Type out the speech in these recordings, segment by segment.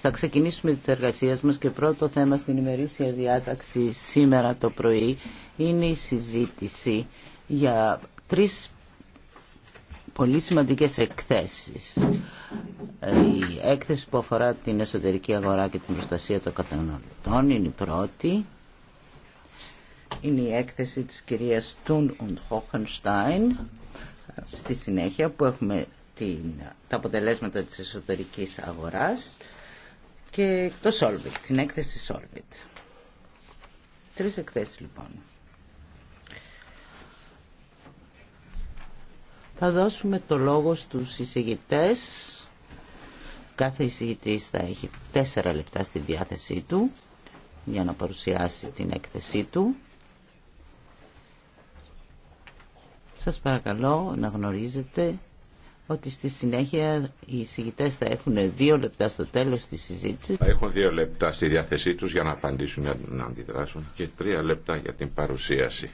Θα ξεκινήσουμε τις εργασίες μας και πρώτο θέμα στην ημερήσια διάταξη σήμερα το πρωί είναι η συζήτηση για τρεις πολύ σημαντικές εκθέσεις. Η έκθεση που αφορά την εσωτερική αγορά και την προστασία των καταναλωτών είναι η πρώτη. Είναι η έκθεση της κυρίας Τούν und Hohenstein στη συνέχεια που έχουμε τα αποτελέσματα της εσωτερικής αγοράς και το Solvit, την έκθεση Solvit. Τρεις εκθέσεις λοιπόν. Θα δώσουμε το λόγο στους εισηγητές. Κάθε εισηγητής θα έχει τέσσερα λεπτά στη διάθεσή του για να παρουσιάσει την έκθεσή του. Σας παρακαλώ να γνωρίζετε ότι στη συνέχεια οι συγητέ θα έχουν δύο λεπτά στο τέλο τη συζήτηση. Θα έχουν δύο λεπτά στη διάθεσή του για να απαντήσουν να αντιδράσουν και τρία λεπτά για την παρουσίαση.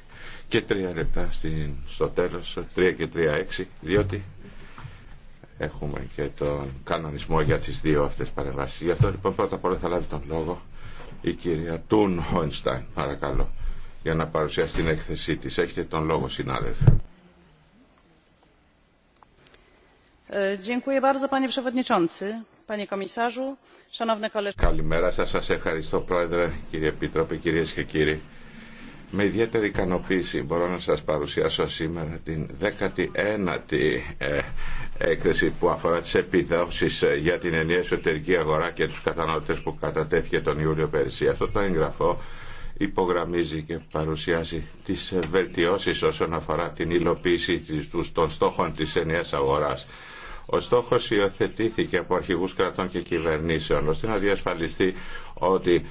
Και τρία λεπτά στην, στο τέλο, τρία και τρία έξι, διότι έχουμε και τον κανονισμό για τι δύο αυτέ παρεμβάσει. Γι' αυτό λοιπόν πρώτα απ' όλα θα λάβει τον λόγο η κυρία Τούν Χόινστάιν, παρακαλώ, για να παρουσιάσει την έκθεσή τη. Έχετε τον λόγο, συνάδελφε. Καλημέρα σας, σας ευχαριστώ Πρόεδρε, κύριε Επίτροπε, και κύριοι. Με ιδιαίτερη ικανοποίηση μπορώ να σας παρουσιάσω σήμερα την 19η ε, έκθεση που αφορά τις επιδόσεις ε, για την ενιαία εσωτερική αγορά και τους καταναλωτές που κατατέθηκε τον Ιούλιο περσια Αυτό το έγγραφο υπογραμμίζει και παρουσιάζει τις βελτιώσεις όσον αφορά την υλοποίηση των στόχων της ενιαίας αγοράς ο στόχο υιοθετήθηκε από αρχηγούς κρατών και κυβερνήσεων ώστε να διασφαλιστεί ότι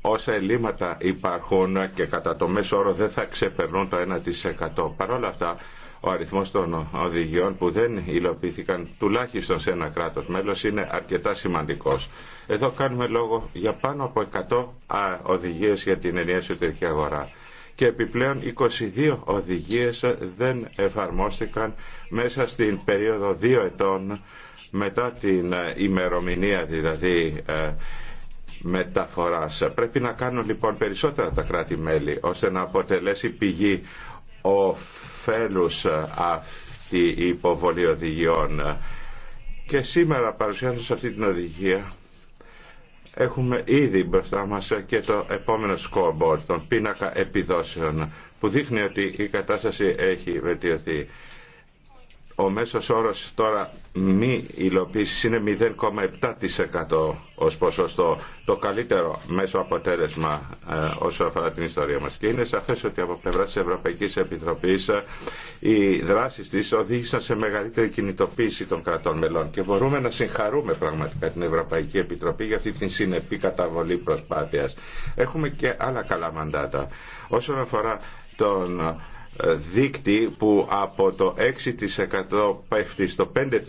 όσα ελλείμματα υπάρχουν και κατά το μέσο όρο δεν θα ξεπερνούν το 1%. Παρ' όλα αυτά, ο αριθμός των οδηγιών που δεν υλοποιήθηκαν τουλάχιστον σε ένα κράτος μέλος είναι αρκετά σημαντικός. Εδώ κάνουμε λόγο για πάνω από 100 οδηγίες για την ενιαία εσωτερική αγορά και επιπλέον 22 οδηγίες δεν εφαρμόστηκαν μέσα στην περίοδο δύο ετών μετά την ε, ημερομηνία δηλαδή ε, μεταφοράς. Πρέπει να κάνουν λοιπόν περισσότερα τα κράτη-μέλη ώστε να αποτελέσει πηγή οφέλους ε, αυτή η υποβολή οδηγιών. Και σήμερα παρουσιάζω σε αυτή την οδηγία έχουμε ήδη μπροστά μας και το επόμενο scoreboard, τον πίνακα επιδόσεων, που δείχνει ότι η κατάσταση έχει βελτιωθεί ο μέσος όρος τώρα μη υλοποίηση είναι 0,7% ως ποσοστό το καλύτερο μέσο αποτέλεσμα ε, όσον αφορά την ιστορία μας και είναι σαφές ότι από πλευρά της Ευρωπαϊκής Επιτροπής ε, οι δράσεις της οδήγησαν σε μεγαλύτερη κινητοποίηση των κρατών μελών και μπορούμε να συγχαρούμε πραγματικά την Ευρωπαϊκή Επιτροπή για αυτή την συνεπή καταβολή προσπάθειας. Έχουμε και άλλα καλά μαντάτα. Όσον αφορά τον δείκτη που από το 6% πέφτει στο 5%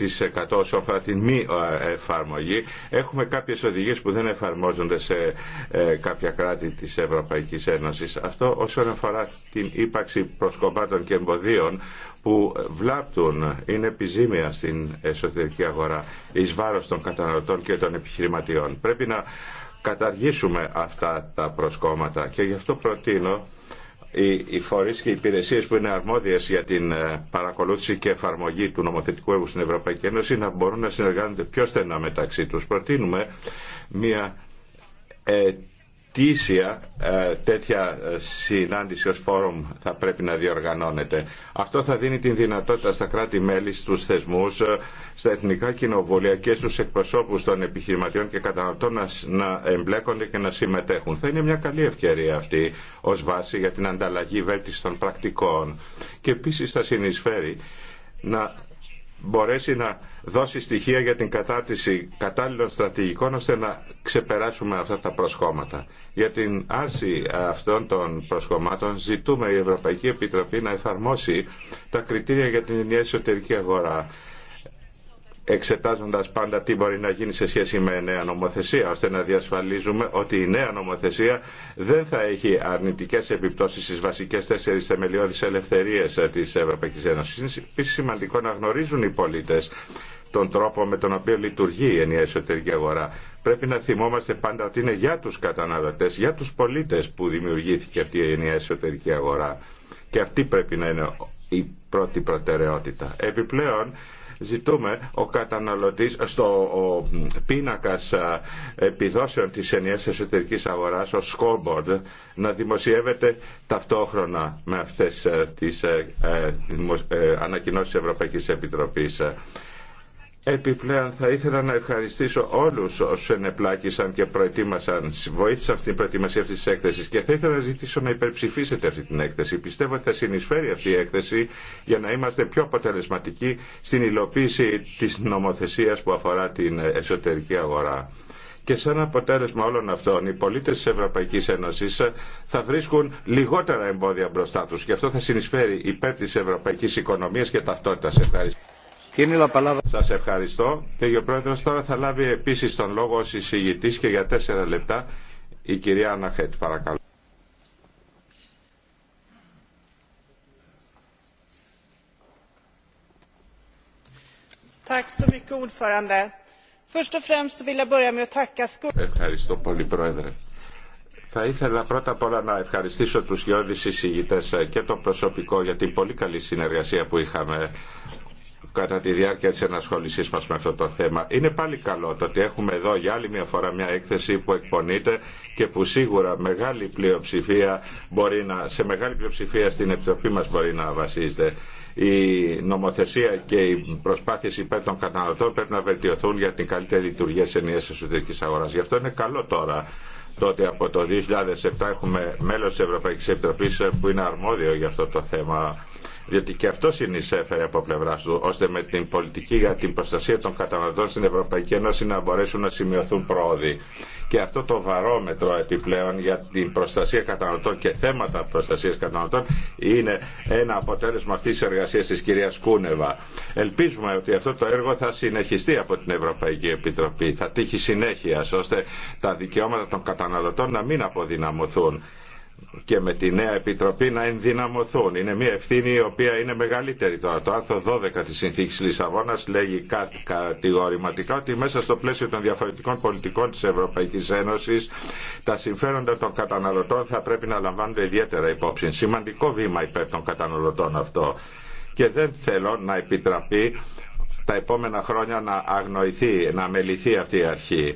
σε αφορά την μη ε, εφαρμογή. Έχουμε κάποιες οδηγίες που δεν εφαρμόζονται σε ε, κάποια κράτη της Ευρωπαϊκής Ένωσης. Αυτό όσον αφορά την ύπαρξη προσκομμάτων και εμποδίων που βλάπτουν, είναι επιζήμια στην εσωτερική αγορά εις βάρος των καταναλωτών και των επιχειρηματιών. Πρέπει να καταργήσουμε αυτά τα προσκόμματα και γι' αυτό προτείνω οι φορείς και οι υπηρεσίες που είναι αρμόδιες για την ε, παρακολούθηση και εφαρμογή του νομοθετικού έργου στην Ευρωπαϊκή Ένωση να μπορούν να συνεργάζονται πιο στενά μεταξύ τους. Προτείνουμε μια ε, ετήσια ε, τέτοια ε, συνάντηση ως φόρουμ θα πρέπει να διοργανώνεται. Αυτό θα δίνει την δυνατότητα στα κράτη-μέλη, στους θεσμούς, ε, στα εθνικά κοινοβούλια και στους εκπροσώπους των επιχειρηματιών και καταναλωτών να εμπλέκονται και να συμμετέχουν. Θα είναι μια καλή ευκαιρία αυτή ως βάση για την ανταλλαγή βέλτιστων πρακτικών και επίσης θα συνεισφέρει να μπορέσει να δώσει στοιχεία για την κατάρτιση κατάλληλων στρατηγικών ώστε να ξεπεράσουμε αυτά τα προσχώματα. Για την άρση αυτών των προσχωμάτων ζητούμε η Ευρωπαϊκή Επιτροπή να εφαρμόσει τα κριτήρια για την ενιαία εσωτερική αγορά εξετάζοντας πάντα τι μπορεί να γίνει σε σχέση με νέα νομοθεσία, ώστε να διασφαλίζουμε ότι η νέα νομοθεσία δεν θα έχει αρνητικές επιπτώσεις στις βασικές τέσσερις θεμελιώδεις ελευθερίες της Ευρωπαϊκής Ένωσης. Είναι σημαντικό να γνωρίζουν οι πολίτες τον τρόπο με τον οποίο λειτουργεί η ενιαία εσωτερική αγορά. Πρέπει να θυμόμαστε πάντα ότι είναι για τους καταναλωτές, για τους πολίτες που δημιουργήθηκε αυτή η ενιαία εσωτερική αγορά. Και αυτή πρέπει να είναι η πρώτη προτεραιότητα. Επιπλέον, ζητούμε ο καταναλωτής στο πίνακας επιδόσεων της ενιαίας εσωτερικής αγοράς, ο scoreboard, να δημοσιεύεται ταυτόχρονα με αυτές ε, τις ε, ε, ανακοινώσεις Ευρωπαϊκής Επιτροπής. Επιπλέον θα ήθελα να ευχαριστήσω όλους όσους ενεπλάκησαν και προετοίμασαν, βοήθησαν στην προετοιμασία αυτής της έκθεσης και θα ήθελα να ζητήσω να υπερψηφίσετε αυτή την έκθεση. Πιστεύω ότι θα συνεισφέρει αυτή η έκθεση για να είμαστε πιο αποτελεσματικοί στην υλοποίηση της νομοθεσίας που αφορά την εσωτερική αγορά. Και σαν αποτέλεσμα όλων αυτών, οι πολίτες της Ευρωπαϊκής Ένωσης θα βρίσκουν λιγότερα εμπόδια μπροστά τους και αυτό θα συνεισφέρει υπέρ τη ευρωπαϊκής οικονομίας και ταυτότητα Ευχαριστώ. Σας ευχαριστώ. Και ο Πρόεδρος τώρα θα λάβει επίσης τον λόγο ως εισηγητής και για τέσσερα λεπτά η κυρία Αναχέτ, παρακαλώ. Ευχαριστώ πολύ, Πρόεδρε. Θα ήθελα πρώτα απ' όλα να ευχαριστήσω τους γιώδεις εισηγητές και το προσωπικό για την πολύ καλή συνεργασία που είχαμε κατά τη διάρκεια της ενασχόλησής μας με αυτό το θέμα. Είναι πάλι καλό το ότι έχουμε εδώ για άλλη μια φορά μια έκθεση που εκπονείται και που σίγουρα μεγάλη πλειοψηφία μπορεί να, σε μεγάλη πλειοψηφία στην Επιτροπή μας μπορεί να βασίζεται η νομοθεσία και οι προσπάθειες υπέρ των καταναλωτών πρέπει να βελτιωθούν για την καλύτερη λειτουργία της ενιαίας εσωτερικής αγοράς. Γι' αυτό είναι καλό τώρα το ότι από το 2007 έχουμε μέλος της Ευρωπαϊκής Επιτροπής που είναι αρμόδιο για αυτό το θέμα διότι και αυτό συνεισέφερε από πλευρά του, ώστε με την πολιτική για την προστασία των καταναλωτών στην Ευρωπαϊκή Ένωση να μπορέσουν να σημειωθούν πρόοδοι. Και αυτό το βαρόμετρο επιπλέον για την προστασία καταναλωτών και θέματα προστασία καταναλωτών είναι ένα αποτέλεσμα αυτή τη εργασία τη κυρία Κούνεβα. Ελπίζουμε ότι αυτό το έργο θα συνεχιστεί από την Ευρωπαϊκή Επιτροπή, θα τύχει συνέχεια, ώστε τα δικαιώματα των καταναλωτών να μην αποδυναμωθούν και με τη νέα επιτροπή να ενδυναμωθούν. Είναι μια ευθύνη η οποία είναι μεγαλύτερη τώρα. Το άρθρο 12 της Συνθήκης Λισαβόνας λέγει κατηγορηματικά ότι μέσα στο πλαίσιο των διαφορετικών πολιτικών της Ευρωπαϊκής Ένωσης τα συμφέροντα των καταναλωτών θα πρέπει να λαμβάνονται ιδιαίτερα υπόψη. Σημαντικό βήμα υπέρ των καταναλωτών αυτό. Και δεν θέλω να επιτραπεί τα επόμενα χρόνια να αγνοηθεί, να μεληθεί αυτή η αρχή.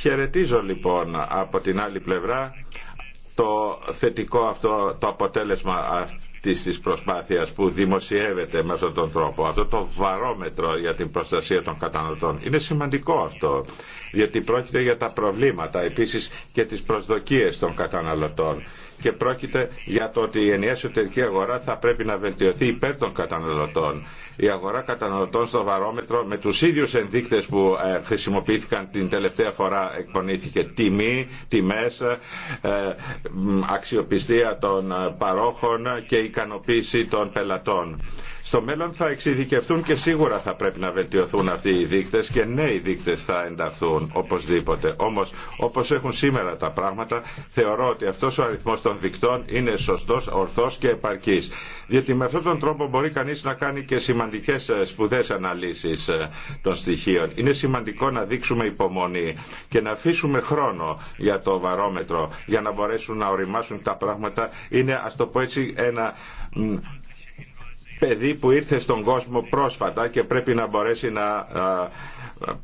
Χαιρετίζω λοιπόν από την άλλη πλευρά το θετικό αυτό, το αποτέλεσμα αυτής της προσπάθειας που δημοσιεύεται με αυτόν τον τρόπο, αυτό το βαρόμετρο για την προστασία των καταναλωτών. Είναι σημαντικό αυτό, γιατί πρόκειται για τα προβλήματα επίσης και τις προσδοκίες των καταναλωτών και πρόκειται για το ότι η ενιαία εσωτερική αγορά θα πρέπει να βελτιωθεί υπέρ των καταναλωτών. Η αγορά καταναλωτών στο βαρόμετρο με τους ίδιους ενδείκτες που ε, χρησιμοποιήθηκαν την τελευταία φορά εκπονήθηκε τιμή, τιμές, ε, αξιοπιστία των ε, παρόχων και ικανοποίηση των πελατών. Στο μέλλον θα εξειδικευτούν και σίγουρα θα πρέπει να βελτιωθούν αυτοί οι δείκτες και νέοι δείκτες θα ενταχθούν οπωσδήποτε. Όμως όπως έχουν σήμερα τα πράγματα θεωρώ ότι αυτός ο αριθμός των δικτών είναι σωστός, ορθός και επαρκής. Διότι με αυτόν τον τρόπο μπορεί κανείς να κάνει και σημαντικές ε, σπουδές αναλύσεις ε, των στοιχείων. Είναι σημαντικό να δείξουμε υπομονή και να αφήσουμε χρόνο για το βαρόμετρο για να μπορέσουν να οριμάσουν τα πράγματα. Είναι ας το πω έτσι ένα παιδί που ήρθε στον κόσμο πρόσφατα και πρέπει να μπορέσει να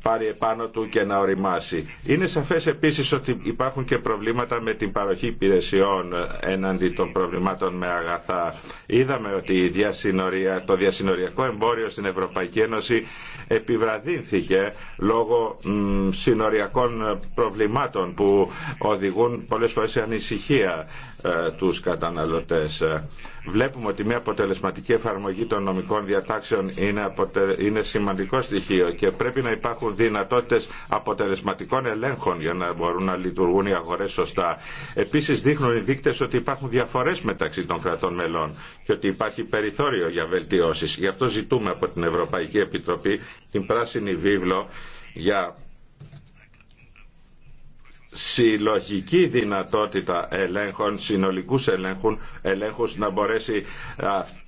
πάρει επάνω του και να οριμάσει. Είναι σαφές επίσης ότι υπάρχουν και προβλήματα με την παροχή υπηρεσιών έναντι των προβλημάτων με αγαθά. Είδαμε ότι η διασυνορία, το διασυνοριακό εμπόριο στην Ευρωπαϊκή Ένωση επιβραδύνθηκε λόγω συνοριακών προβλημάτων που οδηγούν πολλές φορές σε ανησυχία ε, τους καταναλωτές. Βλέπουμε ότι μια αποτελεσματική εφαρμογή των νομικών διατάξεων είναι, είναι σημαντικό στοιχείο και πρέπει να υπάρχει υπάρχουν δυνατότητες αποτελεσματικών ελέγχων για να μπορούν να λειτουργούν οι αγορές σωστά. Επίσης δείχνουν οι δείκτες ότι υπάρχουν διαφορές μεταξύ των κρατών μελών και ότι υπάρχει περιθώριο για βελτιώσεις. Γι' αυτό ζητούμε από την Ευρωπαϊκή Επιτροπή την πράσινη βίβλο για συλλογική δυνατότητα ελέγχων, συνολικούς ελέγχους, ελέγχους να μπορέσει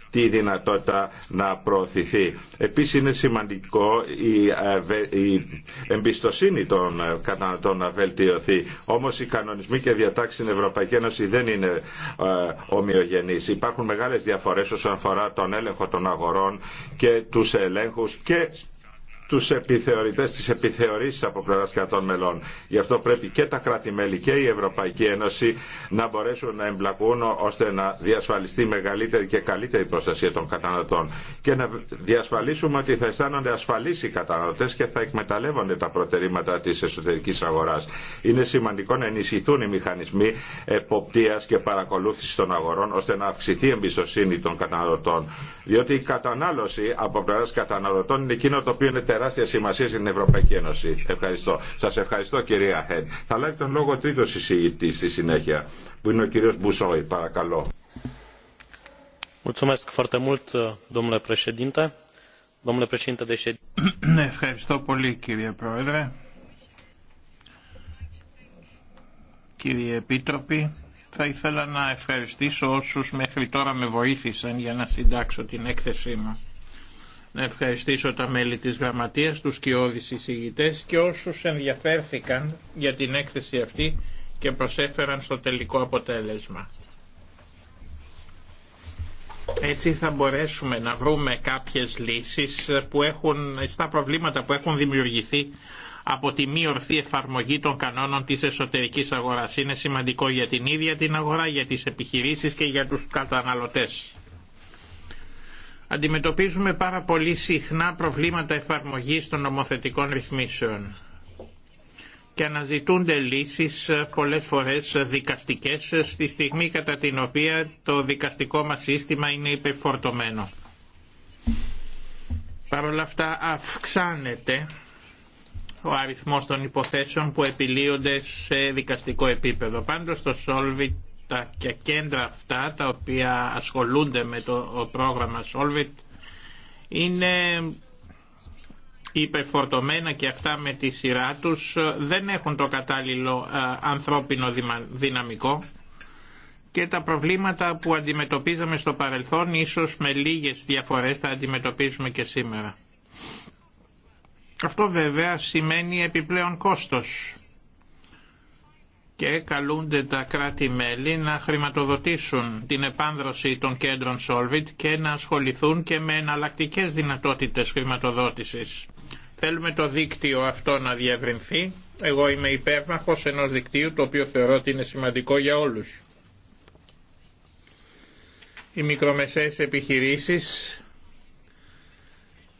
τη δυνατότητα να προωθηθεί. Επίσης είναι σημαντικό η ε, εμπιστοσύνη των ε, καταναλωτών να βελτιωθεί. Όμως οι κανονισμοί και διατάξεις στην Ευρωπαϊκή Ένωση δεν είναι ε, ομοιογενείς. Υπάρχουν μεγάλες διαφορές όσον αφορά τον έλεγχο των αγορών και τους ελέγχους και τους επιθεωρητές, τις επιθεωρήσεις από πλευρά κρατών μελών. Γι' αυτό πρέπει και τα κράτη-μέλη και η Ευρωπαϊκή Ένωση να μπορέσουν να εμπλακούν ώστε να διασφαλιστεί μεγαλύτερη και καλύτερη προστασία των καταναλωτών και να διασφαλίσουμε ότι θα αισθάνονται ασφαλείς οι καταναλωτές και θα εκμεταλλεύονται τα προτερήματα της εσωτερικής αγοράς. Είναι σημαντικό να ενισχυθούν οι μηχανισμοί εποπτείας και παρακολούθησης των αγορών ώστε να αυξηθεί η εμπιστοσύνη των καταναλωτών. Διότι η κατανάλωση από καταναλωτών είναι εκείνο το οποίο είναι τεράστια σημασία στην Ευρωπαϊκή Ένωση. Ευχαριστώ. Σα ευχαριστώ κυρία Χέντ. Θα λάβει τον λόγο τρίτο συζητητή στη συνέχεια, που είναι ο κύριο Μπουσόη. Παρακαλώ. Ευχαριστώ πολύ κύριε Πρόεδρε. Κύριε Επίτροπη, θα ήθελα να ευχαριστήσω όσους μέχρι τώρα με βοήθησαν για να συντάξω την έκθεσή μου. Να ευχαριστήσω τα μέλη της Γραμματείας, τους κοιόδης εισηγητές και όσους ενδιαφέρθηκαν για την έκθεση αυτή και προσέφεραν στο τελικό αποτέλεσμα. Έτσι θα μπορέσουμε να βρούμε κάποιες λύσεις που έχουν, στα προβλήματα που έχουν δημιουργηθεί από τη μη ορθή εφαρμογή των κανόνων της εσωτερικής αγοράς. Είναι σημαντικό για την ίδια την αγορά, για τις επιχειρήσεις και για τους καταναλωτές αντιμετωπίζουμε πάρα πολύ συχνά προβλήματα εφαρμογής των νομοθετικών ρυθμίσεων και αναζητούνται λύσεις ε, πολλές φορές ε, δικαστικές ε, στη στιγμή κατά την οποία το δικαστικό μας σύστημα είναι υπεφορτωμένο. Παρ' όλα αυτά αυξάνεται ο αριθμός των υποθέσεων που επιλύονται σε δικαστικό επίπεδο. Πάντως το τα και κέντρα αυτά τα οποία ασχολούνται με το πρόγραμμα Solvit είναι υπεφορτωμένα και αυτά με τη σειρά τους δεν έχουν το κατάλληλο ανθρώπινο δυναμικό και τα προβλήματα που αντιμετωπίζαμε στο παρελθόν ίσως με λίγες διαφορές τα αντιμετωπίζουμε και σήμερα. Αυτό βέβαια σημαίνει επιπλέον κόστος και καλούνται τα κράτη-μέλη να χρηματοδοτήσουν την επάνδρωση των κέντρων Solvit και να ασχοληθούν και με εναλλακτικέ δυνατότητες χρηματοδότησης. Θέλουμε το δίκτυο αυτό να διευρυνθεί. Εγώ είμαι υπέρμαχος ενός δικτύου το οποίο θεωρώ ότι είναι σημαντικό για όλους. Οι μικρομεσαίες επιχειρήσεις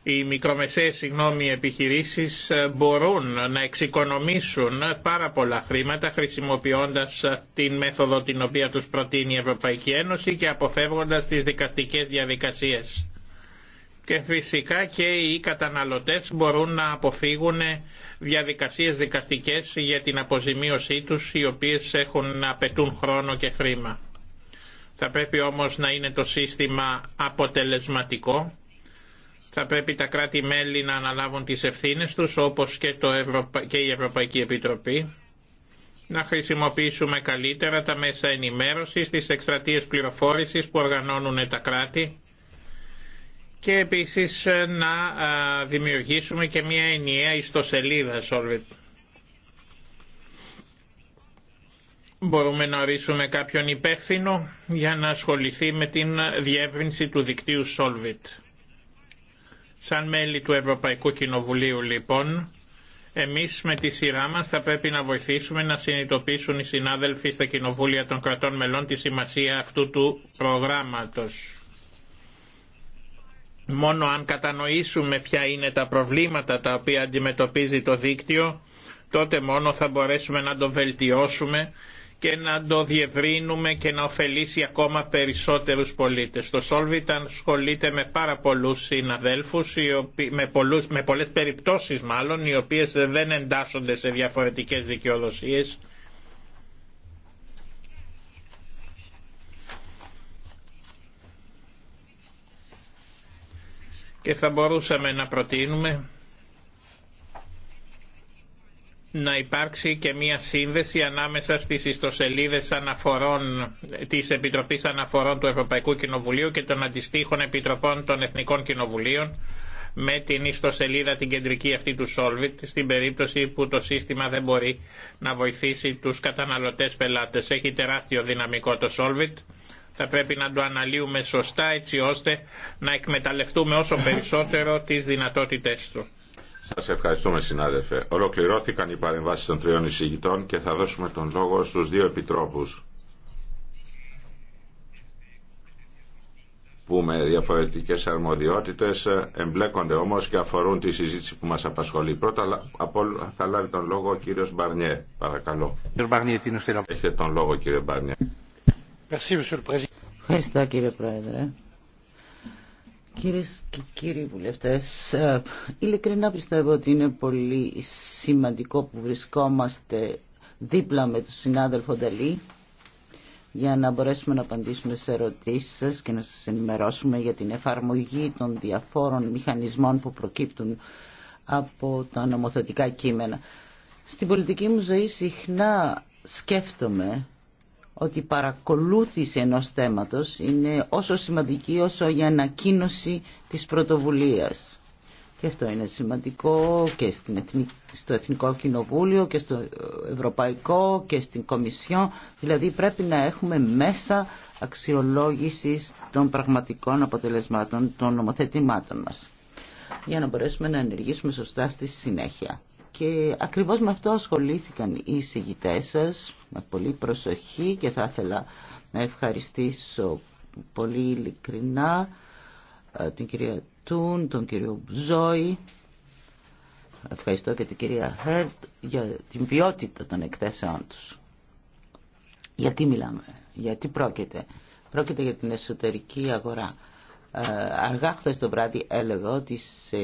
οι μικρομεσαίες συγγνώμη, επιχειρήσεις ε, μπορούν να εξοικονομήσουν πάρα πολλά χρήματα χρησιμοποιώντας ε, την μέθοδο την οποία τους προτείνει η Ευρωπαϊκή Ένωση και αποφεύγοντας τις δικαστικές διαδικασίες. Και φυσικά και οι καταναλωτές μπορούν να αποφύγουν διαδικασίες δικαστικές για την αποζημίωσή τους οι οποίες έχουν να απαιτούν χρόνο και χρήμα. Θα πρέπει όμως να είναι το σύστημα αποτελεσματικό θα πρέπει τα κράτη-μέλη να αναλάβουν τις ευθύνες τους όπως και, το και η Ευρωπαϊκή Επιτροπή να χρησιμοποιήσουμε καλύτερα τα μέσα ενημέρωσης, τις εκστρατείες πληροφόρησης που οργανώνουν τα κράτη και επίσης να δημιουργήσουμε και μια ενιαία ιστοσελίδα Solvit. Μπορούμε να ορίσουμε κάποιον υπεύθυνο για να ασχοληθεί με την διεύρυνση του δικτύου Solvit. Σαν μέλη του Ευρωπαϊκού Κοινοβουλίου λοιπόν, εμείς με τη σειρά μας θα πρέπει να βοηθήσουμε να συνειδητοποιήσουν οι συνάδελφοι στα κοινοβούλια των κρατών μελών τη σημασία αυτού του προγράμματος. Μόνο αν κατανοήσουμε ποια είναι τα προβλήματα τα οποία αντιμετωπίζει το δίκτυο, τότε μόνο θα μπορέσουμε να το βελτιώσουμε και να το διευρύνουμε και να ωφελήσει ακόμα περισσότερους πολίτες. Το Solvitan ασχολείται με πάρα πολλούς συναδέλφους, με, πολλούς, με πολλές περιπτώσεις μάλλον, οι οποίες δεν εντάσσονται σε διαφορετικές δικαιοδοσίες. Και θα μπορούσαμε να προτείνουμε να υπάρξει και μία σύνδεση ανάμεσα στις ιστοσελίδες αναφορών της Επιτροπής Αναφορών του Ευρωπαϊκού Κοινοβουλίου και των αντιστοίχων επιτροπών των Εθνικών Κοινοβουλίων με την ιστοσελίδα την κεντρική αυτή του Solvit στην περίπτωση που το σύστημα δεν μπορεί να βοηθήσει τους καταναλωτές πελάτες. Έχει τεράστιο δυναμικό το Solvit. Θα πρέπει να το αναλύουμε σωστά έτσι ώστε να εκμεταλλευτούμε όσο περισσότερο τις δυνατότητές του. Σας ευχαριστούμε συνάδελφε. Ολοκληρώθηκαν οι παρεμβάσεις των τριών εισηγητών και θα δώσουμε τον λόγο στους δύο επιτρόπους που με διαφορετικές αρμοδιότητες εμπλέκονται όμως και αφορούν τη συζήτηση που μας απασχολεί. Πρώτα απ' όλα θα λάβει τον λόγο ο κύριος Μπαρνιέ. Παρακαλώ. Έχετε τον λόγο κύριε Μπαρνιέ. Ευχαριστώ κύριε Πρόεδρε. Κυρίε και κύριοι βουλευτέ, ε, ειλικρινά πιστεύω ότι είναι πολύ σημαντικό που βρισκόμαστε δίπλα με τον συνάδελφο Νταλή για να μπορέσουμε να απαντήσουμε σε ερωτήσεις σας και να σας ενημερώσουμε για την εφαρμογή των διαφόρων μηχανισμών που προκύπτουν από τα νομοθετικά κείμενα. Στην πολιτική μου ζωή συχνά σκέφτομαι ότι η παρακολούθηση ενός θέματος είναι όσο σημαντική όσο η ανακοίνωση της πρωτοβουλίας. Και αυτό είναι σημαντικό και στο Εθνικό Κοινοβούλιο και στο Ευρωπαϊκό και στην Κομισιόν. Δηλαδή πρέπει να έχουμε μέσα αξιολόγησης των πραγματικών αποτελεσμάτων των νομοθετημάτων μας για να μπορέσουμε να ενεργήσουμε σωστά στη συνέχεια και ακριβώς με αυτό ασχολήθηκαν οι συγγητές σας με πολύ προσοχή και θα ήθελα να ευχαριστήσω πολύ ειλικρινά ε, την κυρία Τούν, τον κύριο Ζόη ευχαριστώ και την κυρία Χέρτ για την ποιότητα των εκθέσεών τους γιατί μιλάμε, γιατί πρόκειται πρόκειται για την εσωτερική αγορά αργά χθες το βράδυ έλεγα ότι σε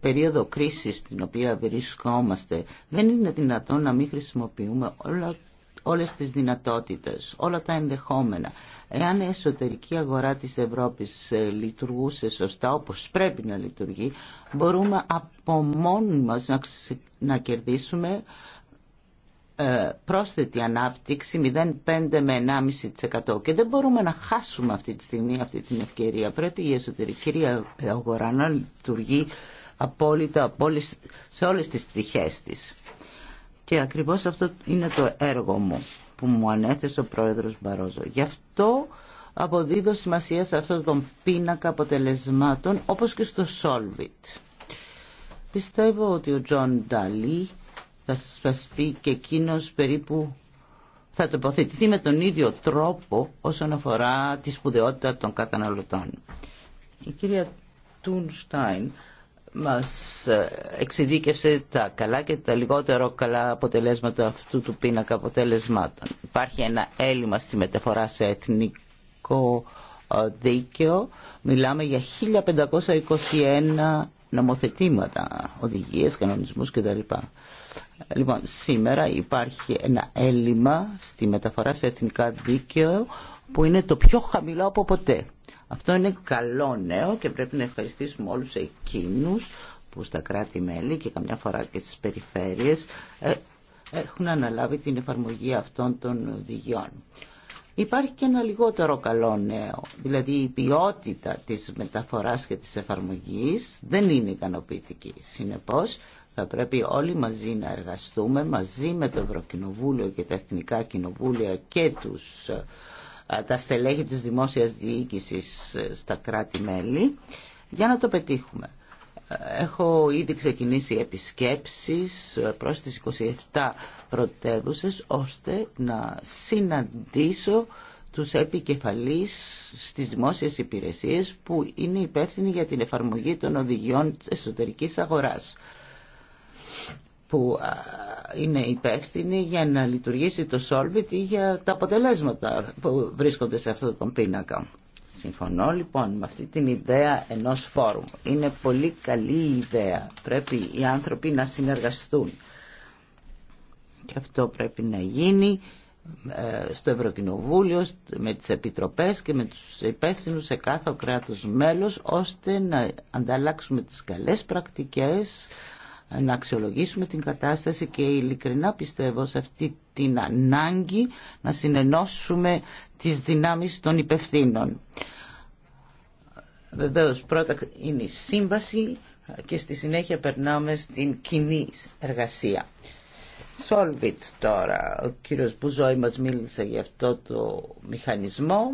περίοδο κρίσης στην οποία βρισκόμαστε δεν είναι δυνατόν να μην χρησιμοποιούμε όλα, όλες τις δυνατότητες, όλα τα ενδεχόμενα. Εάν η εσωτερική αγορά της Ευρώπης ε, λειτουργούσε σωστά όπως πρέπει να λειτουργεί, μπορούμε από μόνοι μας να κερδίσουμε ε, πρόσθετη ανάπτυξη 0,5 με 1,5% και δεν μπορούμε να χάσουμε αυτή τη στιγμή αυτή την ευκαιρία. Πρέπει η εσωτερική αγορά να λειτουργεί απόλυτα σε όλες τις πτυχές της. Και ακριβώς αυτό είναι το έργο μου που μου ανέθεσε ο πρόεδρος Μπαρόζο. Γι' αυτό αποδίδω σημασία σε αυτόν τον πίνακα αποτελεσμάτων όπως και στο Solvit. Πιστεύω ότι ο Τζον Νταλή θα σας και εκείνο περίπου θα τοποθετηθεί με τον ίδιο τρόπο όσον αφορά τη σπουδαιότητα των καταναλωτών. Η κυρία Τούνστάιν μας εξειδίκευσε τα καλά και τα λιγότερο καλά αποτελέσματα αυτού του πίνακα αποτελεσμάτων. Υπάρχει ένα έλλειμμα στη μεταφορά σε εθνικό ε, δίκαιο. Μιλάμε για 1521 νομοθετήματα, οδηγίες, κανονισμούς κτλ. Λοιπόν, σήμερα υπάρχει ένα έλλειμμα στη μεταφορά σε εθνικά δίκαιο που είναι το πιο χαμηλό από ποτέ. Αυτό είναι καλό νέο και πρέπει να ευχαριστήσουμε όλους εκείνους που στα κράτη-μέλη και καμιά φορά και στις περιφέρειες ε, έχουν αναλάβει την εφαρμογή αυτών των οδηγιών. Υπάρχει και ένα λιγότερο καλό νέο, δηλαδή η ποιότητα της μεταφοράς και της εφαρμογής δεν είναι ικανοποιητική. Συνεπώς, θα πρέπει όλοι μαζί να εργαστούμε, μαζί με το Ευρωκοινοβούλιο και τα Εθνικά Κοινοβούλια και τους, ε, τα στελέχη της δημόσιας διοίκησης ε, στα κράτη-μέλη, για να το πετύχουμε. Έχω ήδη ξεκινήσει επισκέψεις ε, προς τις 27 πρωτεύουσες, ώστε να συναντήσω τους επικεφαλείς στις δημόσιες υπηρεσίες που είναι υπεύθυνοι για την εφαρμογή των οδηγιών της εσωτερικής αγοράς που είναι υπεύθυνη για να λειτουργήσει το Solvit ή για τα αποτελέσματα που βρίσκονται σε αυτό το πίνακα. Συμφωνώ λοιπόν με αυτή την ιδέα ενός φόρουμ. Είναι πολύ καλή ιδέα. Πρέπει οι άνθρωποι να συνεργαστούν. Και αυτό πρέπει να γίνει ε, στο Ευρωκοινοβούλιο, με τις επιτροπές και με τους υπεύθυνους σε κάθε κράτος μέλος, ώστε να ανταλλάξουμε τις καλές πρακτικές, να αξιολογήσουμε την κατάσταση και ειλικρινά πιστεύω σε αυτή την ανάγκη να συνενώσουμε τις δυνάμεις των υπευθύνων. Βεβαίως πρώτα είναι η σύμβαση και στη συνέχεια περνάμε στην κοινή εργασία. Σόλβιτ τώρα, ο κύριος Μπουζόη μας μίλησε για αυτό το μηχανισμό.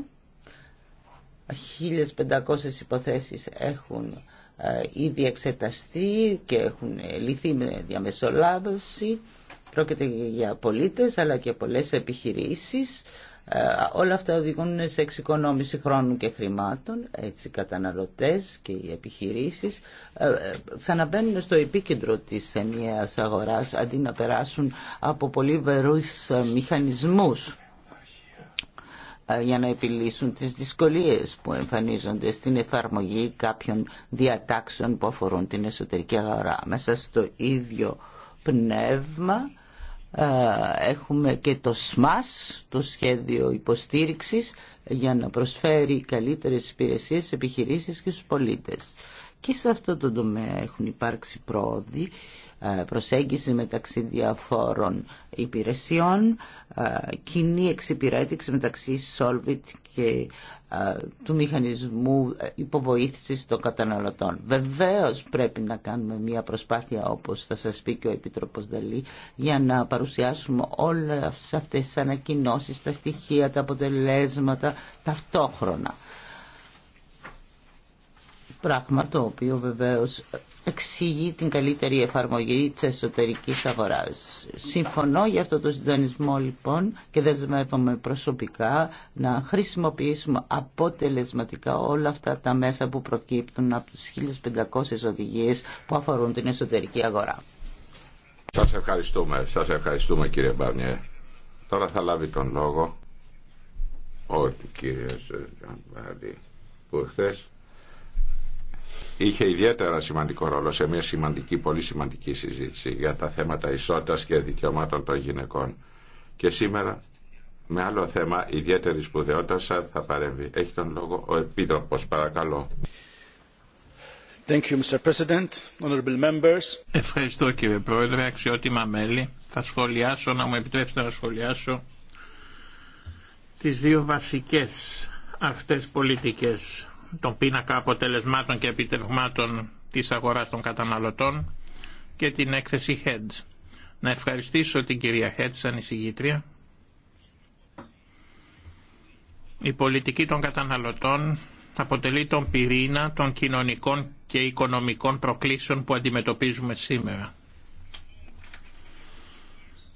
1500 υποθέσεις έχουν ε, ήδη εξεταστεί και έχουν λυθεί με διαμεσολάβευση. Πρόκειται για πολίτες αλλά και πολλές επιχειρήσεις. Ε, όλα αυτά οδηγούν σε εξοικονόμηση χρόνου και χρημάτων. Έτσι οι καταναλωτές και οι επιχειρήσεις ε, ξαναμπαίνουν στο επίκεντρο της ενιαίας αγοράς αντί να περάσουν από πολύ βερούς μηχανισμούς. Ε, για να επιλύσουν τις δυσκολίες που εμφανίζονται στην εφαρμογή κάποιων διατάξεων που αφορούν την εσωτερική αγορά. Μέσα στο ίδιο πνεύμα ε, έχουμε και το ΣΜΑΣ, το σχέδιο υποστήριξης για να προσφέρει καλύτερες υπηρεσίες σε επιχειρήσεις και στους πολίτες. Και σε αυτό το τομέα έχουν υπάρξει πρόοδοι ε, προσέγγιση μεταξύ διαφόρων υπηρεσιών, ε, κοινή εξυπηρέτηση μεταξύ Solvit και ε, του μηχανισμού υποβοήθησης των καταναλωτών. Βεβαίως πρέπει να κάνουμε μια προσπάθεια όπως θα σας πει και ο Επίτροπος Δαλή για να παρουσιάσουμε όλες αυτές τις ανακοινώσεις, τα στοιχεία, τα αποτελέσματα ταυτόχρονα. Πράγμα το οποίο βεβαίως εξηγεί την καλύτερη εφαρμογή της εσωτερικής αγοράς. Συμφωνώ για αυτό το συντονισμό λοιπόν και δεσμεύομαι προσωπικά να χρησιμοποιήσουμε αποτελεσματικά όλα αυτά τα μέσα που προκύπτουν από τις 1500 οδηγίες που αφορούν την εσωτερική αγορά. Σας ευχαριστούμε, σας ευχαριστούμε κύριε Μπαρνιέ. Τώρα θα λάβει τον λόγο ο κύριος που χθε είχε ιδιαίτερα σημαντικό ρόλο σε μια σημαντική, πολύ σημαντική συζήτηση για τα θέματα ισότητας και δικαιωμάτων των γυναικών. Και σήμερα με άλλο θέμα ιδιαίτερη σπουδαιότητα θα παρέμβει. Έχει τον λόγο ο Επίτροπος, παρακαλώ. Thank you, Mr. President. Honorable members. Ευχαριστώ κύριε Πρόεδρε, αξιότιμα μέλη. Θα σχολιάσω, να μου επιτρέψετε να σχολιάσω τις δύο βασικές αυτές πολιτικές τον πίνακα αποτελεσμάτων και επιτευγμάτων της αγοράς των καταναλωτών και την έκθεση heads, Να ευχαριστήσω την κυρία HEDS σαν εισηγήτρια. Η πολιτική των καταναλωτών αποτελεί τον πυρήνα των κοινωνικών και οικονομικών προκλήσεων που αντιμετωπίζουμε σήμερα.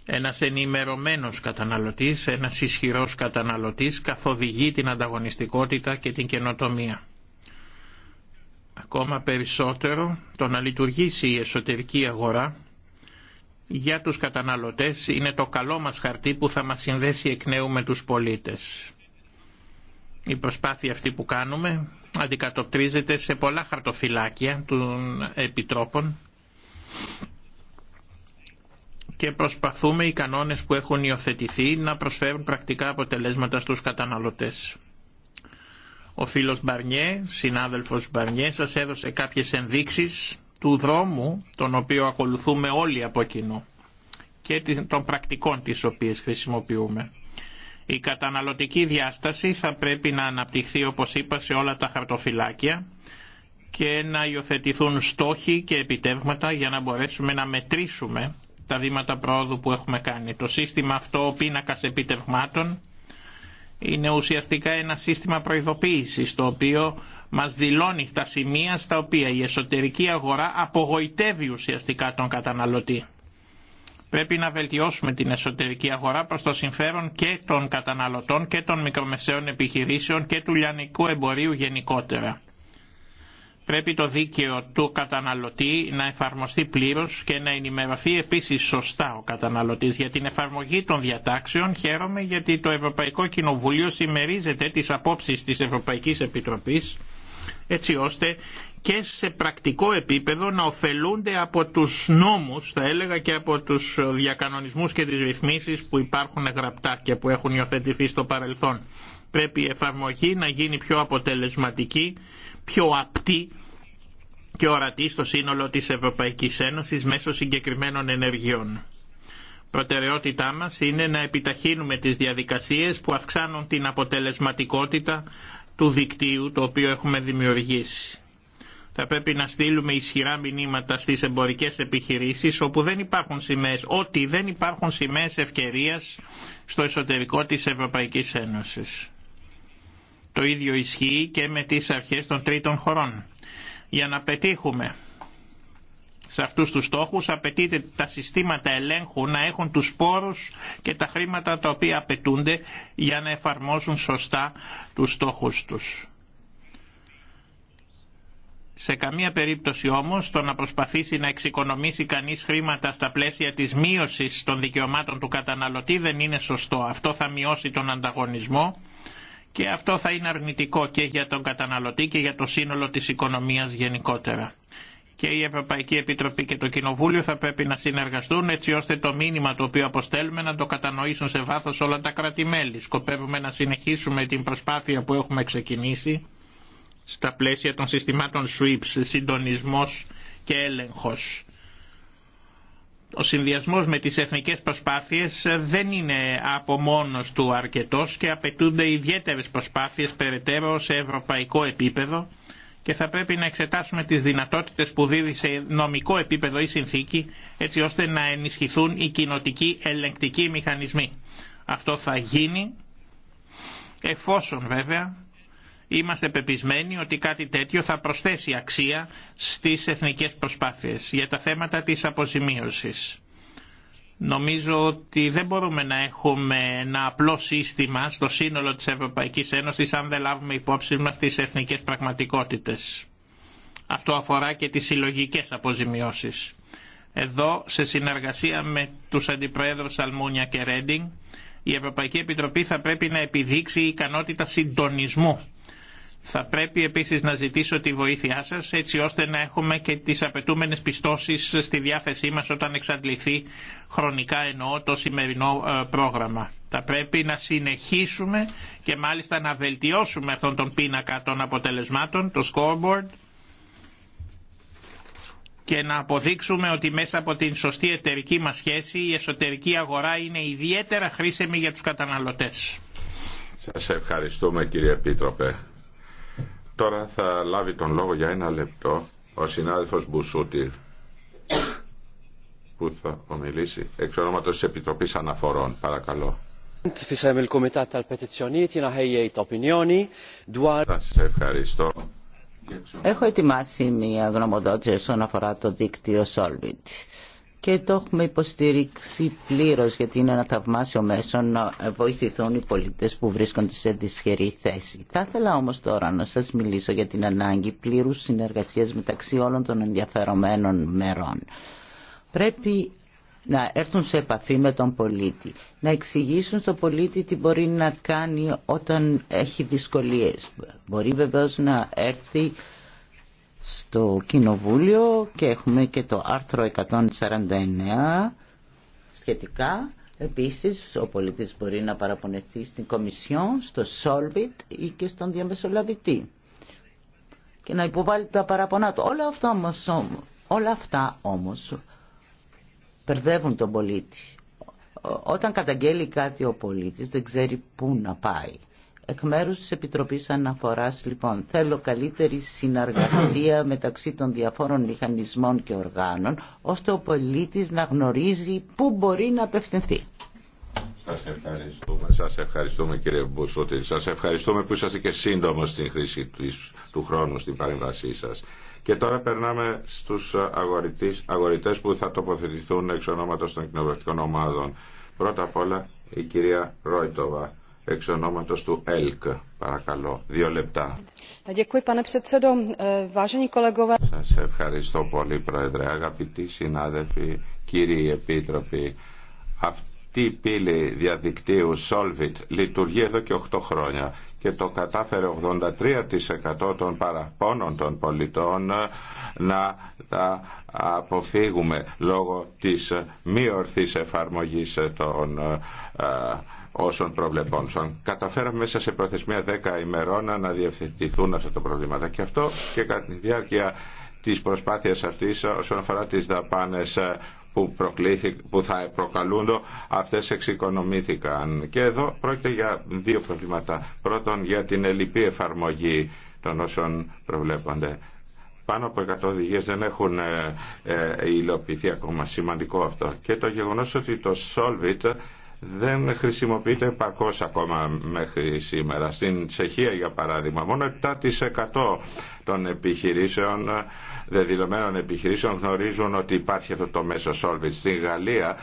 Ένας ενημερωμένος καταναλωτής, ένας ισχυρός καταναλωτής καθοδηγεί την ανταγωνιστικότητα και την καινοτομία. Ακόμα περισσότερο το να λειτουργήσει η εσωτερική αγορά για τους καταναλωτές είναι το καλό μας χαρτί που θα μας συνδέσει εκ νέου με τους πολίτες. Η προσπάθεια αυτή που κάνουμε αντικατοπτρίζεται σε πολλά χαρτοφυλάκια των επιτρόπων και προσπαθούμε οι κανόνες που έχουν υιοθετηθεί να προσφέρουν πρακτικά αποτελέσματα στους καταναλωτές. Ο φίλος Μπαρνιέ, συνάδελφος Μπαρνιέ, σας έδωσε κάποιες ενδείξεις του δρόμου τον οποίο ακολουθούμε όλοι από κοινού και των πρακτικών τις οποίες χρησιμοποιούμε. Η καταναλωτική διάσταση θα πρέπει να αναπτυχθεί όπως είπα σε όλα τα χαρτοφυλάκια και να υιοθετηθούν στόχοι και επιτεύγματα για να μπορέσουμε να μετρήσουμε τα βήματα πρόοδου που έχουμε κάνει. Το σύστημα αυτό ο πίνακα επιτευγμάτων είναι ουσιαστικά ένα σύστημα προειδοποίησης το οποίο μας δηλώνει τα σημεία στα οποία η εσωτερική αγορά απογοητεύει ουσιαστικά τον καταναλωτή. Πρέπει να βελτιώσουμε την εσωτερική αγορά προς το συμφέρον και των καταναλωτών και των μικρομεσαίων επιχειρήσεων και του λιανικού εμπορίου γενικότερα. Πρέπει το δίκαιο του καταναλωτή να εφαρμοστεί πλήρως και να ενημερωθεί επίσης σωστά ο καταναλωτής. Για την εφαρμογή των διατάξεων χαίρομαι γιατί το Ευρωπαϊκό Κοινοβούλιο συμμερίζεται τις απόψεις της Ευρωπαϊκής Επιτροπής έτσι ώστε και σε πρακτικό επίπεδο να ωφελούνται από τους νόμους, θα έλεγα και από τους διακανονισμούς και τις ρυθμίσεις που υπάρχουν γραπτά και που έχουν υιοθετηθεί στο παρελθόν. Πρέπει η εφαρμογή να γίνει πιο αποτελεσματική, πιο απτή και ορατή στο σύνολο της Ευρωπαϊκής Ένωσης μέσω συγκεκριμένων ενεργειών. Προτεραιότητά μας είναι να επιταχύνουμε τις διαδικασίες που αυξάνουν την αποτελεσματικότητα του δικτύου το οποίο έχουμε δημιουργήσει. Θα πρέπει να στείλουμε ισχυρά μηνύματα στις εμπορικές επιχειρήσεις όπου δεν υπάρχουν σημαίες, ότι δεν υπάρχουν σημαίες ευκαιρίας στο εσωτερικό της Ευρωπαϊκής Ένωσης το ίδιο ισχύει και με τις αρχές των τρίτων χωρών. Για να πετύχουμε σε αυτούς τους στόχους απαιτείται τα συστήματα ελέγχου να έχουν τους πόρους και τα χρήματα τα οποία απαιτούνται για να εφαρμόσουν σωστά τους στόχους τους. Σε καμία περίπτωση όμως το να προσπαθήσει να εξοικονομήσει κανείς χρήματα στα πλαίσια της μείωσης των δικαιωμάτων του καταναλωτή δεν είναι σωστό. Αυτό θα μειώσει τον ανταγωνισμό και αυτό θα είναι αρνητικό και για τον καταναλωτή και για το σύνολο της οικονομίας γενικότερα. Και η Ευρωπαϊκή Επιτροπή και το Κοινοβούλιο θα πρέπει να συνεργαστούν έτσι ώστε το μήνυμα το οποίο αποστέλουμε να το κατανοήσουν σε βάθος όλα τα κράτη-μέλη. Σκοπεύουμε να συνεχίσουμε την προσπάθεια που έχουμε ξεκινήσει στα πλαίσια των συστημάτων SWIPS, συντονισμός και έλεγχος ο συνδυασμός με τις εθνικές προσπάθειες ε, δεν είναι από μόνος του αρκετός και απαιτούνται ιδιαίτερες προσπάθειες περαιτέρω σε ευρωπαϊκό επίπεδο και θα πρέπει να εξετάσουμε τις δυνατότητες που δίδει σε νομικό επίπεδο η συνθήκη έτσι ώστε να ενισχυθούν οι κοινοτικοί ελεγκτικοί μηχανισμοί. Αυτό θα γίνει εφόσον βέβαια Είμαστε πεπισμένοι ότι κάτι τέτοιο θα προσθέσει αξία στις εθνικές προσπάθειες για τα θέματα της αποζημίωσης. Νομίζω ότι δεν μπορούμε να έχουμε ένα απλό σύστημα στο σύνολο της Ευρωπαϊκής Ένωσης αν δεν λάβουμε υπόψη μας τις εθνικές πραγματικότητες. Αυτό αφορά και τις συλλογικέ αποζημιώσεις. Εδώ, σε συνεργασία με τους αντιπροέδρους Σαλμούνια και Ρέντινγκ, η Ευρωπαϊκή Επιτροπή θα πρέπει να επιδείξει ικανότητα συντονισμού θα πρέπει επίσης να ζητήσω τη βοήθειά σας έτσι ώστε να έχουμε και τις απαιτούμενες πιστώσεις στη διάθεσή μας όταν εξαντληθεί χρονικά εννοώ το σημερινό ε, πρόγραμμα. Θα πρέπει να συνεχίσουμε και μάλιστα να βελτιώσουμε αυτόν τον πίνακα των αποτελεσμάτων, το scoreboard, και να αποδείξουμε ότι μέσα από την σωστή εταιρική μας σχέση η εσωτερική αγορά είναι ιδιαίτερα χρήσιμη για τους καταναλωτές. Σας ευχαριστούμε κύριε Επίτροπε. Τώρα θα λάβει τον λόγο για ένα λεπτό ο συνάδελφος Μπουσούτιλ που θα ομιλήσει εξ ονόματος της Επιτροπής Αναφορών. Παρακαλώ. Σας ευχαριστώ. Έχω ετοιμάσει μια γνωμοδότηση όσον αφορά το δίκτυο Solvit και το έχουμε υποστηρίξει πλήρως γιατί είναι ένα θαυμάσιο μέσο να βοηθηθούν οι πολίτες που βρίσκονται σε δυσχερή θέση. Θα ήθελα όμως τώρα να σας μιλήσω για την ανάγκη πλήρους συνεργασίας μεταξύ όλων των ενδιαφερομένων μερών. Πρέπει να έρθουν σε επαφή με τον πολίτη, να εξηγήσουν στον πολίτη τι μπορεί να κάνει όταν έχει δυσκολίες. Μπορεί βεβαίως να έρθει στο Κοινοβούλιο και έχουμε και το άρθρο 149 σχετικά. Επίσης, ο πολίτης μπορεί να παραπονεθεί στην Κομισιόν, στο Σόλβιτ ή και στον διαμεσολαβητή και να υποβάλει τα παραπονά του. Όλα αυτά όμως, όλα αυτά όμως περδεύουν τον πολίτη. Όταν καταγγέλει κάτι ο πολίτης δεν ξέρει πού να πάει. Εκ μέρους της Επιτροπής Αναφοράς, λοιπόν, θέλω καλύτερη συνεργασία μεταξύ των διαφόρων μηχανισμών και οργάνων, ώστε ο πολίτης να γνωρίζει πού μπορεί να απευθυνθεί. Σας ευχαριστούμε. Σας ευχαριστούμε κύριε Μπουσούτη. Σας ευχαριστούμε που είσαστε και σύντομο στην χρήση του χρόνου στην παρέμβασή σας. Και τώρα περνάμε στους αγορητές, αγορητές που θα τοποθετηθούν εξ ονόματος των κοινοβουλευτικών ομάδων. Πρώτα απ' όλα η κυρία Ρόιτοβα εξ ονόματος του ΕΛΚ. Παρακαλώ, δύο λεπτά. Ε, Σας ευχαριστώ πολύ, Πρόεδρε. Αγαπητοί συνάδελφοι, κύριοι επίτροποι, αυτή η πύλη διαδικτύου Solvit λειτουργεί εδώ και 8 χρόνια και το κατάφερε 83% των παραπώνων των πολιτών ε, να τα αποφύγουμε λόγω της μη ορθής εφαρμογής των ε, όσων προβλεπόντων. Καταφέραμε μέσα σε προθεσμία 10 ημερών να διευθετηθούν αυτά τα προβλήματα. Και αυτό και κατά τη διάρκεια τη προσπάθεια αυτή, όσον αφορά τι δαπάνε ε, που, που θα προκαλούν αυτέ εξοικονομήθηκαν. Και εδώ πρόκειται για δύο προβλήματα. Πρώτον για την ελληπή εφαρμογή των όσων προβλέπονται. Πάνω από 100 οδηγίε δεν έχουν ε, ε, υλοποιηθεί ακόμα. Σημαντικό αυτό. Και το γεγονό ότι το Solvit δεν χρησιμοποιείται επαρκώ ακόμα μέχρι σήμερα. Στην Τσεχία, για παράδειγμα, μόνο 7% των επιχειρήσεων, δεδηλωμένων επιχειρήσεων γνωρίζουν ότι υπάρχει αυτό το μέσο Solvit. Στην Γαλλία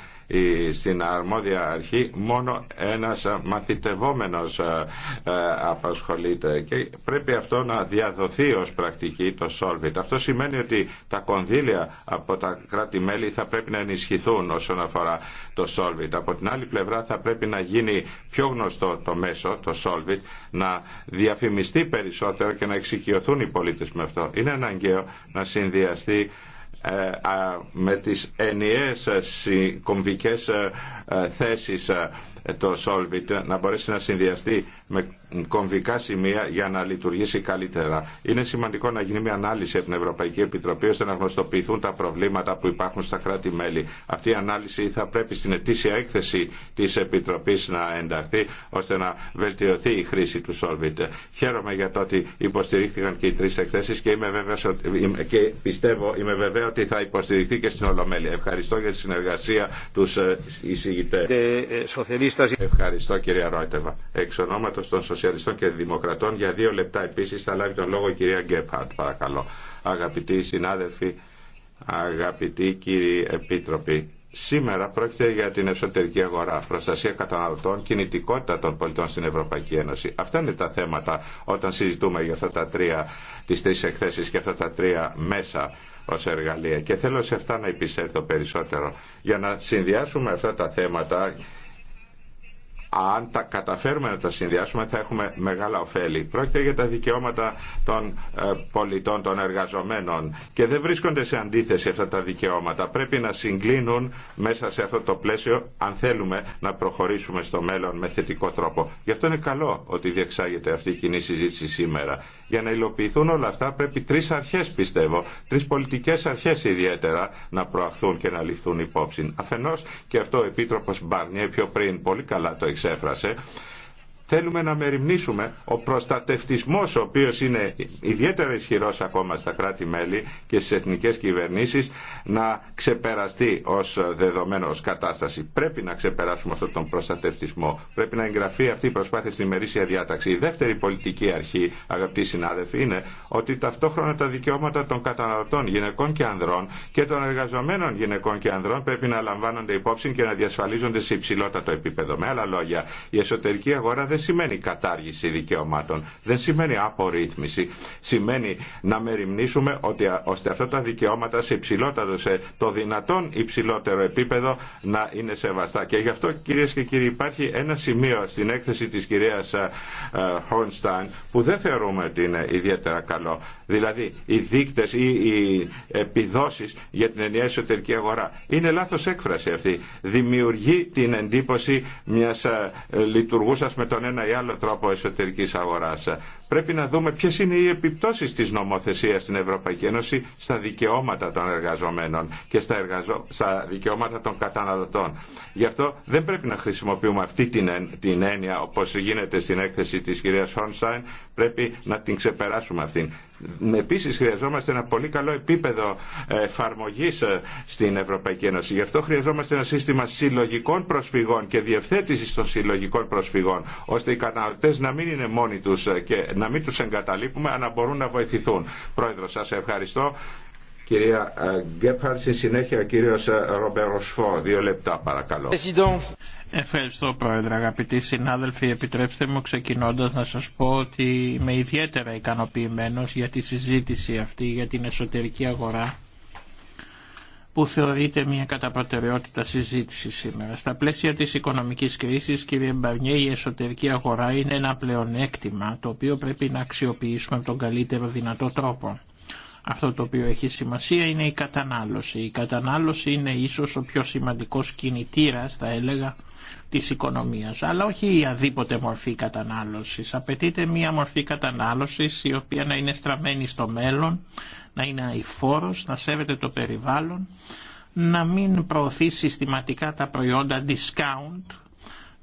στην αρμόδια αρχή μόνο ένας μαθητευόμενος ε, ε, απασχολείται και πρέπει αυτό να διαδοθεί ως πρακτική το Solvit. Αυτό σημαίνει ότι τα κονδύλια από τα κράτη-μέλη θα πρέπει να ενισχυθούν όσον αφορά το Solvit. Από την άλλη πλευρά θα πρέπει να γίνει πιο γνωστό το μέσο, το Solvit, να διαφημιστεί περισσότερο και να εξοικειωθούν οι πολίτες με αυτό. Είναι αναγκαίο να συνδυαστεί ε, με τις ενιαίες ε, κομβικές ε, θέσεις το Solvit να μπορέσει να συνδυαστεί με κομβικά σημεία για να λειτουργήσει καλύτερα. Είναι σημαντικό να γίνει μια ανάλυση από την Ευρωπαϊκή Επιτροπή ώστε να γνωστοποιηθούν τα προβλήματα που υπάρχουν στα κράτη-μέλη. Αυτή η ανάλυση θα πρέπει στην ετήσια έκθεση τη Επιτροπή να ενταχθεί ώστε να βελτιωθεί η χρήση του Solvit. Χαίρομαι για το ότι υποστηρίχθηκαν και οι τρει εκθέσει και, και πιστεύω, είμαι βέβαιο ότι θα υποστηριχθεί και στην Ολομέλεια. Ευχαριστώ για τη συνεργασία του ε, εισηγητέ. Ε, ε, Ευχαριστώ κυρία Ρόιτεβα. Εξ ονόματος των Σοσιαλιστών και Δημοκρατών για δύο λεπτά επίση θα λάβει τον λόγο η κυρία Γκέπχαρτ παρακαλώ. Αγαπητοί συνάδελφοι, αγαπητοί κύριοι επίτροποι, Σήμερα πρόκειται για την εσωτερική αγορά, προστασία καταναλωτών, κινητικότητα των πολιτών στην Ευρωπαϊκή Ένωση. Αυτά είναι τα θέματα όταν συζητούμε για αυτά τα τρία, τις τρεις εκθέσεις και αυτά τα τρία μέσα ως εργαλεία. Και θέλω σε αυτά να επισέλθω περισσότερο. Για να συνδυάσουμε αυτά τα θέματα αν τα καταφέρουμε να τα συνδυάσουμε θα έχουμε μεγάλα ωφέλη. Πρόκειται για τα δικαιώματα των ε, πολιτών, των εργαζομένων και δεν βρίσκονται σε αντίθεση αυτά τα δικαιώματα. Πρέπει να συγκλίνουν μέσα σε αυτό το πλαίσιο αν θέλουμε να προχωρήσουμε στο μέλλον με θετικό τρόπο. Γι' αυτό είναι καλό ότι διεξάγεται αυτή η κοινή συζήτηση σήμερα. Για να υλοποιηθούν όλα αυτά πρέπει τρεις αρχές πιστεύω, τρεις πολιτικές αρχές ιδιαίτερα να προαχθούν και να ληφθούν υπόψη. Αφενός και αυτό ο Επίτροπος Μπάρνιε πιο πριν πολύ καλά το εξέφρασε, Θέλουμε να μεριμνήσουμε ο προστατευτισμός ο οποίος είναι ιδιαίτερα ισχυρός ακόμα στα κράτη-μέλη και στις εθνικές κυβερνήσεις να ξεπεραστεί ως δεδομένο, ως κατάσταση. Πρέπει να ξεπεράσουμε αυτόν τον προστατευτισμό. Πρέπει να εγγραφεί αυτή η προσπάθεια στη μερίσια διάταξη. Η δεύτερη πολιτική αρχή, αγαπητοί συνάδελφοι, είναι ότι ταυτόχρονα τα δικαιώματα των καταναλωτών γυναικών και ανδρών και των εργαζομένων γυναικών και ανδρών πρέπει να λαμβάνονται υπόψη και να διασφαλίζονται σε υψηλότατο επίπεδο. Με άλλα λόγια, η εσωτερική αγορά δεν σημαίνει κατάργηση δικαιωμάτων, δεν σημαίνει απορρίθμιση. Σημαίνει να μεριμνήσουμε ότι, ώστε αυτά τα δικαιώματα σε υψηλότερο, σε το δυνατόν υψηλότερο επίπεδο να είναι σεβαστά. Και γι' αυτό κύριε και κύριοι υπάρχει ένα σημείο στην έκθεση της κυρίας Χόνσταν που δεν θεωρούμε ότι είναι ιδιαίτερα καλό. Δηλαδή οι δείκτες ή οι επιδόσεις για την ενιαία εσωτερική αγορά. Είναι λάθος έκφραση αυτή. Δημιουργεί την εντύπωση μιας λειτουργούσας με τον τον ένα ή άλλο τρόπο εσωτερικής αγοράς πρέπει να δούμε ποιες είναι οι επιπτώσεις της νομοθεσίας στην Ευρωπαϊκή Ένωση στα δικαιώματα των εργαζομένων και στα, δικαιώματα των καταναλωτών. Γι' αυτό δεν πρέπει να χρησιμοποιούμε αυτή την, την έννοια όπως γίνεται στην έκθεση της κυρίας Φόνσταϊν, πρέπει να την ξεπεράσουμε αυτήν. Επίση, χρειαζόμαστε ένα πολύ καλό επίπεδο εφαρμογή ε, στην Ευρωπαϊκή Ένωση. Γι' αυτό χρειαζόμαστε ένα σύστημα συλλογικών προσφυγών και διευθέτηση των συλλογικών προσφυγών, ώστε οι καταναλωτέ να μην είναι μόνοι του. Ε, και να μην τους εγκαταλείπουμε, αλλά να μπορούν να βοηθηθούν. Πρόεδρο, σας ευχαριστώ. Κυρία ε, Γκέπχαρτ, στη συνέχεια ο κύριος ε, Ρομπεροσφό. Δύο λεπτά παρακαλώ. Ευχαριστώ Πρόεδρε, αγαπητοί συνάδελφοι. Επιτρέψτε μου ξεκινώντας να σας πω ότι είμαι ιδιαίτερα ικανοποιημένος για τη συζήτηση αυτή για την εσωτερική αγορά που θεωρείται μια καταπροτεραιότητα συζήτηση σήμερα. Στα πλαίσια της οικονομικής κρίσης, κύριε Μπαρνιέ, η εσωτερική αγορά είναι ένα πλεονέκτημα το οποίο πρέπει να αξιοποιήσουμε με τον καλύτερο δυνατό τρόπο. Αυτό το οποίο έχει σημασία είναι η κατανάλωση. Η κατανάλωση είναι ίσως ο πιο σημαντικός κινητήρας, θα έλεγα, της οικονομίας, αλλά όχι η αδίποτε μορφή κατανάλωσης. Απαιτείται μια μορφή κατανάλωσης η οποία να είναι στραμμένη στο μέλλον, να είναι αηφόρος, να σέβεται το περιβάλλον, να μην προωθεί συστηματικά τα προϊόντα discount,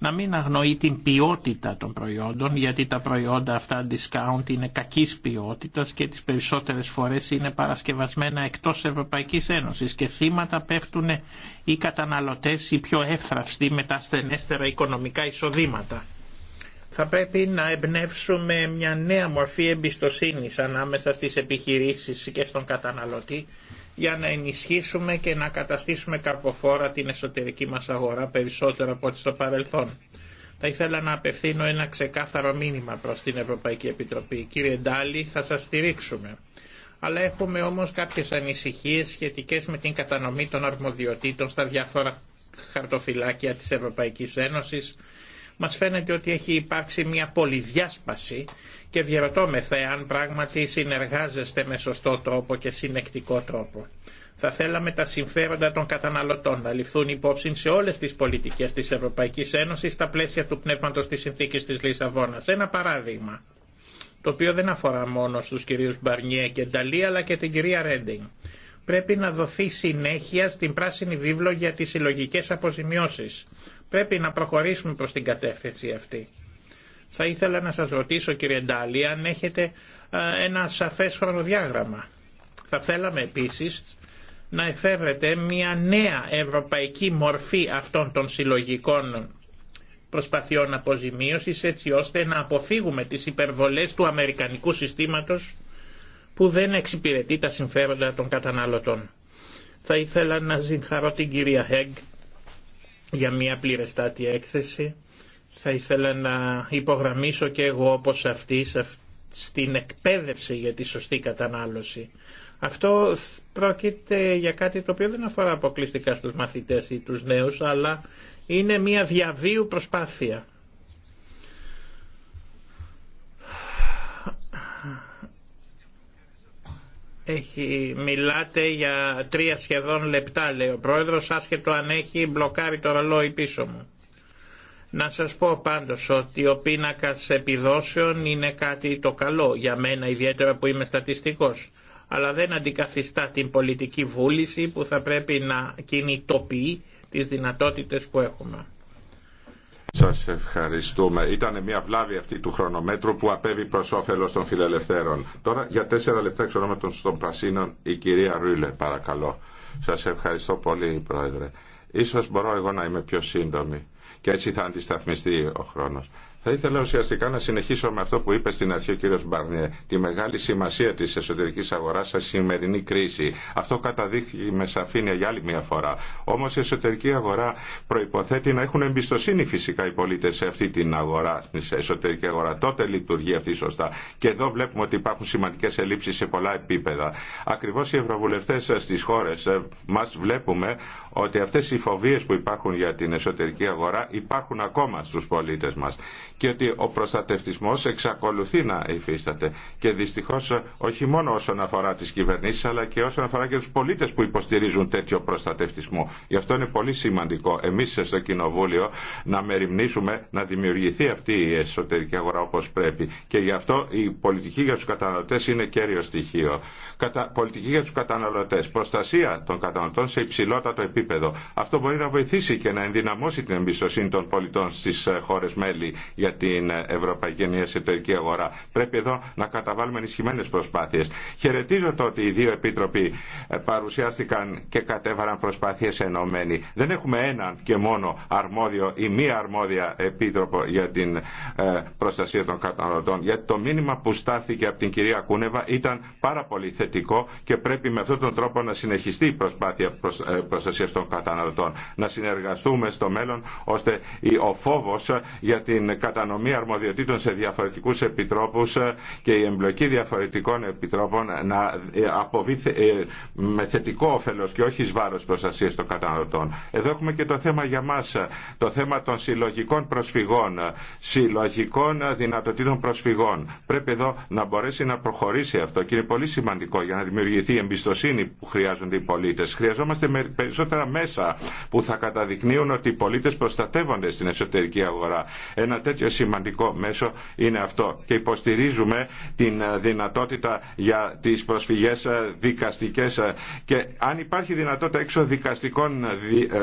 να μην αγνοεί την ποιότητα των προϊόντων γιατί τα προϊόντα αυτά discount είναι κακής ποιότητας και τις περισσότερες φορές είναι παρασκευασμένα εκτός Ευρωπαϊκής Ένωσης και θύματα πέφτουν οι καταναλωτές οι πιο εύθραυστοι με τα ασθενέστερα οικονομικά εισοδήματα. Θα πρέπει να εμπνεύσουμε μια νέα μορφή εμπιστοσύνης ανάμεσα στις επιχειρήσεις και στον καταναλωτή για να ενισχύσουμε και να καταστήσουμε καρποφόρα την εσωτερική μας αγορά περισσότερο από ό,τι στο παρελθόν. Θα ήθελα να απευθύνω ένα ξεκάθαρο μήνυμα προς την Ευρωπαϊκή Επιτροπή. Κύριε Ντάλη, θα σας στηρίξουμε. Αλλά έχουμε όμως κάποιες ανησυχίες σχετικές με την κατανομή των αρμοδιοτήτων στα διάφορα χαρτοφυλάκια της Ευρωπαϊκής Ένωσης. Μας φαίνεται ότι έχει υπάρξει μια πολυδιάσπαση και διαρωτώμεθα εάν πράγματι συνεργάζεστε με σωστό τρόπο και συνεκτικό τρόπο. Θα θέλαμε τα συμφέροντα των καταναλωτών να ληφθούν υπόψη σε όλες τις πολιτικές της Ευρωπαϊκής Ένωσης στα πλαίσια του πνεύματος της συνθήκης της Λισαβόνας. Ένα παράδειγμα, το οποίο δεν αφορά μόνο στους κυρίους Μπαρνιέ και Νταλή, αλλά και την κυρία Ρέντινγκ. Πρέπει να δοθεί συνέχεια στην πράσινη βίβλο για τις συλλογικέ αποζημιώσεις. Πρέπει να προχωρήσουμε προς την κατεύθυνση αυτή. Θα ήθελα να σας ρωτήσω κύριε Ντάλη αν έχετε ένα σαφές χρονοδιάγραμμα. Θα θέλαμε επίσης να εφεύρετε μια νέα ευρωπαϊκή μορφή αυτών των συλλογικών προσπαθειών αποζημίωσης έτσι ώστε να αποφύγουμε τις υπερβολές του αμερικανικού συστήματος που δεν εξυπηρετεί τα συμφέροντα των καταναλωτών. Θα ήθελα να συγχαρώ την κυρία Χέγγ για μια πληρεστάτη έκθεση θα ήθελα να υπογραμμίσω και εγώ όπως αυτή στην εκπαίδευση για τη σωστή κατανάλωση. Αυτό πρόκειται για κάτι το οποίο δεν αφορά αποκλειστικά στους μαθητές ή τους νέους, αλλά είναι μια διαβίου προσπάθεια. Έχει, μιλάτε για τρία σχεδόν λεπτά, λέει ο πρόεδρος, άσχετο αν έχει μπλοκάρει το ρολόι πίσω μου. Να σας πω πάντως ότι ο πίνακας επιδόσεων είναι κάτι το καλό για μένα, ιδιαίτερα που είμαι στατιστικός, αλλά δεν αντικαθιστά την πολιτική βούληση που θα πρέπει να κινητοποιεί τις δυνατότητες που έχουμε. Σας ευχαριστούμε. Ήταν μια βλάβη αυτή του χρονομέτρου που απέβη προς όφελος των φιλελευθέρων. Τώρα για τέσσερα λεπτά εξ στον των Πρασίνων η κυρία Ρούλε παρακαλώ. Σας ευχαριστώ πολύ Πρόεδρε. Ίσως μπορώ εγώ να είμαι πιο σύντομη και έτσι θα αντισταθμιστεί ο χρόνος. Θα ήθελα ουσιαστικά να συνεχίσω με αυτό που είπε στην αρχή ο κύριος Μπάρνιε, τη μεγάλη σημασία της εσωτερικής αγοράς σε σημερινή κρίση. Αυτό καταδείχθηκε με σαφήνεια για άλλη μια φορά. Όμως η εσωτερική αγορά προϋποθέτει να έχουν εμπιστοσύνη φυσικά οι πολίτες σε αυτή την αγορά, στην εσωτερική αγορά. Τότε λειτουργεί αυτή σωστά. Και εδώ βλέπουμε ότι υπάρχουν σημαντικές ελλείψεις σε πολλά επίπεδα. Ακριβώς οι ευρωβουλευτές στις χώρες ε, μας βλέπουμε ότι αυτές οι φοβίες που υπάρχουν για την εσωτερική αγορά υπάρχουν ακόμα στους πολίτες μας και ότι ο προστατευτισμός εξακολουθεί να υφίσταται και δυστυχώς ε, όχι μόνο όσον αφορά τις κυβερνήσεις αλλά και όσον αφορά και τους πολίτες που υποστηρίζουν τέτοιο προστατευτισμό. Γι' αυτό είναι πολύ σημαντικό εμείς στο Κοινοβούλιο να μεριμνήσουμε να δημιουργηθεί αυτή η εσωτερική αγορά όπως πρέπει και γι' αυτό η πολιτική για τους καταναλωτές είναι κέριο στοιχείο. Κατα... Πολιτική για τους καταναλωτές, προστασία των καταναλωτών σε υψηλότατο επίπεδο. Αυτό μπορεί να βοηθήσει και να ενδυναμώσει την εμπιστοσύνη των πολιτών στις ε, χώρες μέλη την Ευρωπαϊκή Ενία Εσωτερική Αγορά. Πρέπει εδώ να καταβάλουμε ενισχυμένε προσπάθειε. Χαιρετίζω το ότι οι δύο επίτροποι ε, παρουσιάστηκαν και κατέβαλαν προσπάθειε ενωμένοι. Δεν έχουμε έναν και μόνο αρμόδιο ή μία αρμόδια επίτροπο για την ε, προστασία των καταναλωτών. Γιατί το μήνυμα που στάθηκε από την κυρία Κούνεβα ήταν πάρα πολύ θετικό και πρέπει με αυτόν τον τρόπο να συνεχιστεί η προσπάθεια ε, προστασία των καταναλωτών. Να συνεργαστούμε στο μέλλον ώστε ο φόβο για την καταναλωτή κατανομή αρμοδιοτήτων σε διαφορετικούς επιτρόπους ε, και η εμπλοκή διαφορετικών επιτρόπων να ε, αποβεί ε, με θετικό όφελο και όχι εις βάρος προστασίας των καταναλωτών. Εδώ έχουμε και το θέμα για μας, το θέμα των συλλογικών προσφυγών, συλλογικών δυνατοτήτων προσφυγών. Πρέπει εδώ να μπορέσει να προχωρήσει αυτό και είναι πολύ σημαντικό για να δημιουργηθεί η εμπιστοσύνη που χρειάζονται οι πολίτες. Χρειαζόμαστε περισσότερα μέσα που θα καταδεικνύουν ότι οι πολίτε προστατεύονται στην εσωτερική αγορά. Ένα τέτοιο σημαντικό μέσο είναι αυτό. Και υποστηρίζουμε την ε, δυνατότητα για τις προσφυγές ε, δικαστικές ε, και αν υπάρχει δυνατότητα έξω δικαστικών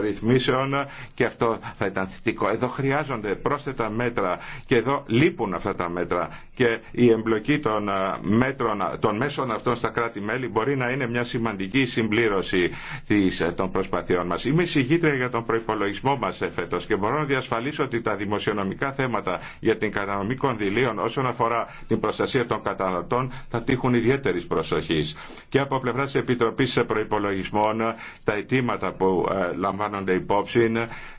ρυθμίσεων και αυτό θα ήταν θετικό. Εδώ χρειάζονται πρόσθετα μέτρα και εδώ λείπουν αυτά τα μέτρα και η εμπλοκή των, μέτρων, των μέσων αυτών στα κράτη-μέλη μπορεί να είναι μια σημαντική συμπλήρωση της, των προσπαθειών μας. Είμαι συγκίτρια για τον προϋπολογισμό μας φέτος και μπορώ να διασφαλίσω ότι τα δημοσιονομικά θέματα για την κατανομή κονδυλίων όσον αφορά την προστασία των καταναλωτών θα τύχουν ιδιαίτερη προσοχή. Και από πλευρά τη Επιτροπή Προπολογισμών, τα αιτήματα που ε, λαμβάνονται υπόψη,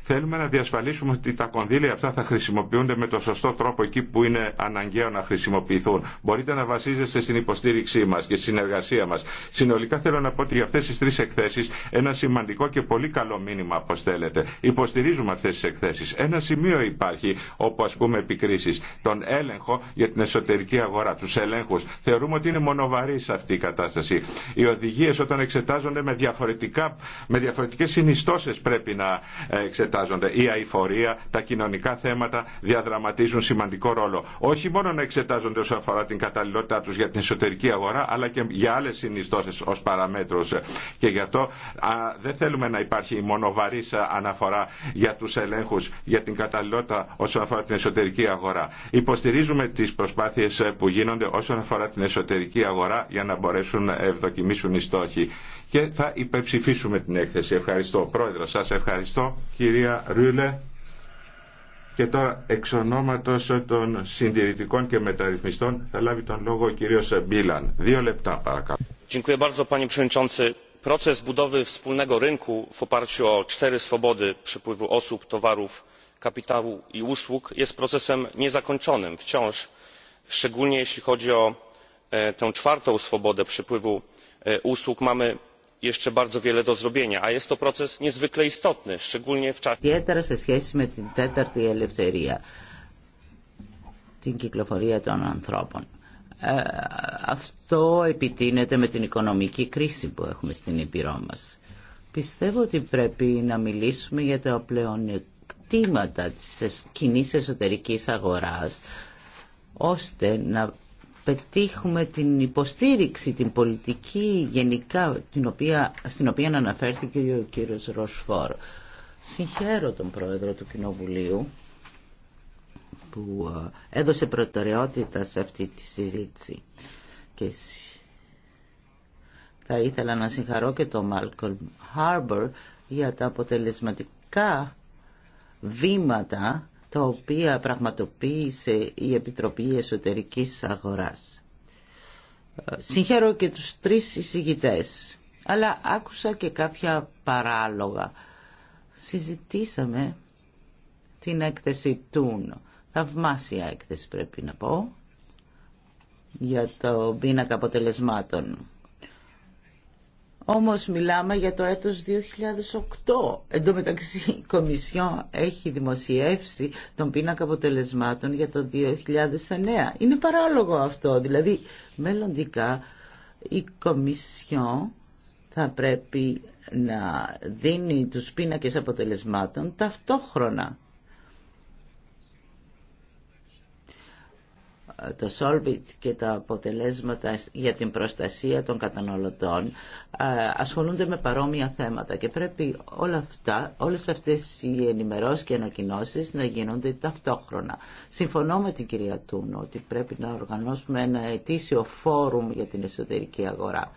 θέλουμε να διασφαλίσουμε ότι τα κονδύλια αυτά θα χρησιμοποιούνται με το σωστό τρόπο εκεί που είναι αναγκαίο να χρησιμοποιηθούν. Μπορείτε να βασίζεστε στην υποστήριξή μα και στη συνεργασία μα. Συνολικά θέλω να πω ότι για αυτέ τι τρει εκθέσει ένα σημαντικό και πολύ καλό μήνυμα αποστέλλεται. Υποστηρίζουμε αυτέ τι εκθέσει. Ένα σημείο υπάρχει όπου πούμε επικρίσει, Τον έλεγχο για την εσωτερική αγορά, του ελέγχου. Θεωρούμε ότι είναι μονοβαρή αυτή η κατάσταση. Οι οδηγίε όταν εξετάζονται με, διαφορετικά, με διαφορετικές συνιστώσεις πρέπει να ε, εξετάζονται. Η αηφορία, τα κοινωνικά θέματα διαδραματίζουν σημαντικό ρόλο. Όχι μόνο να εξετάζονται όσον αφορά την καταλληλότητά του για την εσωτερική αγορά, αλλά και για άλλε συνιστώσει ω παραμέτρους. Και γι' αυτό δεν θέλουμε να υπάρχει μονοβαρή αναφορά για του ελέγχου, για την καταλληλότητα όσον αφορά την εσωτερική εσωτερική αγορά. Υποστηρίζουμε τις προσπάθειες ε, που γίνονται όσον αφορά την εσωτερική αγορά για να μπορέσουν να ευδοκιμήσουν οι στόχοι. Και θα υπερψηφίσουμε την έκθεση. Ευχαριστώ. Πρόεδρο, σα ευχαριστώ. Κυρία Ρούλε. Και τώρα εξ ονόματος των συντηρητικών και μεταρρυθμιστών θα λάβει τον λόγο ο κύριος Μπίλαν. Δύο λεπτά παρακαλώ. Proces budowy wspólnego rynku w oparciu o cztery swobody przepływu osób, towarów kapitału i usług jest procesem niezakończonym wciąż szczególnie jeśli chodzi o tę czwartą swobodę przepływu usług mamy jeszcze bardzo wiele do zrobienia a jest to proces niezwykle istotny szczególnie w czasie την οικονομική κρίση που τίματα της κοινή εσωτερικής αγοράς ώστε να πετύχουμε την υποστήριξη, την πολιτική γενικά την οποία, στην οποία αναφέρθηκε ο κύριος Ροσφόρ. Συγχαίρω τον πρόεδρο του Κοινοβουλίου που ε, έδωσε προτεραιότητα σε αυτή τη συζήτηση. Και θα ήθελα να συγχαρώ και τον Μάλκολμ Χάρμπορ για τα αποτελεσματικά βήματα τα οποία πραγματοποίησε η Επιτροπή Εσωτερικής Αγοράς. Ε, συγχαίρω και τους τρεις εισηγητές, αλλά άκουσα και κάποια παράλογα. Συζητήσαμε την έκθεση Τούν, θαυμάσια έκθεση πρέπει να πω, για το πίνακα αποτελεσμάτων. Όμως μιλάμε για το έτος 2008. Εν τω μεταξύ η Κομισιόν έχει δημοσιεύσει τον πίνακα αποτελεσμάτων για το 2009. Είναι παράλογο αυτό. Δηλαδή μελλοντικά η Κομισιόν θα πρέπει να δίνει τους πίνακες αποτελεσμάτων ταυτόχρονα. το Solvit και τα αποτελέσματα για την προστασία των καταναλωτών ε, ασχολούνται με παρόμοια θέματα και πρέπει όλα αυτά, όλες αυτές οι ενημερώσεις και ανακοινώσει να γίνονται ταυτόχρονα. Συμφωνώ με την κυρία Τούνο ότι πρέπει να οργανώσουμε ένα ετήσιο φόρουμ για την εσωτερική αγορά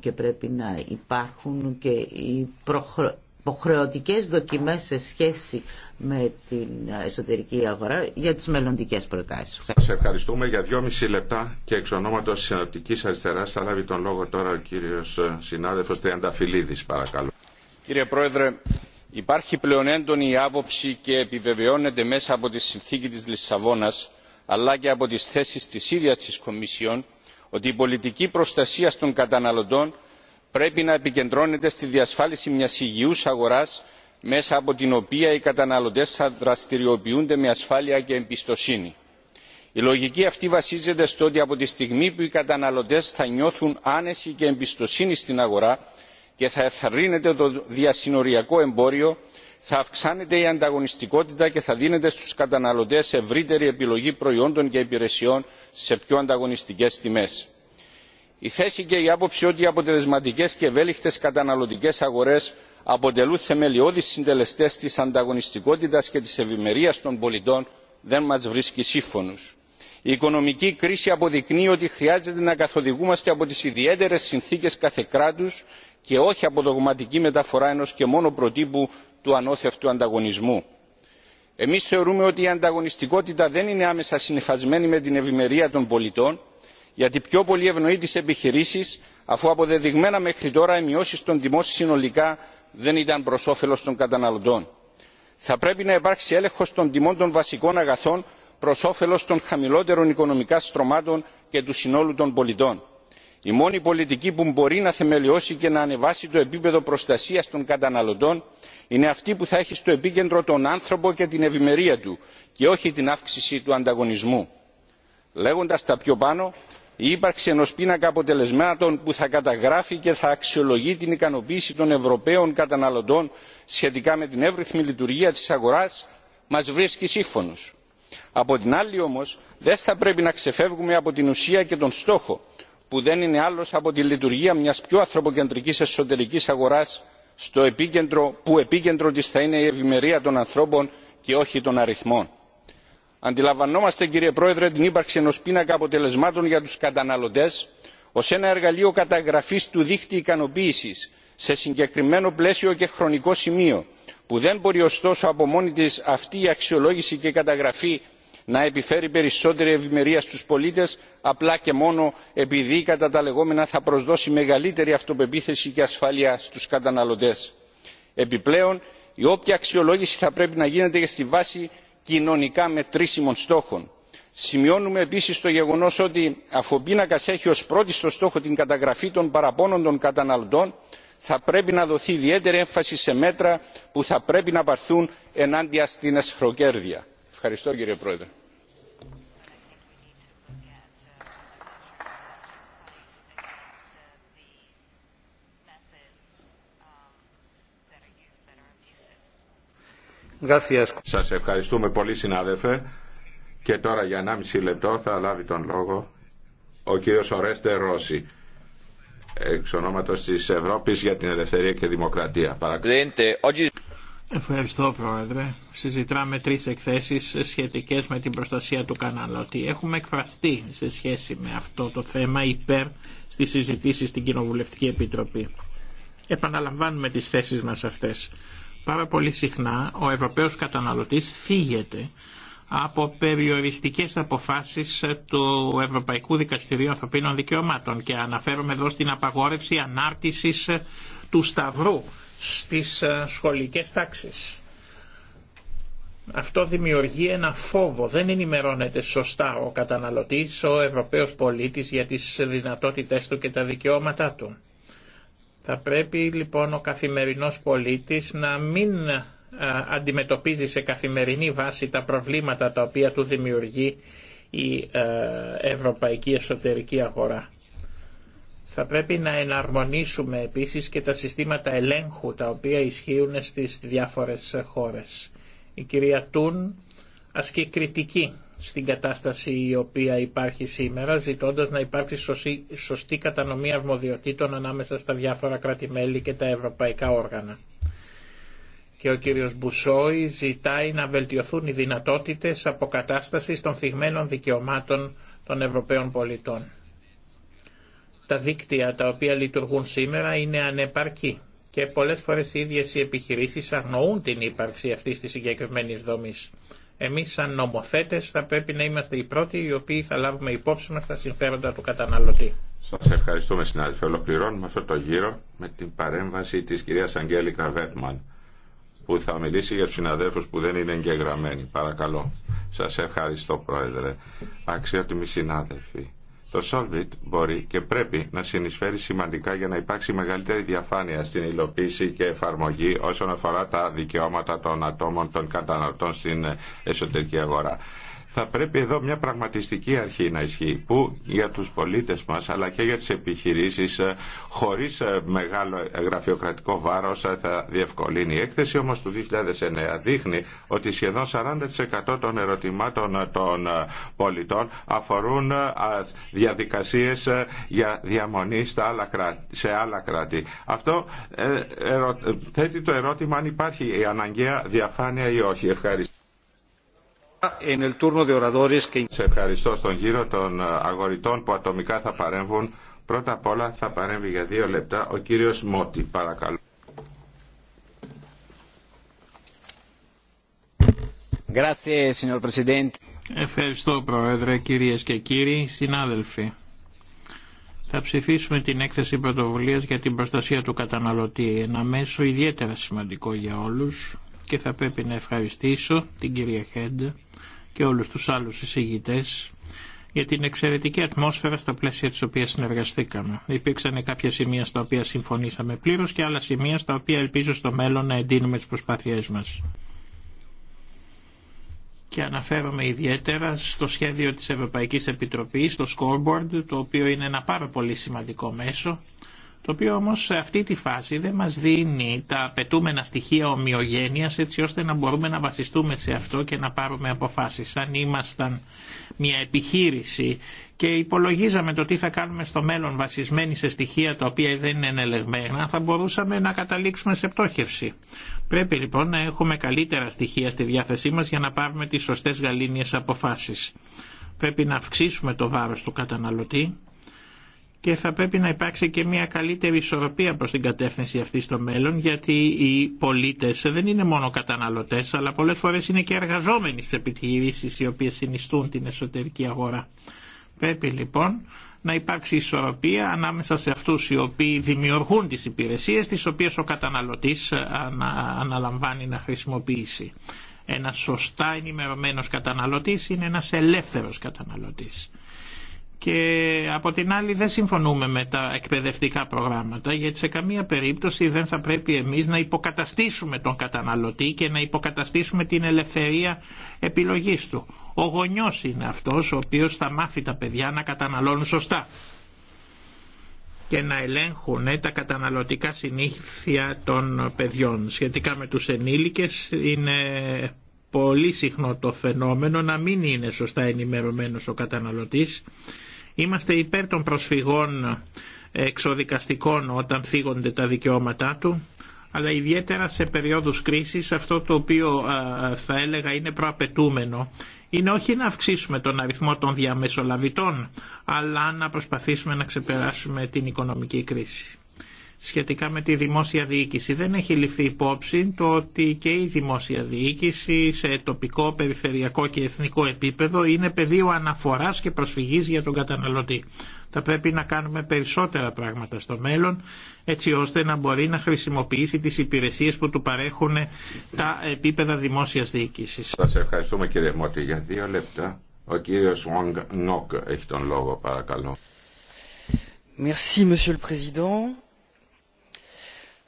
και πρέπει να υπάρχουν και οι προχρεωτικές δοκιμές σε σχέση με την εσωτερική αγορά για τις μελλοντικές προτάσεις. Σας ευχαριστούμε για δυόμιση λεπτά και εξ ονόματος της Συνοπτικής Αριστεράς θα λάβει τον λόγο τώρα ο κύριος ε, συνάδελφος Φιλίδης παρακαλώ. Κύριε Πρόεδρε, υπάρχει πλέον έντονη άποψη και επιβεβαιώνεται μέσα από τη συνθήκη της Λισαβόνας αλλά και από τις θέσεις της ίδιας της Κομισιόν ότι η πολιτική προστασία των καταναλωτών πρέπει να επικεντρώνεται στη διασφάλιση μιας υγιούς αγοράς μέσα από την οποία οι καταναλωτές θα δραστηριοποιούνται με ασφάλεια και εμπιστοσύνη. η λογική αυτή βασίζεται στο ότι από τη στιγμή που οι καταναλωτές θα νιώθουν άνεση και εμπιστοσύνη στην αγορά και θα ενθαρρύνεται το διασυνοριακό εμπόριο θα αυξάνεται η ανταγωνιστικότητα και θα δίνεται στους καταναλωτές ευρύτερη επιλογή προϊόντων και υπηρεσιών σε πιο ανταγωνιστικές τιμές. η θέση και η άποψη ότι οι αποτελεσματικές και ευέλικτες καταναλωτικές αγορές αποτελούν θεμελιώδεις συντελεστές της ανταγωνιστικότητας και της ευημερίας των πολιτών δεν μας βρίσκει σύμφωνους. η οικονομική κρίση αποδεικνύει ότι χρειάζεται να καθοδηγούμαστε από τις ιδιαίτερες συνθήκες κάθε κράτους και όχι από δογματική μεταφορά ενός και μόνο προτύπου του ανώθευτου ανταγωνισμού. εμείς θεωρούμε ότι η ανταγωνιστικότητα δεν είναι άμεσα συνυφασμένη με την ευημερία των πολιτών γιατί πιο πολύ ευνοεί τις επιχειρήσεις αφού αποδεδειγμένα μέχρι τώρα οι των τιμών συνολικά δεν ήταν προ όφελο των καταναλωτών. θα πρέπει να υπάρξει έλεγχο των τιμών των βασικών αγαθών προ όφελο των χαμηλότερων οικονομικά στρωμάτων και του συνόλου των πολιτών. η μόνη πολιτική που μπορεί να θεμελιώσει και να ανεβάσει το επίπεδο προστασία των καταναλωτών είναι αυτή που θα έχει στο επίκεντρο τον άνθρωπο και την ευημερία του και όχι την αύξηση του ανταγωνισμού. λέγοντα τα πιο πάνω η ύπαρξη ενός πίνακα αποτελεσμάτων που θα καταγράφει και θα αξιολογεί την ικανοποίηση των ευρωπαίων καταναλωτών σχετικά με την εύρυθμη λειτουργία της αγοράς μας βρίσκει σύμφωνους. από την άλλη όμως δεν θα πρέπει να ξεφεύγουμε από την ουσία και τον στόχο που δεν είναι άλλος από τη λειτουργία μιας πιο ανθρωποκεντρικής εσωτερικής αγοράς στο επίκεντρο, που επίκεντρο της θα είναι η ευημερία των ανθρώπων και όχι των αριθμών αντιλαμβανόμαστε κύριε πρόεδρε την ύπαρξη ενός πίνακα αποτελεσμάτων για τους καταναλωτές ως ένα εργαλείο καταγραφής του δίχτυ ικανοποίησης σε συγκεκριμένο πλαίσιο και χρονικό σημείο που δεν μπορεί ωστόσο από μόνη της αυτή η αξιολόγηση και καταγραφή να επιφέρει περισσότερη ευημερία στους πολίτες απλά και μόνο επειδή κατά τα λεγόμενα θα προσδώσει μεγαλύτερη αυτοπεποίθηση και ασφάλεια στους καταναλωτές. επιπλέον η όποια αξιολόγηση θα πρέπει να γίνεται στη βάση κοινωνικά μετρήσιμων στόχων. σημειώνουμε επίση το γεγονό ότι αφού ο πίνακα έχει ω πρώτιστο στόχο την καταγραφή των παραπώνων των καταναλωτών θα πρέπει να δοθεί ιδιαίτερη έμφαση σε μέτρα που θα πρέπει να πάρθουν ενάντια στην αισχροκέρδεια. ευχαριστώ κύριε πρόεδρε. Σας ευχαριστούμε πολύ συνάδελφε και τώρα για 1,5 λεπτό θα λάβει τον λόγο ο κύριος Ορέστε Ρώση εξ ονόματος της Ευρώπης για την Ελευθερία και Δημοκρατία. Ευχαριστώ Πρόεδρε. Συζητάμε τρεις εκθέσεις σχετικές με την προστασία του καναλώτη. Έχουμε εκφραστεί σε σχέση με αυτό το θέμα υπέρ στις συζητήσεις στην Κοινοβουλευτική Επιτροπή. Επαναλαμβάνουμε τις θέσεις μας αυτές. Πάρα πολύ συχνά ο Ευρωπαίος καταναλωτής φύγεται από περιοριστικές αποφάσεις του Ευρωπαϊκού Δικαστηρίου Ανθρωπίνων Δικαιωμάτων και αναφέρομαι εδώ στην απαγόρευση ανάρτησης του Σταυρού στις ε, σχολικές τάξεις. Αυτό δημιουργεί ένα φόβο. Δεν ενημερώνεται σωστά ο καταναλωτής, ο Ευρωπαίος πολίτης για τις δυνατότητές του και τα δικαιώματά του. Θα πρέπει λοιπόν ο καθημερινός πολίτης να μην αντιμετωπίζει σε καθημερινή βάση τα προβλήματα τα οποία του δημιουργεί η ευρωπαϊκή εσωτερική αγορά. Θα πρέπει να εναρμονίσουμε επίσης και τα συστήματα ελέγχου τα οποία ισχύουν στις διάφορες χώρες. Η κυρία Τούν ασκεί κριτική στην κατάσταση η οποία υπάρχει σήμερα, ζητώντας να υπάρξει σωστή, κατανομή αρμοδιοτήτων ανάμεσα στα διάφορα κράτη-μέλη και τα ευρωπαϊκά όργανα. Και ο κύριος Μπουσόη ζητάει να βελτιωθούν οι δυνατότητες αποκατάστασης των θυγμένων δικαιωμάτων των Ευρωπαίων πολιτών. Τα δίκτυα τα οποία λειτουργούν σήμερα είναι ανεπαρκή και πολλές φορές οι ίδιες οι επιχειρήσεις αγνοούν την ύπαρξη αυτής της συγκεκριμένης δομής. Εμείς σαν νομοθέτες θα πρέπει να είμαστε οι πρώτοι οι οποίοι θα λάβουμε υπόψη μας τα συμφέροντα του καταναλωτή. Σας ευχαριστούμε συνάδελφε. Ολοκληρώνουμε αυτό το γύρο με την παρέμβαση της κυρίας Αγγέλικα Βέτμαν που θα μιλήσει για τους συναδέλφους που δεν είναι εγγεγραμμένοι. Παρακαλώ. Σας ευχαριστώ Πρόεδρε. Αξιότιμοι συνάδελφοι. Το Solvit μπορεί και πρέπει να συνεισφέρει σημαντικά για να υπάρξει μεγαλύτερη διαφάνεια στην υλοποίηση και εφαρμογή όσον αφορά τα δικαιώματα των ατόμων των καταναλωτών στην εσωτερική αγορά θα πρέπει εδώ μια πραγματιστική αρχή να ισχύει που για τους πολίτες μας αλλά και για τις επιχειρήσεις ε, χωρίς ε, μεγάλο γραφειοκρατικό βάρος ε, θα διευκολύνει. Η έκθεση όμως του 2009 δείχνει ότι σχεδόν 40% των ερωτημάτων των πολιτών αφορούν διαδικασίες για διαμονή στα σε άλλα κράτη. Αυτό θέτει το ερώτημα αν υπάρχει η αναγκαία διαφάνεια ή όχι. Ευχαριστώ. Ε, Σε ευχαριστώ στον γύρο των ε, αγοριτών που ατομικά θα παρέμβουν. Πρώτα απ' όλα θα παρέμβει για δύο λεπτά ο κύριος Μότι, παρακαλώ. Ευχαριστώ Πρόεδρε, κυρίες και κύριοι, συνάδελφοι. Θα ψηφίσουμε την έκθεση πρωτοβουλίας για την προστασία του καταναλωτή, ένα μέσο ιδιαίτερα σημαντικό για όλους, και θα πρέπει να ευχαριστήσω την κυρία Χέντ και όλους τους άλλους εισηγητές για την εξαιρετική ατμόσφαιρα στα πλαίσια της οποίας συνεργαστήκαμε. Υπήρξαν κάποια σημεία στα οποία συμφωνήσαμε πλήρως και άλλα σημεία στα οποία ελπίζω στο μέλλον να εντείνουμε τις προσπάθειές μας. Και αναφέρομαι ιδιαίτερα στο σχέδιο της Ευρωπαϊκής Επιτροπής, το scoreboard, το οποίο είναι ένα πάρα πολύ σημαντικό μέσο το οποίο όμως σε αυτή τη φάση δεν μας δίνει τα απαιτούμενα στοιχεία ομοιογένειας έτσι ώστε να μπορούμε να βασιστούμε σε αυτό και να πάρουμε αποφάσεις. Αν ήμασταν μια επιχείρηση και υπολογίζαμε το τι θα κάνουμε στο μέλλον βασισμένοι σε στοιχεία τα οποία δεν είναι ενελεγμένα, θα μπορούσαμε να καταλήξουμε σε πτώχευση. Πρέπει λοιπόν να έχουμε καλύτερα στοιχεία στη διάθεσή μας για να πάρουμε τις σωστές γαλήνιες αποφάσεις. Πρέπει να αυξήσουμε το βάρος του καταναλωτή, και θα πρέπει να υπάρξει και μια καλύτερη ισορροπία προς την κατεύθυνση αυτή στο μέλλον γιατί οι πολίτες δεν είναι μόνο καταναλωτές αλλά πολλές φορές είναι και εργαζόμενοι σε επιχειρήσεις οι οποίες συνιστούν την εσωτερική αγορά. Πρέπει λοιπόν να υπάρξει ισορροπία ανάμεσα σε αυτούς οι οποίοι δημιουργούν τις υπηρεσίες τις οποίες ο καταναλωτής αναλαμβάνει να χρησιμοποιήσει. Ένα σωστά ενημερωμένος καταναλωτής είναι ένας ελεύθερος καταναλωτής και από την άλλη δεν συμφωνούμε με τα εκπαιδευτικά προγράμματα γιατί σε καμία περίπτωση δεν θα πρέπει εμείς να υποκαταστήσουμε τον καταναλωτή και να υποκαταστήσουμε την ελευθερία επιλογής του. Ο γονιός είναι αυτός ο οποίος θα μάθει τα παιδιά να καταναλώνουν σωστά και να ελέγχουν ε, τα καταναλωτικά συνήθεια των παιδιών. Σχετικά με τους ενήλικες είναι πολύ συχνό το φαινόμενο να μην είναι σωστά ενημερωμένος ο καταναλωτής. Είμαστε υπέρ των προσφυγών εξοδικαστικών όταν θίγονται τα δικαιώματά του, αλλά ιδιαίτερα σε περίοδους κρίσης αυτό το οποίο θα έλεγα είναι προαπαιτούμενο είναι όχι να αυξήσουμε τον αριθμό των διαμεσολαβητών, αλλά να προσπαθήσουμε να ξεπεράσουμε την οικονομική κρίση σχετικά με τη δημόσια διοίκηση. Δεν έχει ληφθεί υπόψη το ότι και η δημόσια διοίκηση σε τοπικό, περιφερειακό και εθνικό επίπεδο είναι πεδίο αναφοράς και προσφυγής για τον καταναλωτή. Θα πρέπει να κάνουμε περισσότερα πράγματα στο μέλλον έτσι ώστε να μπορεί να χρησιμοποιήσει τις υπηρεσίες που του παρέχουν τα επίπεδα δημόσιας διοίκησης. Σας ευχαριστούμε κύριε Μότη για δύο λεπτά. Ο κύριος Νόκ έχει τον λόγο παρακαλώ. Merci, Monsieur le Président.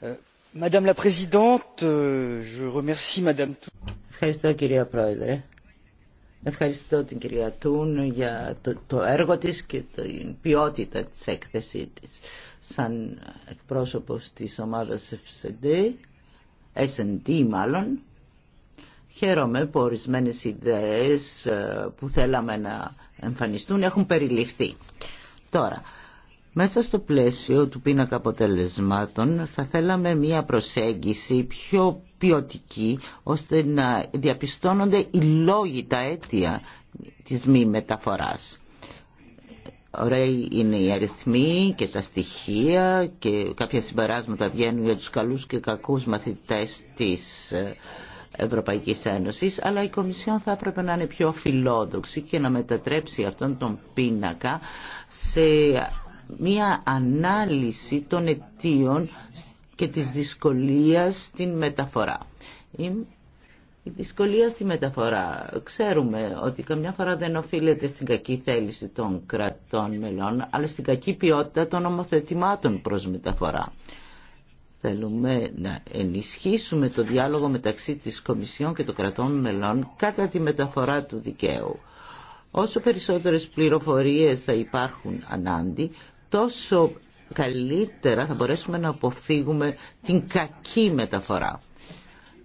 Euh, euh, Ευχαριστώ κυρία Πρόεδρε. Ευχαριστώ την κυρία Τούν για το, έργο της και την ποιότητα της έκθεσή της. Σαν εκπρόσωπος της ομάδας FCD S&D μάλλον, χαίρομαι που ορισμένε ιδέες ε, που θέλαμε να εμφανιστούν έχουν περιληφθεί. Τώρα, μέσα στο πλαίσιο του πίνακα αποτελεσμάτων θα θέλαμε μία προσέγγιση πιο ποιοτική ώστε να διαπιστώνονται οι λόγοι, τα αίτια της μη μεταφοράς. Ωραίοι είναι οι αριθμοί και τα στοιχεία και κάποια συμπεράσματα βγαίνουν για τους καλούς και κακούς μαθητές της Ευρωπαϊκής Ένωσης, αλλά η Κομισιόν θα έπρεπε να είναι πιο φιλόδοξη και να μετατρέψει αυτόν τον πίνακα σε μία ανάλυση των αιτίων και της δυσκολίας στην μεταφορά. Η δυσκολία στη μεταφορά. Ξέρουμε ότι καμιά φορά δεν οφείλεται στην κακή θέληση των κρατών μελών, αλλά στην κακή ποιότητα των νομοθετημάτων προς μεταφορά. Θέλουμε να ενισχύσουμε το διάλογο μεταξύ της Κομισιόν και των κρατών μελών κατά τη μεταφορά του δικαίου. Όσο περισσότερες πληροφορίες θα υπάρχουν ανάντι, τόσο καλύτερα θα μπορέσουμε να αποφύγουμε την κακή μεταφορά.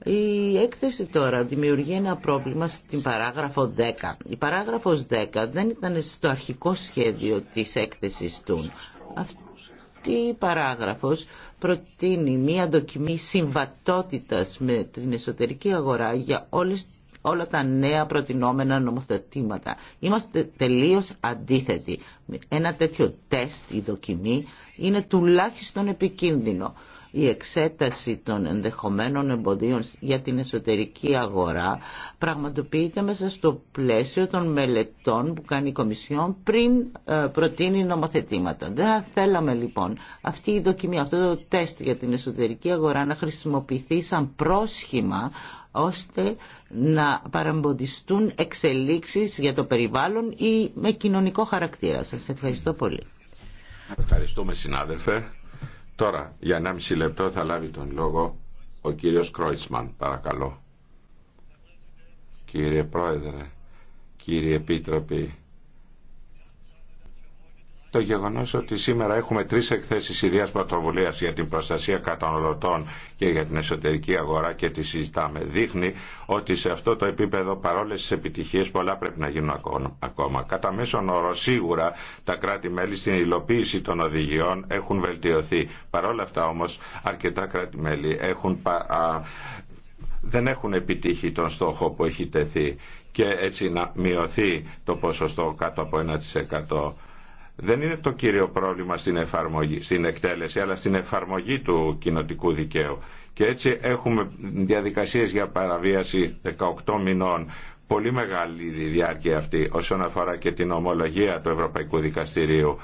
Η έκθεση τώρα δημιουργεί ένα πρόβλημα στην παράγραφο 10. Η παράγραφος 10 δεν ήταν στο αρχικό σχέδιο της έκθεσης του. Αυτή η παράγραφος προτείνει μία δοκιμή συμβατότητας με την εσωτερική αγορά για όλες όλα τα νέα προτινόμενα νομοθετήματα. Είμαστε τελείως αντίθετοι. Ένα τέτοιο τεστ, η δοκιμή, είναι τουλάχιστον επικίνδυνο. Η εξέταση των ενδεχομένων εμποδίων για την εσωτερική αγορά πραγματοποιείται μέσα στο πλαίσιο των μελετών που κάνει η Κομισιόν πριν ε, προτείνει νομοθετήματα. Δεν θα θέλαμε λοιπόν αυτή η δοκιμή, αυτό το τεστ για την εσωτερική αγορά να χρησιμοποιηθεί σαν πρόσχημα ώστε να παραμποδιστούν εξελίξεις για το περιβάλλον ή με κοινωνικό χαρακτήρα. Σας ευχαριστώ πολύ. Ευχαριστούμε συνάδελφε. Τώρα για 1,5 λεπτό θα λάβει τον λόγο ο κύριος Κρόιτσμαν. Παρακαλώ. Κύριε Πρόεδρε, κύριε Επίτροπη, το γεγονό ότι σήμερα έχουμε τρει εκθέσει ιδέα πρωτοβουλία για την προστασία καταναλωτών και για την εσωτερική αγορά και τη συζητάμε δείχνει ότι σε αυτό το επίπεδο παρόλε τι επιτυχίε πολλά πρέπει να γίνουν ακόμα. Κατά μέσον όρο σίγουρα τα κράτη-μέλη στην υλοποίηση των οδηγιών έχουν βελτιωθεί. Παρόλα όμω, όμως αρκετά κράτη-μέλη έχουν δεν έχουν επιτύχει τον στόχο που έχει τεθεί και έτσι να μειωθεί το ποσοστό κάτω από 1% δεν είναι το κύριο πρόβλημα στην, εφαρμογή, στην εκτέλεση, αλλά στην εφαρμογή του κοινοτικού δικαίου. Και έτσι έχουμε διαδικασίες για παραβίαση 18 μηνών, πολύ μεγάλη διάρκεια αυτή όσον αφορά και την ομολογία του Ευρωπαϊκού Δικαστηρίου.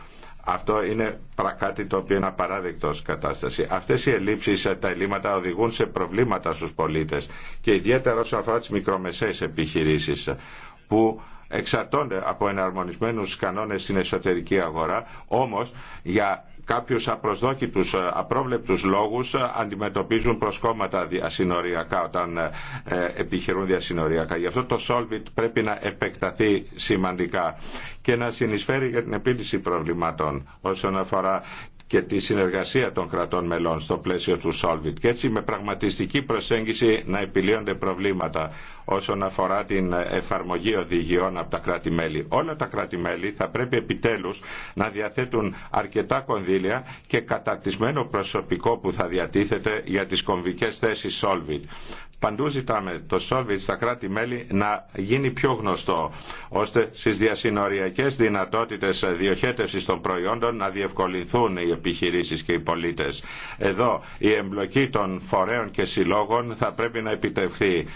Αυτό είναι κάτι το οποίο είναι απαράδεκτο κατάσταση. Αυτές οι ελλείψεις, ε, τα ελλείμματα οδηγούν σε προβλήματα στους πολίτες και ιδιαίτερα όσον αφορά τις μικρομεσαίες επιχειρήσεις ε, που εξαρτώνται από εναρμονισμένους κανόνες στην εσωτερική αγορά, όμως για κάποιους απροσδόκητους, ε, απρόβλεπτους λόγους ε, αντιμετωπίζουν προσκόμματα διασυνοριακά όταν ε, επιχειρούν διασυνοριακά. Γι' αυτό το Solvit πρέπει να επεκταθεί σημαντικά και να συνεισφέρει για την επίλυση προβλημάτων όσον αφορά και τη συνεργασία των κρατών μελών στο πλαίσιο του Solvit και έτσι με πραγματιστική προσέγγιση να επιλύονται προβλήματα όσον αφορά την εφαρμογή οδηγιών από τα κράτη-μέλη. Όλα τα κράτη-μέλη θα πρέπει επιτέλους να διαθέτουν αρκετά κονδύλια και κατακτισμένο προσωπικό που θα διατίθεται για τις κομβικές θέσεις Solvit. Παντού ζητάμε το Solvit στα κράτη-μέλη να γίνει πιο γνωστό, ώστε στις διασυνοριακές δυνατότητες διοχέτευσης των προϊόντων να διευκολυνθούν οι επιχειρήσεις και οι πολίτες. Εδώ η εμπλοκή των φορέων και συλλόγων θα πρέπει να επιτευχθεί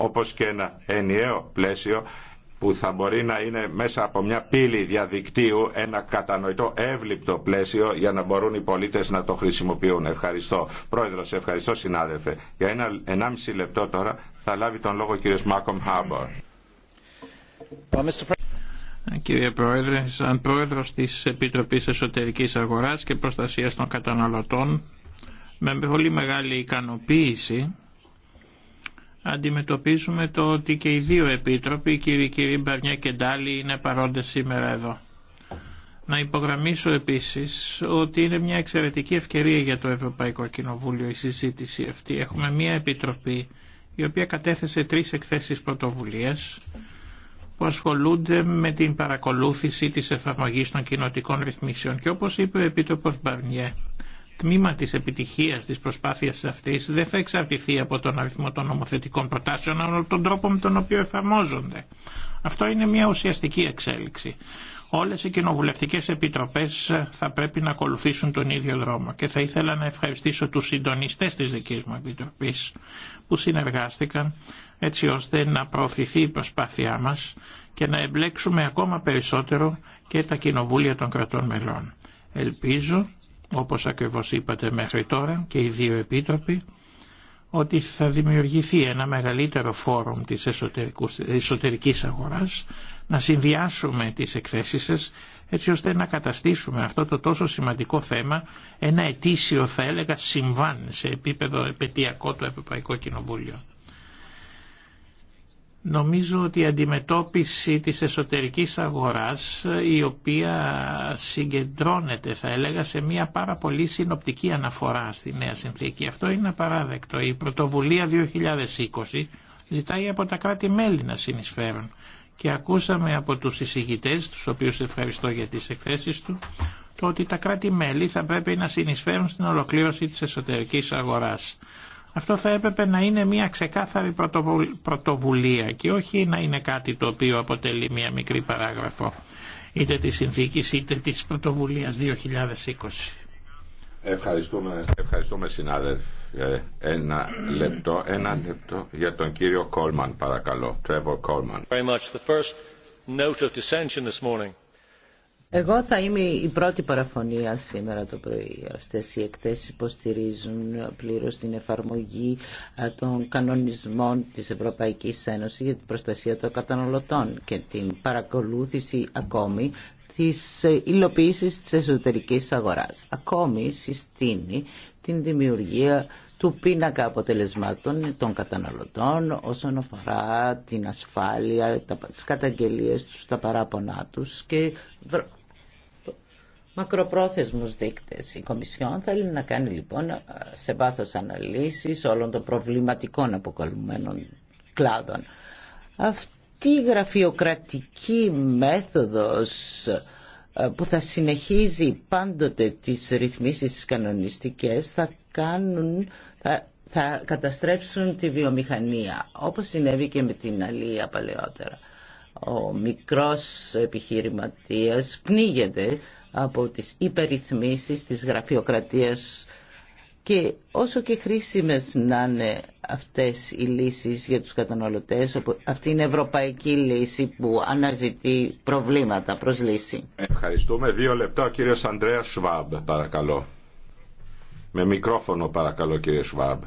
όπως και ένα ενιαίο πλαίσιο που θα μπορεί να είναι μέσα από μια πύλη διαδικτύου ένα κατανοητό εύληπτο πλαίσιο για να μπορούν οι πολίτες να το χρησιμοποιούν. Ευχαριστώ. Πρόεδρος, ευχαριστώ συνάδελφε. Για ένα 1,5 λεπτό τώρα θα λάβει τον λόγο ο κύριος Μάκομ Χάμπορ. Κύριε Πρόεδρε, σαν Πρόεδρος της Επιτροπής Εσωτερικής Αγοράς και Προστασίας των Καταναλωτών, με πολύ μεγάλη ικανοποίηση αντιμετωπίζουμε το ότι και οι δύο επίτροποι, οι κύριοι κύριοι Μπαρνιά και Ντάλι, είναι παρόντες σήμερα εδώ. Να υπογραμμίσω επίσης ότι είναι μια εξαιρετική ευκαιρία για το Ευρωπαϊκό Κοινοβούλιο η συζήτηση αυτή. Έχουμε μια επιτροπή η οποία κατέθεσε τρεις εκθέσεις πρωτοβουλίας που ασχολούνται με την παρακολούθηση της εφαρμογής των κοινοτικών ρυθμίσεων και όπως είπε ο Επίτροπος Μπαρνιέ τμήμα της επιτυχίας της προσπάθειας αυτής δεν θα εξαρτηθεί από τον αριθμό των νομοθετικών προτάσεων αλλά τον τρόπο με τον οποίο εφαρμόζονται. Αυτό είναι μια ουσιαστική εξέλιξη. Όλες οι κοινοβουλευτικές επιτροπές θα πρέπει να ακολουθήσουν τον ίδιο δρόμο και θα ήθελα να ευχαριστήσω τους συντονιστές της δικής μου επιτροπής που συνεργάστηκαν έτσι ώστε να προωθηθεί η προσπάθειά μας και να εμπλέξουμε ακόμα περισσότερο και τα κοινοβούλια των κρατών μελών. Ελπίζω όπως ακριβώς είπατε μέχρι τώρα και οι δύο επίτροποι, ότι θα δημιουργηθεί ένα μεγαλύτερο φόρουμ της εσωτερικής αγοράς, να συνδυάσουμε τις εκθέσεις σας, έτσι ώστε να καταστήσουμε αυτό το τόσο σημαντικό θέμα ένα ετήσιο, θα έλεγα, συμβάν σε επίπεδο επαιτειακό του Ευρωπαϊκού Κοινοβούλιο. Νομίζω ότι η αντιμετώπιση της εσωτερικής αγοράς η οποία συγκεντρώνεται θα έλεγα σε μια πάρα πολύ συνοπτική αναφορά στη νέα συνθήκη. Αυτό είναι απαράδεκτο. Η πρωτοβουλία 2020 ζητάει από τα κράτη-μέλη να συνεισφέρουν και ακούσαμε από τους εισηγητές, τους οποίους ευχαριστώ για τις εκθέσεις του, το ότι τα κράτη-μέλη θα πρέπει να συνεισφέρουν στην ολοκλήρωση της εσωτερικής αγοράς. Αυτό θα έπρεπε να είναι μια ξεκάθαρη πρωτοβουλία και όχι να είναι κάτι το οποίο αποτελεί μια μικρή παράγραφο είτε της συνθήκη είτε της πρωτοβουλίας 2020. Ευχαριστούμε, ευχαριστούμε συνάδελφε. Ένα λεπτό, ένα λεπτό για τον κύριο Κόλμαν παρακαλώ. Τρέβορ Κόλμαν. Very much. The first note of εγώ θα είμαι η πρώτη παραφωνία σήμερα το πρωί. Αυτές οι εκτέσεις υποστηρίζουν πλήρως την εφαρμογή ε, των κανονισμών της Ευρωπαϊκής Ένωσης για την προστασία των καταναλωτών και την παρακολούθηση ακόμη της ε, υλοποίησης της εσωτερικής αγοράς. Ακόμη συστήνει την δημιουργία του πίνακα αποτελεσμάτων των καταναλωτών όσον αφορά την ασφάλεια, τις καταγγελίες τους, τα παράπονά τους και μακροπρόθεσμους δείκτες. Η Κομισιόν θέλει να κάνει λοιπόν σε βάθος αναλύσεις όλων των προβληματικών αποκαλουμένων κλάδων. Αυτή η γραφειοκρατική μέθοδος ε, που θα συνεχίζει πάντοτε τις ρυθμίσεις τις κανονιστικές θα κάνουν, θα, θα καταστρέψουν τη βιομηχανία όπως συνέβη και με την Αλία παλαιότερα. Ο μικρός επιχειρηματίας πνίγεται από τις υπερρυθμίσεις της γραφειοκρατίας και όσο και χρήσιμες να είναι αυτές οι λύσεις για τους καταναλωτές, αυτή είναι ευρωπαϊκή λύση που αναζητεί προβλήματα προς λύση. Ευχαριστούμε. Δύο λεπτά ο κύριος Ανδρέας Σβάμπ, παρακαλώ. Με μικρόφωνο παρακαλώ κύριε Σβάμπ.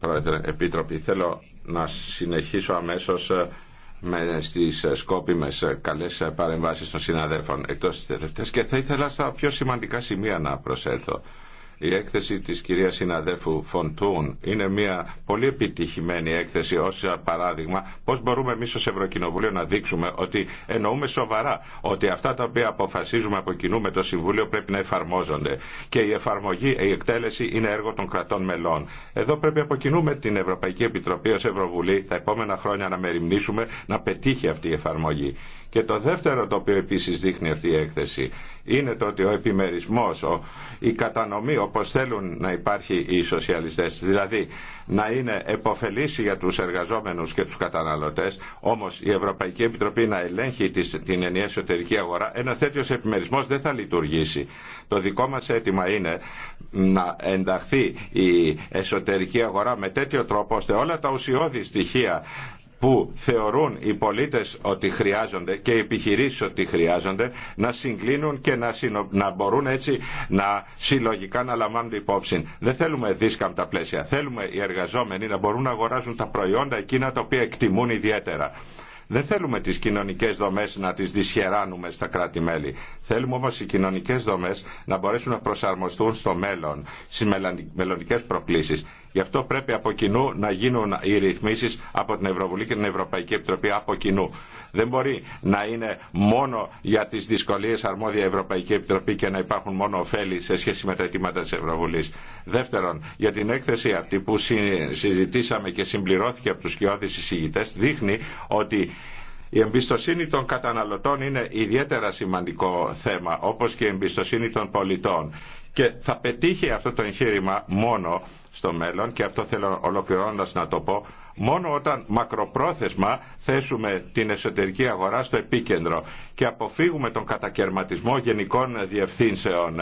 Πρόεδρε, Επίτροπη, θέλω να συνεχίσω αμέσως ε, με στις σκόπιμες καλές παρεμβάσεις των συναδέλφων εκτός της τελευταίας και θα ήθελα στα πιο σημαντικά σημεία να προσέλθω. Η έκθεση της κυρίας συναδέφου Φοντούν είναι μια πολύ επιτυχημένη έκθεση ως παράδειγμα πώς μπορούμε εμείς ως Ευρωκοινοβούλιο να δείξουμε ότι εννοούμε σοβαρά ότι αυτά τα οποία αποφασίζουμε από κοινού με το Συμβούλιο πρέπει να εφαρμόζονται και η εφαρμογή, η εκτέλεση είναι έργο των κρατών μελών. Εδώ πρέπει από κοινού με την Ευρωπαϊκή Επιτροπή ως Ευρωβουλή τα επόμενα χρόνια να μεριμνήσουμε να πετύχει αυτή η εφαρμογή. Και το δεύτερο το οποίο επίσης δείχνει αυτή η έκθεση είναι το ότι ο επιμερισμός, η κατανομή όπως θέλουν να υπάρχει οι σοσιαλιστές, δηλαδή να είναι επωφελής για τους εργαζόμενους και τους καταναλωτές, όμως η Ευρωπαϊκή Επιτροπή να ελέγχει την ενιαία εσωτερική αγορά, ένας τέτοιο επιμερισμός δεν θα λειτουργήσει. Το δικό μας αίτημα είναι να ενταχθεί η εσωτερική αγορά με τέτοιο τρόπο ώστε όλα τα ουσιώδη στοιχεία που θεωρούν οι πολίτες ότι χρειάζονται και οι επιχειρήσεις ότι χρειάζονται να συγκλίνουν και να, να μπορούν έτσι να συλλογικά να λαμβάνουν υπόψη. Δεν θέλουμε δίσκαμπτα πλαίσια. Θέλουμε οι εργαζόμενοι να μπορούν να αγοράζουν τα προϊόντα εκείνα τα οποία εκτιμούν ιδιαίτερα. Δεν θέλουμε τις κοινωνικές δομές να τις δυσχεράνουμε στα κράτη-μέλη. Θέλουμε όμως οι κοινωνικές δομές να μπορέσουν να προσαρμοστούν στο μέλλον, στις μελλοντικές προκλήσεις. Γι' αυτό πρέπει από κοινού να γίνουν οι ρυθμίσεις από την Ευρωβουλή και την Ευρωπαϊκή Επιτροπή από κοινού. Δεν μπορεί να είναι μόνο για τι δυσκολίε αρμόδια Ευρωπαϊκή Επιτροπή και να υπάρχουν μόνο ωφέλη σε σχέση με τα αιτήματα τη Ευρωβουλή. Δεύτερον, για την έκθεση αυτή που συζητήσαμε και συμπληρώθηκε από του κοιόδη εισηγητέ, δείχνει ότι η εμπιστοσύνη των καταναλωτών είναι ιδιαίτερα σημαντικό θέμα, όπως και η εμπιστοσύνη των πολιτών. Και θα πετύχει αυτό το εγχείρημα μόνο στο μέλλον, και αυτό θέλω ολοκληρώνοντα να το πω, Μόνο όταν μακροπρόθεσμα θέσουμε την εσωτερική αγορά στο επίκεντρο και αποφύγουμε τον κατακαιρματισμό γενικών διευθύνσεων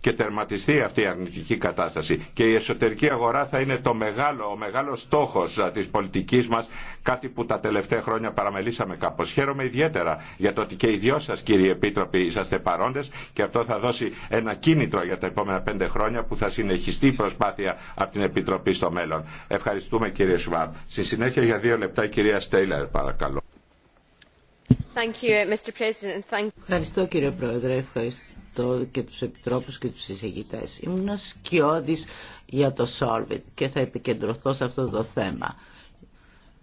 και τερματιστεί αυτή η αρνητική κατάσταση. Και η εσωτερική αγορά θα είναι το μεγάλο, ο μεγάλος στόχος της πολιτικής μας, κάτι που τα τελευταία χρόνια παραμελήσαμε κάπως. Χαίρομαι ιδιαίτερα για το ότι και οι δυο σας κύριοι Επίτροποι είσαστε παρόντες και αυτό θα δώσει ένα κίνητρο για τα επόμενα πέντε χρόνια που θα συνεχιστεί η προσπάθεια από την Επιτροπή στο μέλλον. Ευχαριστούμε κύριε Σουβάρ. Στη συνέχεια για δύο λεπτά η κυρία Στέιλερ παρακαλώ. Thank you, Mr. President. Thank Ευχαριστώ κύριε Πρόεδρε, ευχαριστώ αυτό και τους επιτρόπους και τους εισηγητές. Ήμουν σκιώδης για το Solvit και θα επικεντρωθώ σε αυτό το θέμα.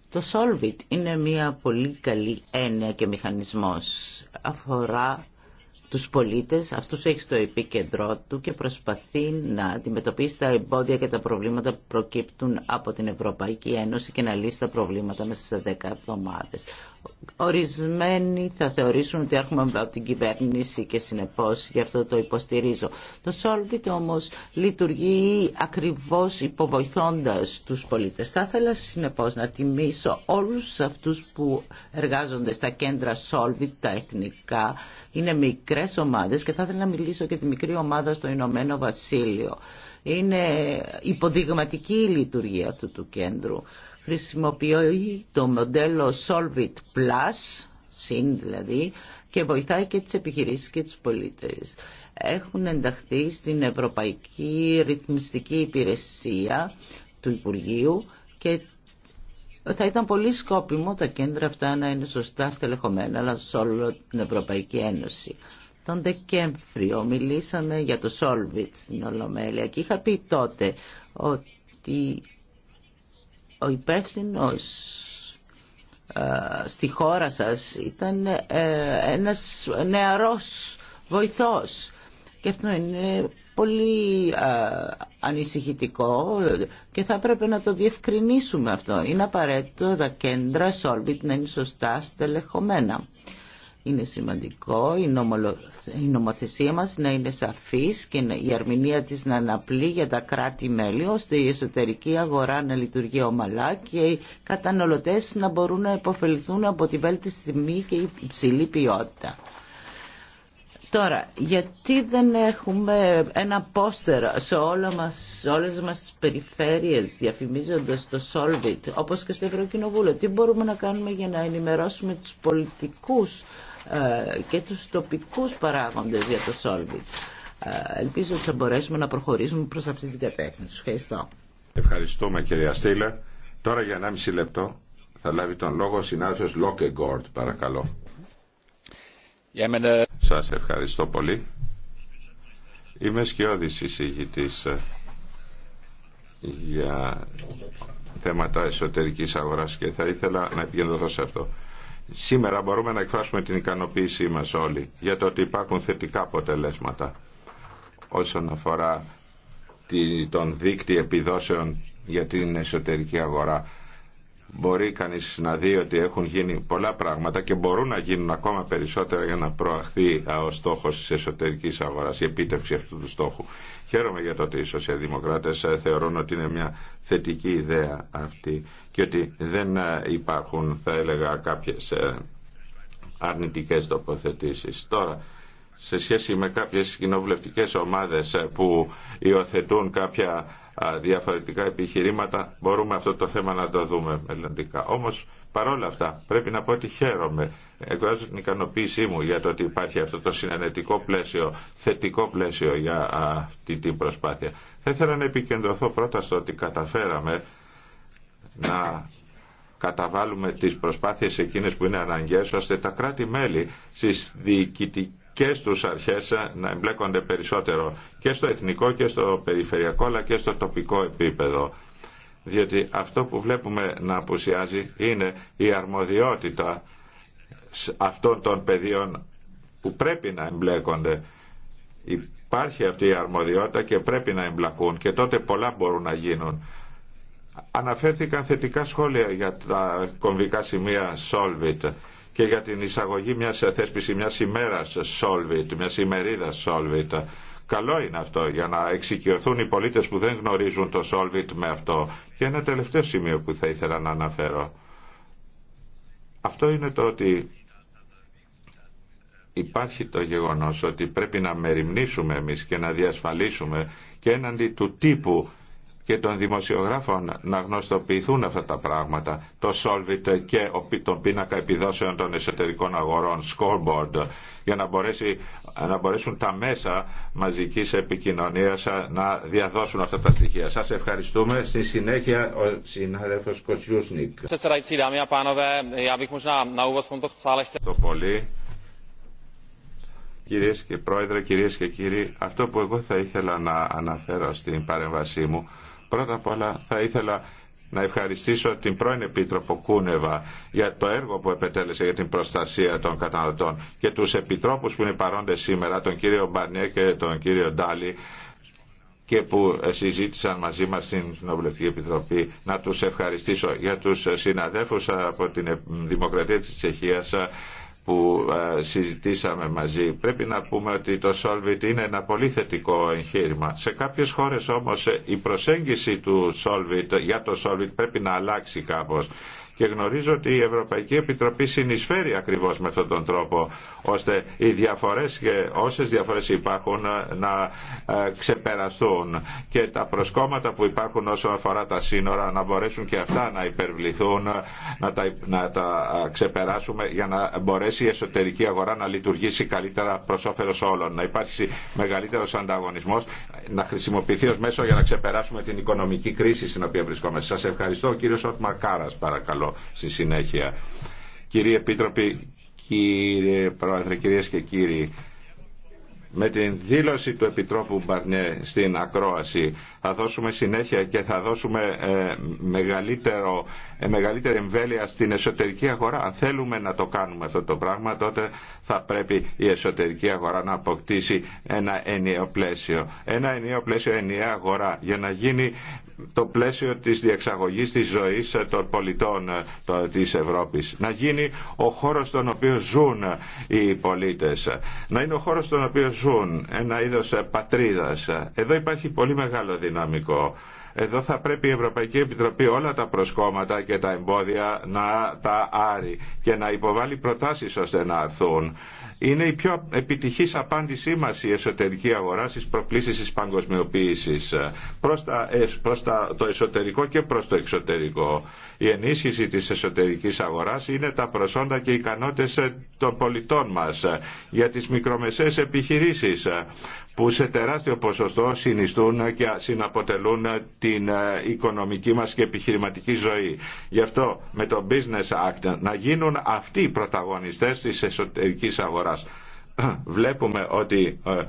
Το Solvit είναι μια πολύ καλή έννοια και μηχανισμός. Αφορά τους πολίτες, αυτούς έχει στο επίκεντρό του και προσπαθεί να αντιμετωπίσει τα εμπόδια και τα προβλήματα που προκύπτουν από την Ευρωπαϊκή Ένωση και να λύσει τα προβλήματα μέσα σε 10 εβδομάδες. Ορισμένοι θα θεωρήσουν ότι έρχομαι από την κυβέρνηση και συνεπώς γι' αυτό το υποστηρίζω. Το Solvit όμως λειτουργεί ακριβώς υποβοηθώντας τους πολίτες. Θα ήθελα συνεπώς να τιμήσω όλους αυτούς που εργάζονται στα κέντρα Solvit, τα εθνικά. Είναι μικρές ομάδες και θα ήθελα να μιλήσω και τη μικρή ομάδα στο Ηνωμένο Βασίλειο. Είναι υποδειγματική η λειτουργία αυτού του κέντρου. Χρησιμοποιεί το μοντέλο Solvit Plus, συν δηλαδή, και βοηθάει και τις επιχειρήσεις και τους πολίτες. Έχουν ενταχθεί στην Ευρωπαϊκή Ρυθμιστική Υπηρεσία του Υπουργείου και θα ήταν πολύ σκόπιμο τα κέντρα αυτά να είναι σωστά στελεχωμένα αλλά σε όλη την Ευρωπαϊκή Ένωση. Τον Δεκέμβριο μιλήσαμε για το Solvit στην Ολομέλεια και είχα πει τότε ότι ο υπεύθυνο ε, στη χώρα σας ήταν ε, ένας νεαρός βοηθός και αυτό είναι πολύ ε, ανησυχητικό και θα πρέπει να το διευκρινίσουμε αυτό. Είναι απαραίτητο τα κέντρα Solvit να είναι σωστά στελεχωμένα. Είναι σημαντικό η νομοθεσία μας να είναι σαφής και η αρμηνία της να αναπλεί για τα κράτη-μέλη ώστε η εσωτερική αγορά να λειτουργεί ομαλά και οι καταναλωτές να μπορούν να υποφεληθούν από τη βέλτιστη τιμή και υψηλή ποιότητα. Τώρα, γιατί δεν έχουμε ένα πόστερ σε, όλα μας, σε όλες μας τις περιφέρειες διαφημίζοντας το Solvit, όπως και στο Ευρωκοινοβούλιο. Τι μπορούμε να κάνουμε για να ενημερώσουμε τους πολιτικούς ε, και τους τοπικούς παράγοντες για το Solvit. Ε, ελπίζω ότι θα μπορέσουμε να προχωρήσουμε προς αυτή την κατεύθυνση. Ευχαριστώ. Ευχαριστούμε κυρία Στήλα. Τώρα για 1,5 λεπτό θα λάβει τον λόγο ο συνάδελφος Λόκεγκόρτ, παρακαλώ. Yeah, Σας ευχαριστώ πολύ. Είμαι σκιώδης εισηγητής ε, για θέματα εσωτερικής αγοράς και θα ήθελα να επικεντρωθώ σε αυτό σήμερα μπορούμε να εκφράσουμε την ικανοποίησή μας όλοι για το ότι υπάρχουν θετικά αποτελέσματα όσον αφορά τον δίκτυ επιδόσεων για την εσωτερική αγορά. Μπορεί κανείς να δει ότι έχουν γίνει πολλά πράγματα και μπορούν να γίνουν ακόμα περισσότερα για να προαχθεί ο στόχος της εσωτερικής αγοράς, η επίτευξη αυτού του στόχου. Χαίρομαι για το ότι οι σοσιαλδημοκράτες ε, θεωρούν ότι είναι μια θετική ιδέα αυτή και ότι δεν ε, υπάρχουν, θα έλεγα, κάποιες ε, αρνητικές τοποθετήσεις. Τώρα, σε σχέση με κάποιες κοινοβουλευτικέ ομάδες που υιοθετούν κάποια διαφορετικά επιχειρήματα, μπορούμε αυτό το θέμα να το δούμε μελλοντικά. Όμως, Παρόλα αυτά, πρέπει να πω ότι χαίρομαι. Εκφράζω την ικανοποίησή μου για το ότι υπάρχει αυτό το συνενετικό πλαίσιο, θετικό πλαίσιο για αυτή την προσπάθεια. Θα ήθελα να επικεντρωθώ πρώτα στο ότι καταφέραμε να καταβάλουμε τις προσπάθειες εκείνες που είναι αναγκαίες ώστε τα κράτη-μέλη στις διοικητικές τους αρχές να εμπλέκονται περισσότερο και στο εθνικό και στο περιφερειακό αλλά και στο τοπικό επίπεδο διότι αυτό που βλέπουμε να απουσιάζει είναι η αρμοδιότητα αυτών των πεδίων που πρέπει να εμπλέκονται. Υπάρχει αυτή η αρμοδιότητα και πρέπει να εμπλακούν και τότε πολλά μπορούν να γίνουν. Αναφέρθηκαν θετικά σχόλια για τα κομβικά σημεία Solvit και για την εισαγωγή μιας θέσπισης μιας ημέρας Solvit, μιας ημερίδας Solvit Καλό είναι αυτό για να εξοικειωθούν οι πολίτες που δεν γνωρίζουν το Solvit με αυτό. Και ένα τελευταίο σημείο που θα ήθελα να αναφέρω. Αυτό είναι το ότι υπάρχει το γεγονός ότι πρέπει να μεριμνήσουμε εμείς και να διασφαλίσουμε και έναντι του τύπου και των δημοσιογράφων να γνωστοποιηθούν αυτά τα πράγματα, το Solvit και τον πίνακα επιδόσεων των εσωτερικών αγορών, scoreboard, για να, μπορέσει, να μπορέσουν τα μέσα μαζικής επικοινωνίας να διαδώσουν αυτά τα στοιχεία. Σας ευχαριστούμε. Στη συνέχεια ο συνάδελφος Κοτσιούσνικ. Το πολύ. Κυρίες και πρόεδρε, κυρίες και κύριοι, αυτό που εγώ θα ήθελα να αναφέρω στην παρέμβασή μου Πρώτα απ' όλα θα ήθελα να ευχαριστήσω την πρώην Επίτροπο Κούνεβα για το έργο που επετέλεσε για την προστασία των καταναλωτών και τους επιτρόπους που είναι παρόντες σήμερα, τον κύριο Μπανιέ και τον κύριο Ντάλι και που συζήτησαν μαζί μας στην Ουλευτική Επιτροπή. Να τους ευχαριστήσω για τους συναδέλφους από την Δημοκρατία της Τσεχίας που ε, συζητήσαμε μαζί. Πρέπει να πούμε ότι το Solvit είναι ένα πολύ θετικό εγχείρημα. Σε κάποιες χώρες όμως ε, η προσέγγιση του Solvit, για το Solvit πρέπει να αλλάξει κάπως και γνωρίζω ότι η Ευρωπαϊκή Επιτροπή συνεισφέρει ακριβώς με αυτόν τον τρόπο ώστε οι διαφορές και όσες διαφορές υπάρχουν να ε, ξεπεραστούν και τα προσκόμματα που υπάρχουν όσον αφορά τα σύνορα να μπορέσουν και αυτά να υπερβληθούν, να τα, να τα ε, ξεπεράσουμε για να μπορέσει η εσωτερική αγορά να λειτουργήσει καλύτερα προς όφελος όλων, να υπάρξει μεγαλύτερος ανταγωνισμός, να χρησιμοποιηθεί ως μέσο για να ξεπεράσουμε την οικονομική κρίση στην οποία βρισκόμαστε. Σας ευχαριστώ. κύριο παρακαλώ στη συνέχεια. Κύριε Επίτροπη, κύριε Πρόεδρε, κύριε και κύριοι, με την δήλωση του Επιτρόπου Μπαρνιέ στην Ακρόαση θα δώσουμε συνέχεια και θα δώσουμε ε, μεγαλύτερο, ε, μεγαλύτερη εμβέλεια στην εσωτερική αγορά. Αν θέλουμε να το κάνουμε αυτό το πράγμα τότε θα πρέπει η εσωτερική αγορά να αποκτήσει ένα ενιαίο πλαίσιο. Ένα ενιαίο πλαίσιο ενιαία αγορά για να γίνει το πλαίσιο της διεξαγωγής της ζωής των πολιτών ε, της Ευρώπης. Να γίνει ο χώρος στον οποίο ζουν οι πολίτες. Να είναι ο χώρος στον οποίο ζουν ένα είδος πατρίδας. Εδώ υπάρχει πολύ μεγάλο δυναμικό. Εδώ θα πρέπει η Ευρωπαϊκή Επιτροπή όλα τα προσκόμματα και τα εμπόδια να τα άρει και να υποβάλει προτάσεις ώστε να αρθούν. Είναι η πιο επιτυχής απάντησή μας η εσωτερική αγορά στις προκλήσεις της παγκοσμιοποίησης προς, το εσωτερικό και προς το εξωτερικό. Η ενίσχυση της εσωτερικής αγοράς είναι τα προσόντα και οι ικανότητες των πολιτών μας για τις μικρομεσαίες επιχειρήσεις που σε τεράστιο ποσοστό συνιστούν και συναποτελούν την ε, οικονομική μας και επιχειρηματική ζωή. Γι' αυτό με το Business Act να γίνουν αυτοί οι πρωταγωνιστές της εσωτερικής αγοράς. Βλέπουμε ότι ε,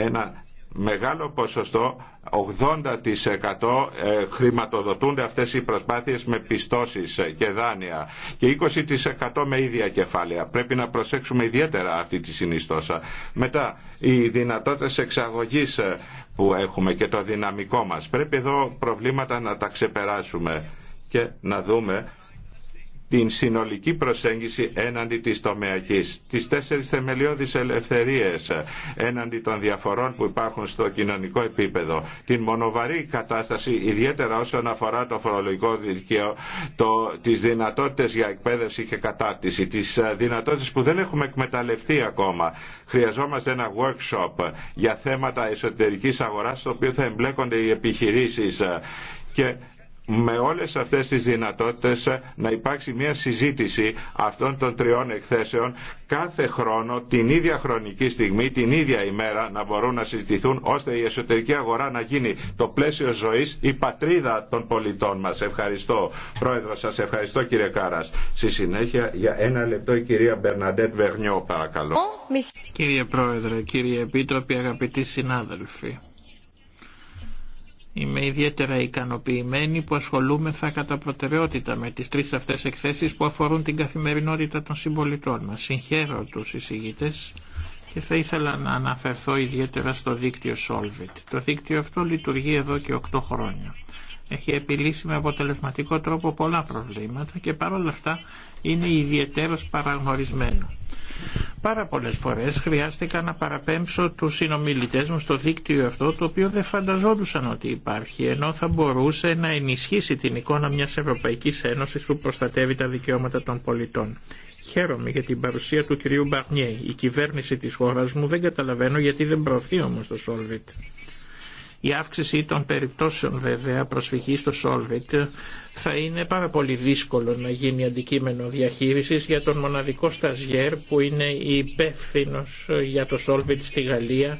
ένα μεγάλο ποσοστό 80% ε, χρηματοδοτούνται αυτές οι προσπάθειες με πιστώσεις ε, και δάνεια και 20% με ίδια κεφάλαια. Πρέπει να προσέξουμε ιδιαίτερα αυτή τη συνιστόσα. Μετά, οι δυνατότητες εξαγωγής ε, που έχουμε και το δυναμικό μας. Πρέπει εδώ προβλήματα να τα ξεπεράσουμε και να δούμε την συνολική προσέγγιση έναντι της τομεακής, τις τέσσερις θεμελιώδεις ελευθερίες έναντι των διαφορών που υπάρχουν στο κοινωνικό επίπεδο, την μονοβαρή κατάσταση ιδιαίτερα όσον αφορά το φορολογικό δίκαιο, το, τις δυνατότητες για εκπαίδευση και κατάρτιση, τις ε, δυνατότητες που δεν έχουμε εκμεταλλευτεί ακόμα. Χρειαζόμαστε ένα workshop για θέματα εσωτερικής αγοράς στο οποίο θα εμπλέκονται οι επιχειρήσεις ε, και με όλες αυτές τις δυνατότητες να υπάρξει μια συζήτηση αυτών των τριών εκθέσεων κάθε χρόνο, την ίδια χρονική στιγμή, την ίδια ημέρα να μπορούν να συζητηθούν ώστε η εσωτερική αγορά να γίνει το πλαίσιο ζωής, η πατρίδα των πολιτών μας. Ευχαριστώ Πρόεδρο, σας ευχαριστώ κύριε Κάρας. Στη συνέχεια για ένα λεπτό η κυρία Μπερναντέτ Βερνιό παρακαλώ. Κύριε Πρόεδρε, κύριε Επίτροπη, αγαπητοί συνάδελφοι. Είμαι ιδιαίτερα ικανοποιημένη που ασχολούμεθα κατά προτεραιότητα με τις τρεις αυτές εκθέσεις που αφορούν την καθημερινότητα των συμπολιτών μας. Συγχαίρω τους εισηγητές και θα ήθελα να αναφερθώ ιδιαίτερα στο δίκτυο Solveit. Το δίκτυο αυτό λειτουργεί εδώ και 8 χρόνια έχει επιλύσει με αποτελεσματικό τρόπο πολλά προβλήματα και παρόλα αυτά είναι ιδιαίτερος παραγνωρισμένο. Πάρα πολλές φορές χρειάστηκα να παραπέμψω τους συνομιλητές μου στο δίκτυο αυτό το οποίο δεν φανταζόντουσαν ότι υπάρχει ενώ θα μπορούσε να ενισχύσει την εικόνα μιας Ευρωπαϊκής Ένωσης που προστατεύει τα δικαιώματα των πολιτών. Χαίρομαι για την παρουσία του κυρίου Μπαρνιέ. Η κυβέρνηση της χώρας μου δεν καταλαβαίνω γιατί δεν προωθεί όμως το Solvit. Η αύξηση των περιπτώσεων βέβαια προσφυγής στο Solvit θα είναι πάρα πολύ δύσκολο να γίνει αντικείμενο διαχείρισης για τον μοναδικό σταζιέρ που είναι υπεύθυνο για το Solvit στη Γαλλία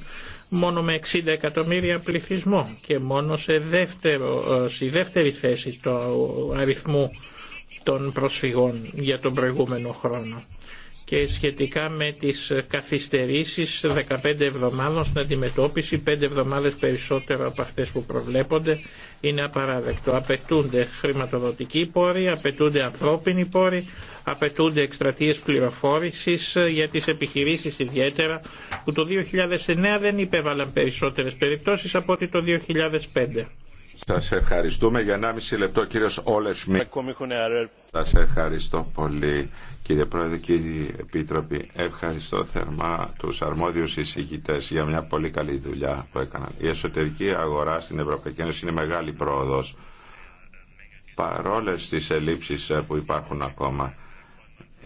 μόνο με 60 εκατομμύρια πληθυσμό και μόνο σε δεύτερο, στη δεύτερη θέση του αριθμού των προσφυγών για τον προηγούμενο χρόνο και σχετικά με τις καθυστερήσεις 15 εβδομάδων στην αντιμετώπιση, 5 εβδομάδες περισσότερο από αυτές που προβλέπονται, είναι απαράδεκτο. Απαιτούνται χρηματοδοτικοί πόροι, απαιτούνται ανθρώπινοι πόροι, απαιτούνται εκστρατείες πληροφόρησης για τις επιχειρήσεις ιδιαίτερα, που το 2009 δεν υπέβαλαν περισσότερες περιπτώσεις από ότι το 2005. Σας ευχαριστούμε για 1,5 λεπτό κύριος Όλε Σμιτ. Σας ευχαριστώ πολύ κύριε Πρόεδρε, κύριε Επίτροπη. Ευχαριστώ θερμά τους αρμόδιους εισηγητές για μια πολύ καλή δουλειά που έκαναν. Η εσωτερική αγορά στην Ευρωπαϊκή Ένωση είναι μεγάλη πρόοδος παρόλες τις ελλείψεις που υπάρχουν ακόμα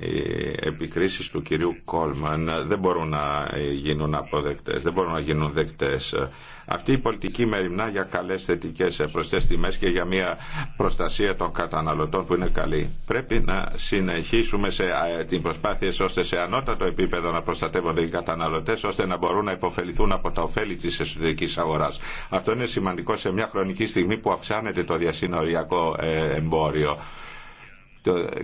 οι επικρίσεις του κυρίου Κόλμαν δεν μπορούν να γίνουν αποδεκτές, δεν μπορούν να γίνουν δεκτές. Αυτή η πολιτική μεριμνά για καλέ θετικέ προσθέσει τιμέ και για μια προστασία των καταναλωτών που είναι καλή. Πρέπει να συνεχίσουμε σε, ε, την προσπάθεια ώστε σε ανώτατο επίπεδο να προστατεύονται οι καταναλωτέ ώστε να μπορούν να υποφεληθούν από τα ωφέλη τη εσωτερική αγορά. Αυτό είναι σημαντικό σε μια χρονική στιγμή που αυξάνεται το διασυνοριακό ε, εμπόριο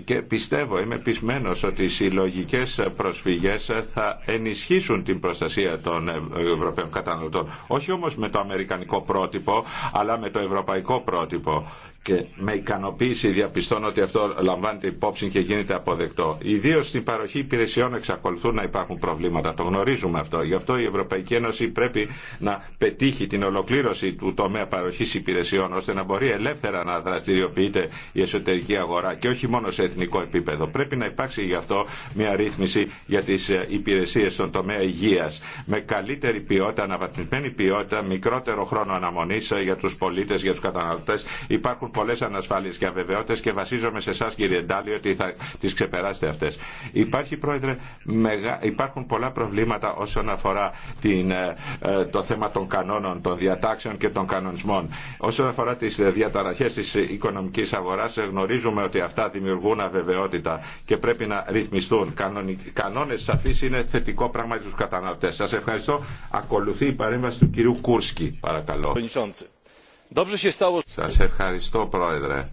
και πιστεύω, είμαι πεισμένος ότι οι συλλογικέ προσφυγές θα ενισχύσουν την προστασία των Ευρωπαίων καταναλωτών. Όχι όμως με το αμερικανικό πρότυπο, αλλά με το ευρωπαϊκό πρότυπο και με ικανοποίηση διαπιστώνω ότι αυτό λαμβάνεται υπόψη και γίνεται αποδεκτό. Ιδίω στην παροχή υπηρεσιών εξακολουθούν να υπάρχουν προβλήματα. Το γνωρίζουμε αυτό. Γι' αυτό η Ευρωπαϊκή Ένωση πρέπει να πετύχει την ολοκλήρωση του τομέα παροχή υπηρεσιών, ώστε να μπορεί ελεύθερα να δραστηριοποιείται η εσωτερική αγορά και όχι μόνο σε εθνικό επίπεδο. Πρέπει να υπάρξει γι' αυτό μια ρύθμιση για τι ε, υπηρεσίε στον τομέα υγεία με καλύτερη ποιότητα, αναβαθμισμένη ποιότητα, μικρότερο χρόνο αναμονή ε, για του πολίτε, για του καταναλωτέ. Υπάρχουν πολλέ ανασφάλειε και αβεβαιότητε και βασίζομαι σε εσά, κύριε Ντάλη, ότι θα τι ξεπεράσετε αυτέ. Υπάρχει, Πρόεδρε, υπάρχουν πολλά προβλήματα όσον αφορά την, ε, ε, το θέμα των κανόνων, των διατάξεων και των κανονισμών. Όσον αφορά τι διαταραχέ τη οικονομική αγορά, γνωρίζουμε ότι αυτά δημιουργούν αβεβαιότητα και πρέπει να ρυθμιστούν. Κανόνε σαφεί είναι θετικό πράγμα για του καταναλωτέ. Σα ευχαριστώ. Ακολουθεί η παρέμβαση του κυρίου Κούρσκι, παρακαλώ. Σας ευχαριστώ πρόεδρε.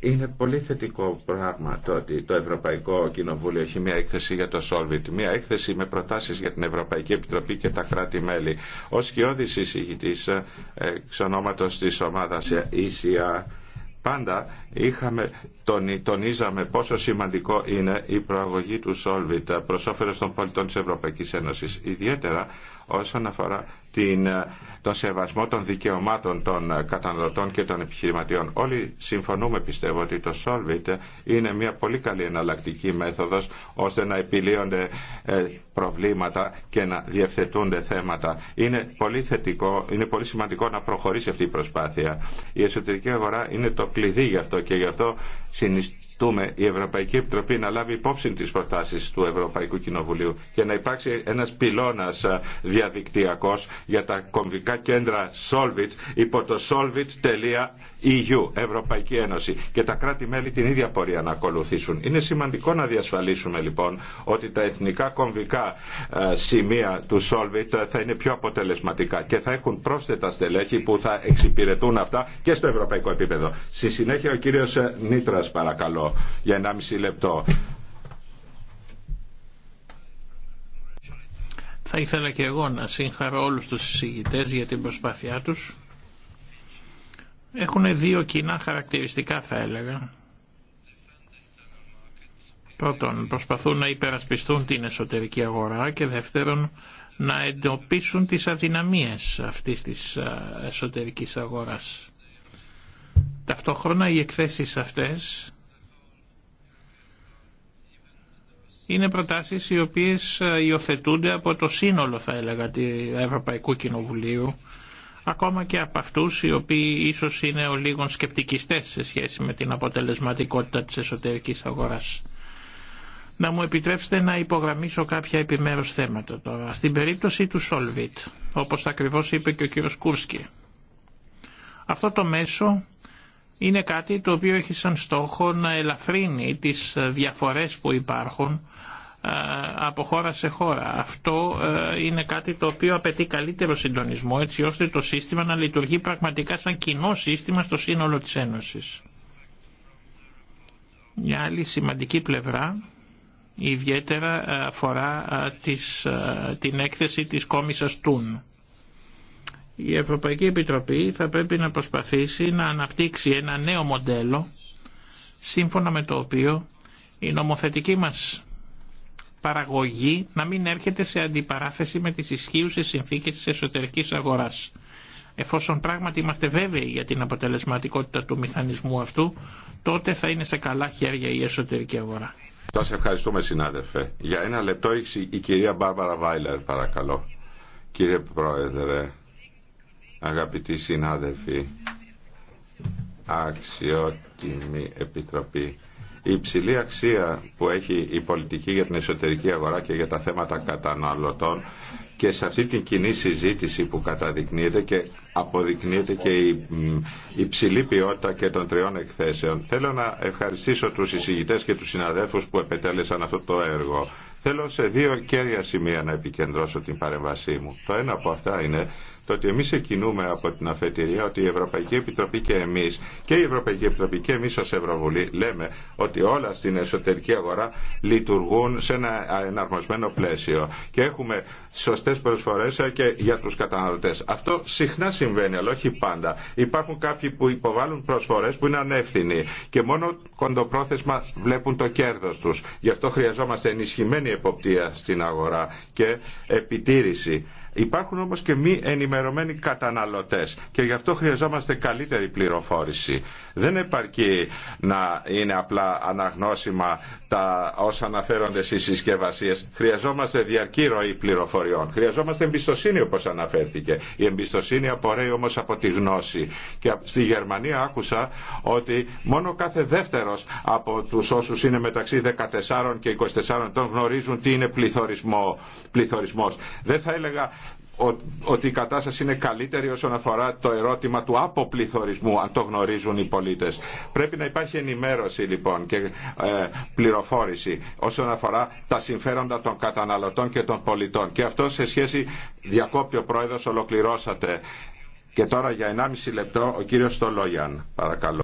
Είναι πολύ θετικό πράγμα το ότι το Ευρωπαϊκό Κοινοβούλιο έχει μια έκθεση για το Solvit, μια έκθεση με προτάσεις για την Ευρωπαϊκή Επιτροπή και τα κράτη-μέλη. Ω κοιόδης εισηγητής ε, εξ ονόματος της ομάδας ECR, πάντα είχαμε, τονίζαμε πόσο σημαντικό είναι η προαγωγή του Solvit προς όφελος των πολιτών της Ευρωπαϊκής Ένωσης. Ιδιαίτερα όσον αφορά την, ε, τον σεβασμό των δικαιωμάτων των ε, καταναλωτών και των επιχειρηματιών. Όλοι συμφωνούμε πιστεύω ότι το Solvit είναι μια πολύ καλή εναλλακτική μέθοδος ώστε να επιλύονται ε, προβλήματα και να διευθετούνται θέματα. Είναι πολύ θετικό, είναι πολύ σημαντικό να προχωρήσει αυτή η προσπάθεια. Η εσωτερική αγορά είναι το κλειδί γι' αυτό και γι' αυτό ζητούμε η Ευρωπαϊκή Επιτροπή να λάβει υπόψη τις προτάσεις του Ευρωπαϊκού Κοινοβουλίου και να υπάρξει ένας πυλώνας ε, διαδικτυακός για τα κομβικά κέντρα Solvit υπό το solvit.eu Ευρωπαϊκή Ένωση και τα κράτη-μέλη την ίδια πορεία να ακολουθήσουν. Είναι σημαντικό να διασφαλίσουμε λοιπόν ότι τα εθνικά κομβικά ε, σημεία του Solvit ε, θα είναι πιο αποτελεσματικά και θα έχουν πρόσθετα στελέχη που θα εξυπηρετούν αυτά και στο ευρωπαϊκό επίπεδο. Στη συνέχεια ο κύριος Νίτρας παρακαλώ για 1,5 λεπτό. Θα ήθελα και εγώ να συγχαρώ όλους τους συζητητές για την προσπάθειά τους. Έχουν δύο κοινά χαρακτηριστικά θα έλεγα. Πρώτον, προσπαθούν να υπερασπιστούν την εσωτερική αγορά και δεύτερον, να εντοπίσουν τις αδυναμίες αυτής της εσωτερικής αγοράς. Ταυτόχρονα οι εκθέσεις αυτές είναι προτάσεις οι οποίες ε, υιοθετούνται από το σύνολο θα έλεγα του Ευρωπαϊκού Κοινοβουλίου ακόμα και από αυτούς οι οποίοι ίσως είναι ο λίγων σκεπτικιστές σε σχέση με την αποτελεσματικότητα της εσωτερικής αγοράς. Να μου επιτρέψετε να υπογραμμίσω κάποια επιμέρους θέματα τώρα. Στην περίπτωση του Solvit, όπως ακριβώς είπε και ο κ. Κούρσκι, αυτό το μέσο είναι κάτι το οποίο έχει σαν στόχο να ελαφρύνει τις διαφορές που υπάρχουν ε, από χώρα σε χώρα. Αυτό ε, είναι κάτι το οποίο απαιτεί καλύτερο συντονισμό έτσι ώστε το σύστημα να λειτουργεί πραγματικά σαν κοινό σύστημα στο σύνολο της Ένωσης. Μια άλλη σημαντική πλευρά ιδιαίτερα ε, αφορά της, την έκθεση της κόμισας Τούν. Η Ευρωπαϊκή Επιτροπή θα πρέπει να προσπαθήσει να αναπτύξει ένα νέο μοντέλο σύμφωνα με το οποίο η νομοθετική μας παραγωγή να μην έρχεται σε αντιπαράθεση με τις ισχύουσες συνθήκες της εσωτερικής αγοράς. Εφόσον πράγματι είμαστε βέβαιοι για την αποτελεσματικότητα του μηχανισμού αυτού, τότε θα είναι σε καλά χέρια η εσωτερική αγορά. Σα ευχαριστούμε συνάδελφε. Για ένα λεπτό η κυρία Μπάρμπαρα Βάιλερ παρακαλώ. Κύριε Πρόεδρε, αγαπητοί συνάδελφοι, αξιότιμη επιτροπή. Η υψηλή αξία που έχει η πολιτική για την εσωτερική αγορά και για τα θέματα καταναλωτών και σε αυτή την κοινή συζήτηση που καταδεικνύεται και αποδεικνύεται και η υψηλή ποιότητα και των τριών εκθέσεων. Θέλω να ευχαριστήσω τους εισηγητές και τους συναδέλφους που επετέλεσαν αυτό το έργο. Θέλω σε δύο κέρια σημεία να επικεντρώσω την παρεμβασή μου. Το ένα από αυτά είναι το ότι εμείς ξεκινούμε από την αφετηρία ότι η Ευρωπαϊκή Επιτροπή και εμείς και η Ευρωπαϊκή Επιτροπή και εμείς ως Ευρωβουλή λέμε ότι όλα στην εσωτερική αγορά λειτουργούν σε ένα εναρμοσμένο πλαίσιο και έχουμε σωστές προσφορές και για τους καταναλωτές. Αυτό συχνά συμβαίνει, αλλά όχι πάντα. Υπάρχουν κάποιοι που υποβάλλουν προσφορές που είναι ανεύθυνοι και μόνο κοντοπρόθεσμα βλέπουν το κέρδος τους. Γι' αυτό χρειαζόμαστε ενισχυμένη εποπτεία στην αγορά και επιτήρηση Υπάρχουν όμως και μη ενημερωμένοι καταναλωτές και γι' αυτό χρειαζόμαστε καλύτερη πληροφόρηση. Δεν επαρκεί να είναι απλά αναγνώσιμα τα όσα αναφέρονται στις συσκευασίες. Χρειαζόμαστε διαρκή ροή πληροφοριών. Χρειαζόμαστε εμπιστοσύνη όπως αναφέρθηκε. Η εμπιστοσύνη απορρέει όμως από τη γνώση. Και στη Γερμανία άκουσα ότι μόνο κάθε δεύτερος από τους όσους είναι μεταξύ 14 και 24 ετών γνωρίζουν τι είναι πληθωρισμό, πληθωρισμός. Δεν θα έλεγα ότι η κατάσταση είναι καλύτερη όσον αφορά το ερώτημα του αποπληθωρισμού, αν το γνωρίζουν οι πολίτες. Πρέπει να υπάρχει ενημέρωση λοιπόν και ε, πληροφόρηση όσον αφορά τα συμφέροντα των καταναλωτών και των πολιτών. Και αυτό σε σχέση, διακόπτει ο Πρόεδρος, ολοκληρώσατε. Και τώρα για 1,5 λεπτό ο κύριος Στολόγιαν, παρακαλώ.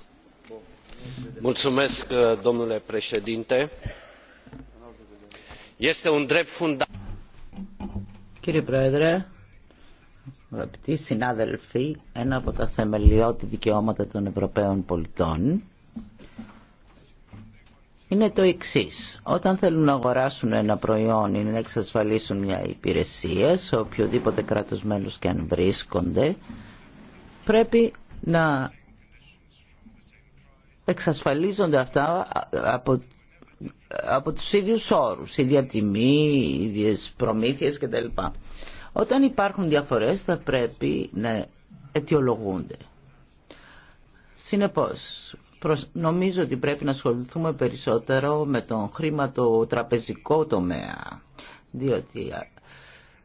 Mulțumesc, domnule președinte. Este un drept Κύριε Πρόεδρε, Αγαπητοί συνάδελφοι, ένα από τα θεμελιώτη δικαιώματα των Ευρωπαίων πολιτών είναι το εξή. Όταν θέλουν να αγοράσουν ένα προϊόν ή να εξασφαλίσουν μια υπηρεσία σε οποιοδήποτε κράτος μέλος και αν βρίσκονται, πρέπει να εξασφαλίζονται αυτά από από τους ίδιους όρους, ίδια τιμή, ίδιες προμήθειες κτλ. Όταν υπάρχουν διαφορές θα πρέπει να αιτιολογούνται. Συνεπώς, νομίζω ότι πρέπει να ασχοληθούμε περισσότερο με τον χρηματοτραπεζικό τομέα, διότι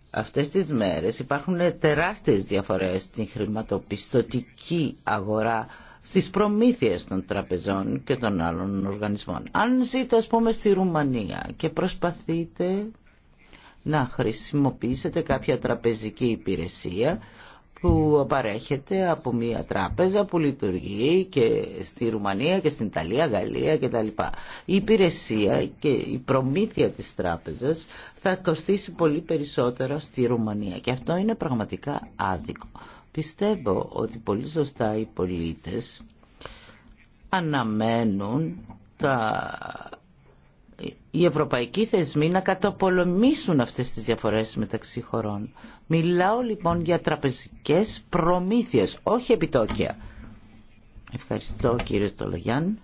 αυτές τις μέρες υπάρχουν τεράστιες διαφορές στην χρηματοπιστωτική αγορά στις προμήθειες των τραπεζών και των άλλων οργανισμών. Αν ζείτε, ας πούμε, στη Ρουμανία και προσπαθείτε να χρησιμοποιήσετε κάποια τραπεζική υπηρεσία που παρέχεται από μια τράπεζα που λειτουργεί και στη Ρουμανία και στην Ιταλία, Γαλλία κτλ. Η υπηρεσία και η προμήθεια της τράπεζας θα κοστίσει πολύ περισσότερο στη Ρουμανία και αυτό είναι πραγματικά άδικο. Πιστεύω ότι πολύ σωστά οι πολίτες αναμένουν τα οι ευρωπαϊκοί θεσμοί να καταπολεμήσουν αυτές τις διαφορές μεταξύ χωρών. Μιλάω λοιπόν για τραπεζικές προμήθειες, όχι επιτόκια. Ευχαριστώ κύριε Στολογιάν.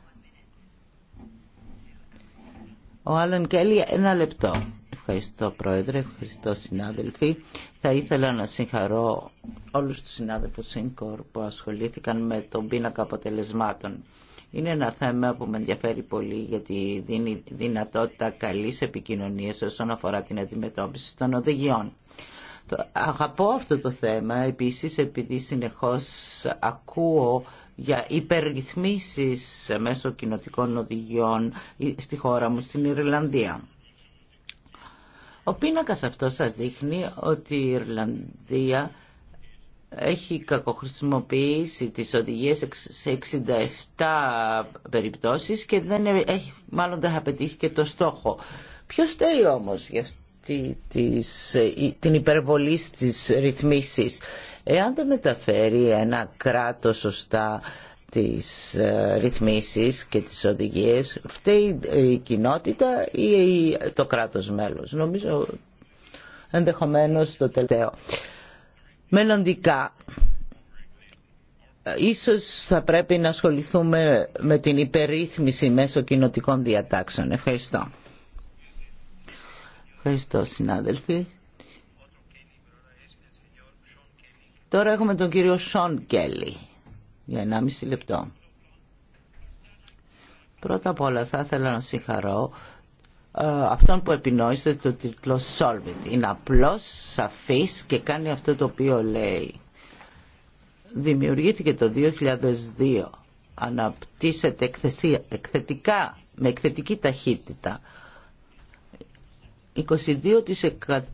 Ο άλλον Κέλλη, ένα λεπτό. Ευχαριστώ Πρόεδρε, ευχαριστώ συνάδελφοι. Θα ήθελα να συγχαρώ όλους τους συνάδελφους ΣΥΝΚΟΡ που ασχολήθηκαν με τον πίνακα αποτελεσμάτων. Είναι ένα θέμα που με ενδιαφέρει πολύ γιατί δίνει δυνατότητα καλής επικοινωνίας όσον αφορά την αντιμετώπιση των οδηγιών. Αγαπώ αυτό το θέμα επίσης επειδή συνεχώς ακούω για υπερρυθμίσεις μέσω κοινοτικών οδηγιών στη χώρα μου, στην Ιρλανδία. Ο πίνακας αυτό σας δείχνει ότι η Ιρλανδία έχει κακοχρησιμοποιήσει τις οδηγίες σε 67 περιπτώσεις και δεν έχει, μάλλον δεν θα πετύχει και το στόχο. Ποιος φταίει όμως για αυτή της, ε, την υπερβολή στις ρυθμίσεις. Εάν δεν μεταφέρει ένα κράτος σωστά τις ε, ρυθμίσεις και τις οδηγίες, φταίει ε, η κοινότητα ή το κράτος μέλος. Νομίζω ενδεχομένως το τελευταίο. Μελλοντικά, ίσως θα πρέπει να ασχοληθούμε με την υπερρύθμιση μέσω κοινοτικών διατάξεων. Ευχαριστώ. Ευχαριστώ συνάδελφοι. Τώρα έχουμε τον κύριο Σον Κέλλη για 1,5 λεπτό. Πρώτα απ' όλα θα ήθελα να συγχαρώ ε, αυτόν που επινόησε το τίτλο It Είναι απλός, σαφής και κάνει αυτό το οποίο λέει. Δημιουργήθηκε το 2002. Αναπτύσσεται εκθετικά, με εκθετική ταχύτητα.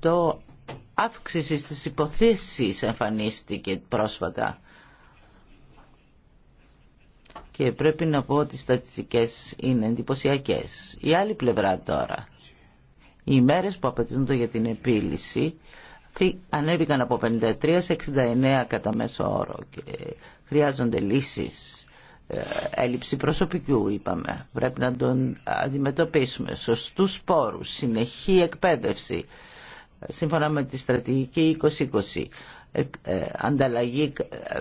22% αύξηση στις υποθέσεις εμφανίστηκε πρόσφατα και πρέπει να πω ότι οι στατιστικές είναι εντυπωσιακέ. Η άλλη πλευρά τώρα. Οι μέρες που απαιτούνται για την επίλυση ανέβηκαν από 53 σε 69 κατά μέσο όρο. Και χρειάζονται λύσεις. Ε, έλλειψη προσωπικού είπαμε. Πρέπει να τον αντιμετωπίσουμε. Σωστούς πόρους, συνεχή εκπαίδευση. Σύμφωνα με τη στρατηγική 2020. Ε, ε, ανταλλαγή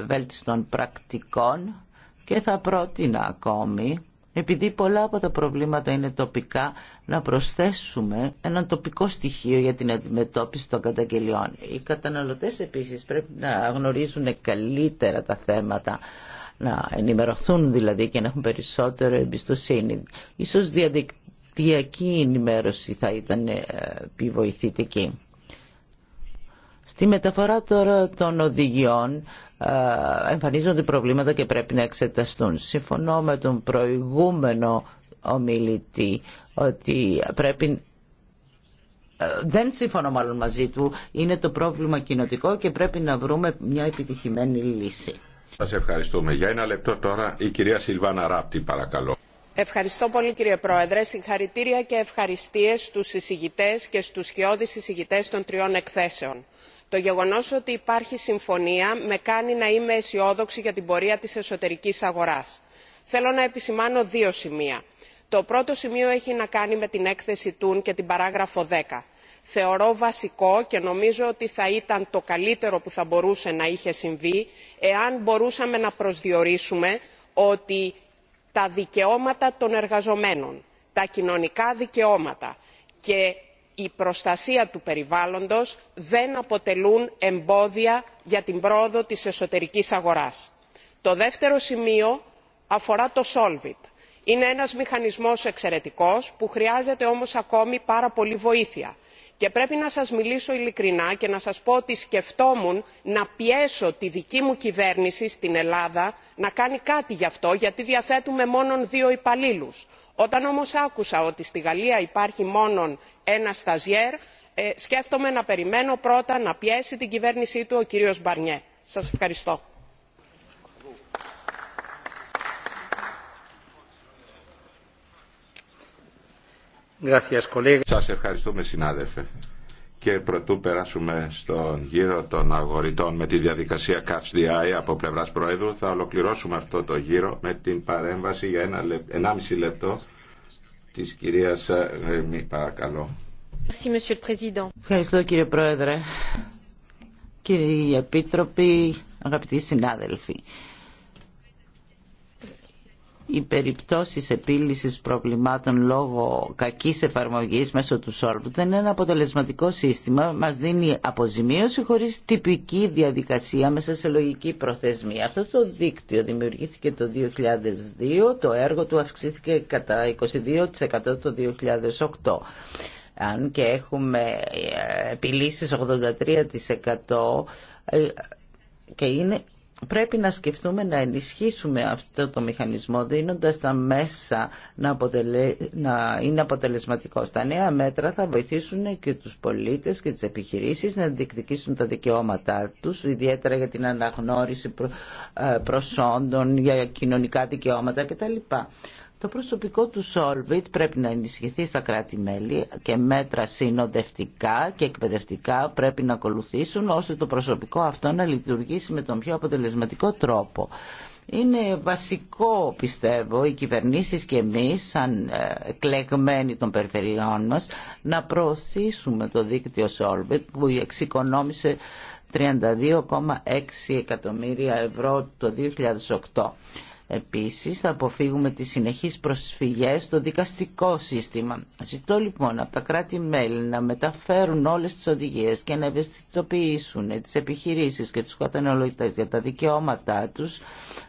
βέλτιστων πρακτικών και θα πρότεινα ακόμη, επειδή πολλά από τα προβλήματα είναι τοπικά, να προσθέσουμε ένα τοπικό στοιχείο για την αντιμετώπιση των καταγγελιών. Οι καταναλωτές επίσης πρέπει να γνωρίζουν καλύτερα τα θέματα να ενημερωθούν δηλαδή και να έχουν περισσότερο εμπιστοσύνη. Ίσως διαδικτυακή ενημέρωση θα ήταν ε, επιβοηθητική. Τη μεταφορά τώρα των οδηγιών ε, εμφανίζονται προβλήματα και πρέπει να εξεταστούν. Συμφωνώ με τον προηγούμενο ομιλητή ότι πρέπει ε, δεν συμφωνώ μάλλον μαζί του, είναι το πρόβλημα κοινοτικό και πρέπει να βρούμε μια επιτυχημένη λύση. Σας ευχαριστούμε. Για ένα λεπτό τώρα η κυρία Σιλβάνα Ράπτη παρακαλώ. Ευχαριστώ πολύ κύριε Πρόεδρε. Συγχαρητήρια και ευχαριστίες στους εισηγητές και στους σκιώδεις εισηγητές των τριών εκθέσεων το γεγονός ότι υπάρχει συμφωνία με κάνει να είμαι αισιόδοξη για την πορεία της εσωτερικής αγοράς. θέλω να επισημάνω δύο σημεία. το πρώτο σημείο έχει να κάνει με την έκθεση τουν και την παράγραφο. 10. θεωρώ βασικό και νομίζω ότι θα ήταν το καλύτερο που θα μπορούσε να είχε συμβεί εάν μπορούσαμε να προσδιορίσουμε ότι τα δικαιώματα των εργαζομένων τα κοινωνικά δικαιώματα και η προστασία του περιβάλλοντος δεν αποτελούν εμπόδια για την πρόοδο της εσωτερικής αγοράς. το δεύτερο σημείο αφορά το solvit. είναι ένας μηχανισμός εξαιρετικός που χρειάζεται όμως ακόμη πάρα πολύ βοήθεια και πρέπει να σας μιλήσω ειλικρινά και να σας πω ότι σκεφτόμουν να πιέσω τη δική μου κυβέρνηση στην ελλάδα να κάνει κάτι γι' αυτό γιατί διαθέτουμε μόνο δύο υπαλλήλους. όταν όμως άκουσα ότι στη γαλλία υπάρχει μόνο ένα σταζιέρ ε, σκέφτομαι να περιμένω πρώτα να πιέσει την κυβέρνησή του ο κύριος μπαρνιέ. σας ευχαριστώ. Σας ευχαριστούμε συνάδελφε. Και προτού περάσουμε στον γύρο των αγοριτών με τη διαδικασία Catch the Eye από πλευράς Προέδρου, θα ολοκληρώσουμε αυτό το γύρο με την παρέμβαση για ένα, 1,5 λεπτό της κυρίας ε, παρακαλώ. Ευχαριστώ κύριε Πρόεδρε, κύριοι Επίτροποι, αγαπητοί συνάδελφοι οι περιπτώσεις επίλυσης προβλημάτων λόγω κακής εφαρμογής μέσω του δεν είναι ένα αποτελεσματικό σύστημα, μας δίνει αποζημίωση χωρίς τυπική διαδικασία μέσα σε λογική προθεσμία. Αυτό το δίκτυο δημιουργήθηκε το 2002, το έργο του αυξήθηκε κατά 22% το 2008. Αν και έχουμε ε, επιλύσεις 83% ε, και είναι πρέπει να σκεφτούμε να ενισχύσουμε αυτό το μηχανισμό δίνοντας τα μέσα να, να είναι αποτελεσματικό. Τα νέα μέτρα θα βοηθήσουν και τους πολίτες και τις επιχειρήσεις να διεκδικήσουν τα δικαιώματά τους, ιδιαίτερα για την αναγνώριση ε, προσόντων, για κοινωνικά δικαιώματα κτλ. Το προσωπικό του Solvit πρέπει να ενισχυθεί στα κράτη-μέλη και μέτρα συνοδευτικά και εκπαιδευτικά πρέπει να ακολουθήσουν ώστε το προσωπικό αυτό να λειτουργήσει με τον πιο αποτελεσματικό τρόπο. Είναι βασικό πιστεύω οι κυβερνήσεις και εμείς σαν ε, εκλεγμένοι των περιφερειών μας να προωθήσουμε το δίκτυο Solvit που εξοικονόμησε 32,6 εκατομμύρια ευρώ το 2008. Επίσης θα αποφύγουμε τις συνεχείς προσφυγές στο δικαστικό σύστημα. Ζητώ λοιπόν από τα κράτη-μέλη να μεταφέρουν όλες τις οδηγίες και να ευαισθητοποιήσουν τις επιχειρήσεις και τους καταναλωτές για τα δικαιώματά τους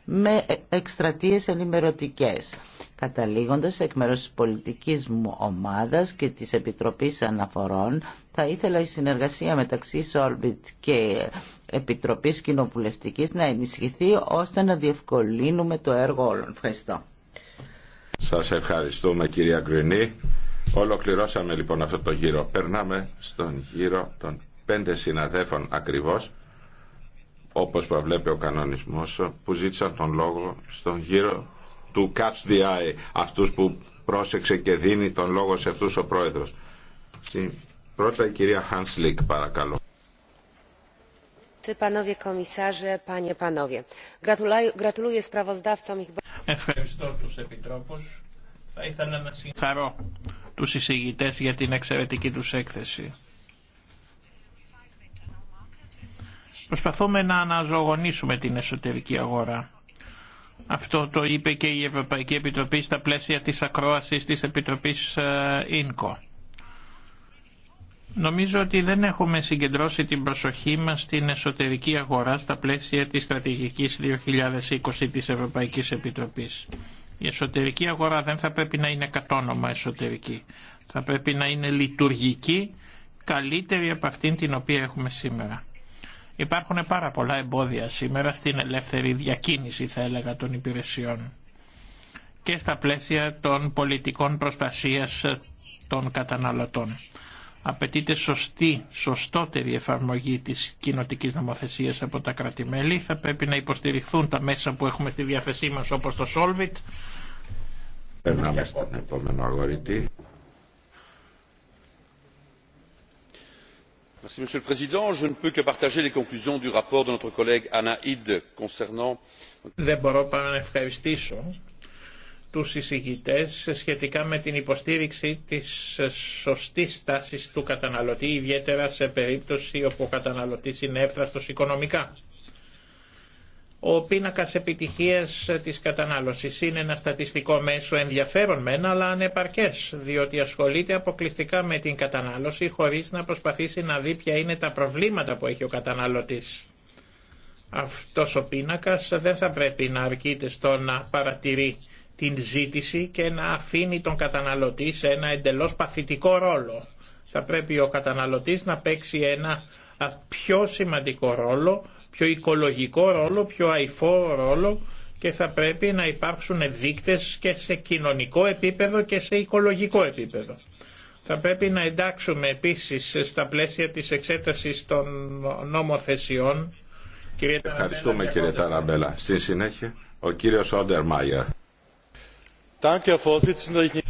με εκστρατείες ενημερωτικές. Καταλήγοντας εκ μέρους της πολιτικής μου ομάδας και της Επιτροπής Αναφορών, θα ήθελα η συνεργασία μεταξύ Solvit και Επιτροπής Κοινοβουλευτικής να ενισχυθεί ώστε να διευκολύνουμε το έργο όλων. Ευχαριστώ. Σας ευχαριστούμε κυρία Γκρινή. Ολοκληρώσαμε λοιπόν αυτό το γύρο. Περνάμε στον γύρο των πέντε συναδέφων ακριβώς όπως προβλέπει ο κανονισμός που ζήτησαν τον λόγο στον γύρο του Catch the Eye, αυτούς που πρόσεξε και δίνει τον λόγο σε αυτούς ο πρόεδρος. Πρώτα η κυρία Χάνσλικ παρακαλώ. Ευχαριστώ τους επιτρόπους. Θα ήθελα να συγχαρώ τους εισηγητές για την εξαιρετική τους έκθεση. Προσπαθούμε να αναζωογονήσουμε την εσωτερική αγορά. Αυτό το είπε και η Ευρωπαϊκή Επιτροπή στα πλαίσια της ακρόασης της Επιτροπής ε, ΙΝΚΟ. Νομίζω ότι δεν έχουμε συγκεντρώσει την προσοχή μας στην εσωτερική αγορά στα πλαίσια της στρατηγικής 2020 της Ευρωπαϊκής Επιτροπής. Η εσωτερική αγορά δεν θα πρέπει να είναι κατόνομα εσωτερική. Θα πρέπει να είναι λειτουργική, καλύτερη από αυτήν την οποία έχουμε σήμερα. Υπάρχουν πάρα πολλά εμπόδια σήμερα στην ελεύθερη διακίνηση θα έλεγα των υπηρεσιών και στα πλαίσια των πολιτικών προστασίας των καταναλωτών. Απαιτείται σωστή, σωστότερη εφαρμογή της κοινοτικής νομοθεσίας από τα κρατημέλη. Θα πρέπει να υποστηριχθούν τα μέσα που έχουμε στη διάθεσή μας όπως το Solvit. Περνάμε στον επόμενο αγορητή. monsieur le président je ne peux que partager les conclusions du rapport de notre collègue anna id concernant. δεν μπορώ παρά να ευχαριστήσω τους εισηγητές σχετικά με την υποστήριξη της σωστής τάσης του καταναλωτή ιδιαίτερα σε περίπτωση όπου ο καταναλωτής είναι έφραστος οικονομικά ο πίνακα επιτυχία της κατανάλωση είναι ένα στατιστικό μέσο ενδιαφέρον μεν, αλλά ανεπαρκές, διότι ασχολείται αποκλειστικά με την κατανάλωση χωρίς να προσπαθήσει να δει ποια είναι τα προβλήματα που έχει ο καταναλωτή. Αυτός ο πίνακα δεν θα πρέπει να αρκείται στο να παρατηρεί την ζήτηση και να αφήνει τον καταναλωτή σε ένα εντελώ παθητικό ρόλο. Θα πρέπει ο καταναλωτή να παίξει ένα πιο σημαντικό ρόλο πιο οικολογικό ρόλο, πιο αϊφό ρόλο και θα πρέπει να υπάρξουν δείκτες και σε κοινωνικό επίπεδο και σε οικολογικό επίπεδο. Θα πρέπει να εντάξουμε επίσης στα πλαίσια της εξέτασης των νομοθεσιών. Κύριε Ευχαριστούμε κύριε, κύριε Ταραμπέλα. Στη συνέχεια ο κύριος Όντερ Μάιερ.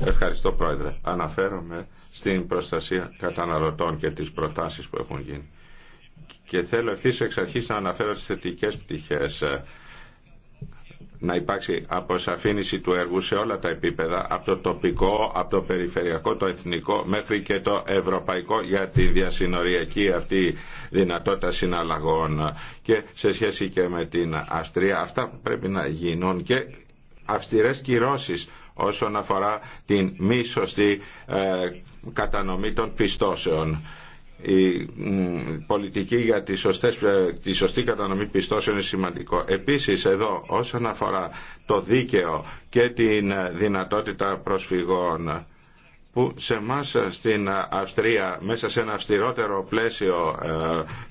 Ευχαριστώ Πρόεδρε. Αναφέρομαι στην προστασία καταναλωτών και τις προτάσεις που έχουν γίνει και θέλω ευθύ εξ αρχή να αναφέρω τι θετικέ πτυχέ ε, να υπάρξει αποσαφήνιση του έργου σε όλα τα επίπεδα, από το τοπικό, από το περιφερειακό, το εθνικό, μέχρι και το ευρωπαϊκό για τη διασυνοριακή αυτή δυνατότητα συναλλαγών και σε σχέση και με την Αυστρία. Αυτά πρέπει να γίνουν και αυστηρές κυρώσεις όσον αφορά την μη σωστή ε, κατανομή των πιστώσεων η πολιτική για τη, ε, τη σωστή κατανομή πιστώσεων είναι σημαντικό. Επίσης εδώ όσον αφορά το δίκαιο και την ε, δυνατότητα προσφυγών που σε εμά στην Αυστρία μέσα σε ένα αυστηρότερο πλαίσιο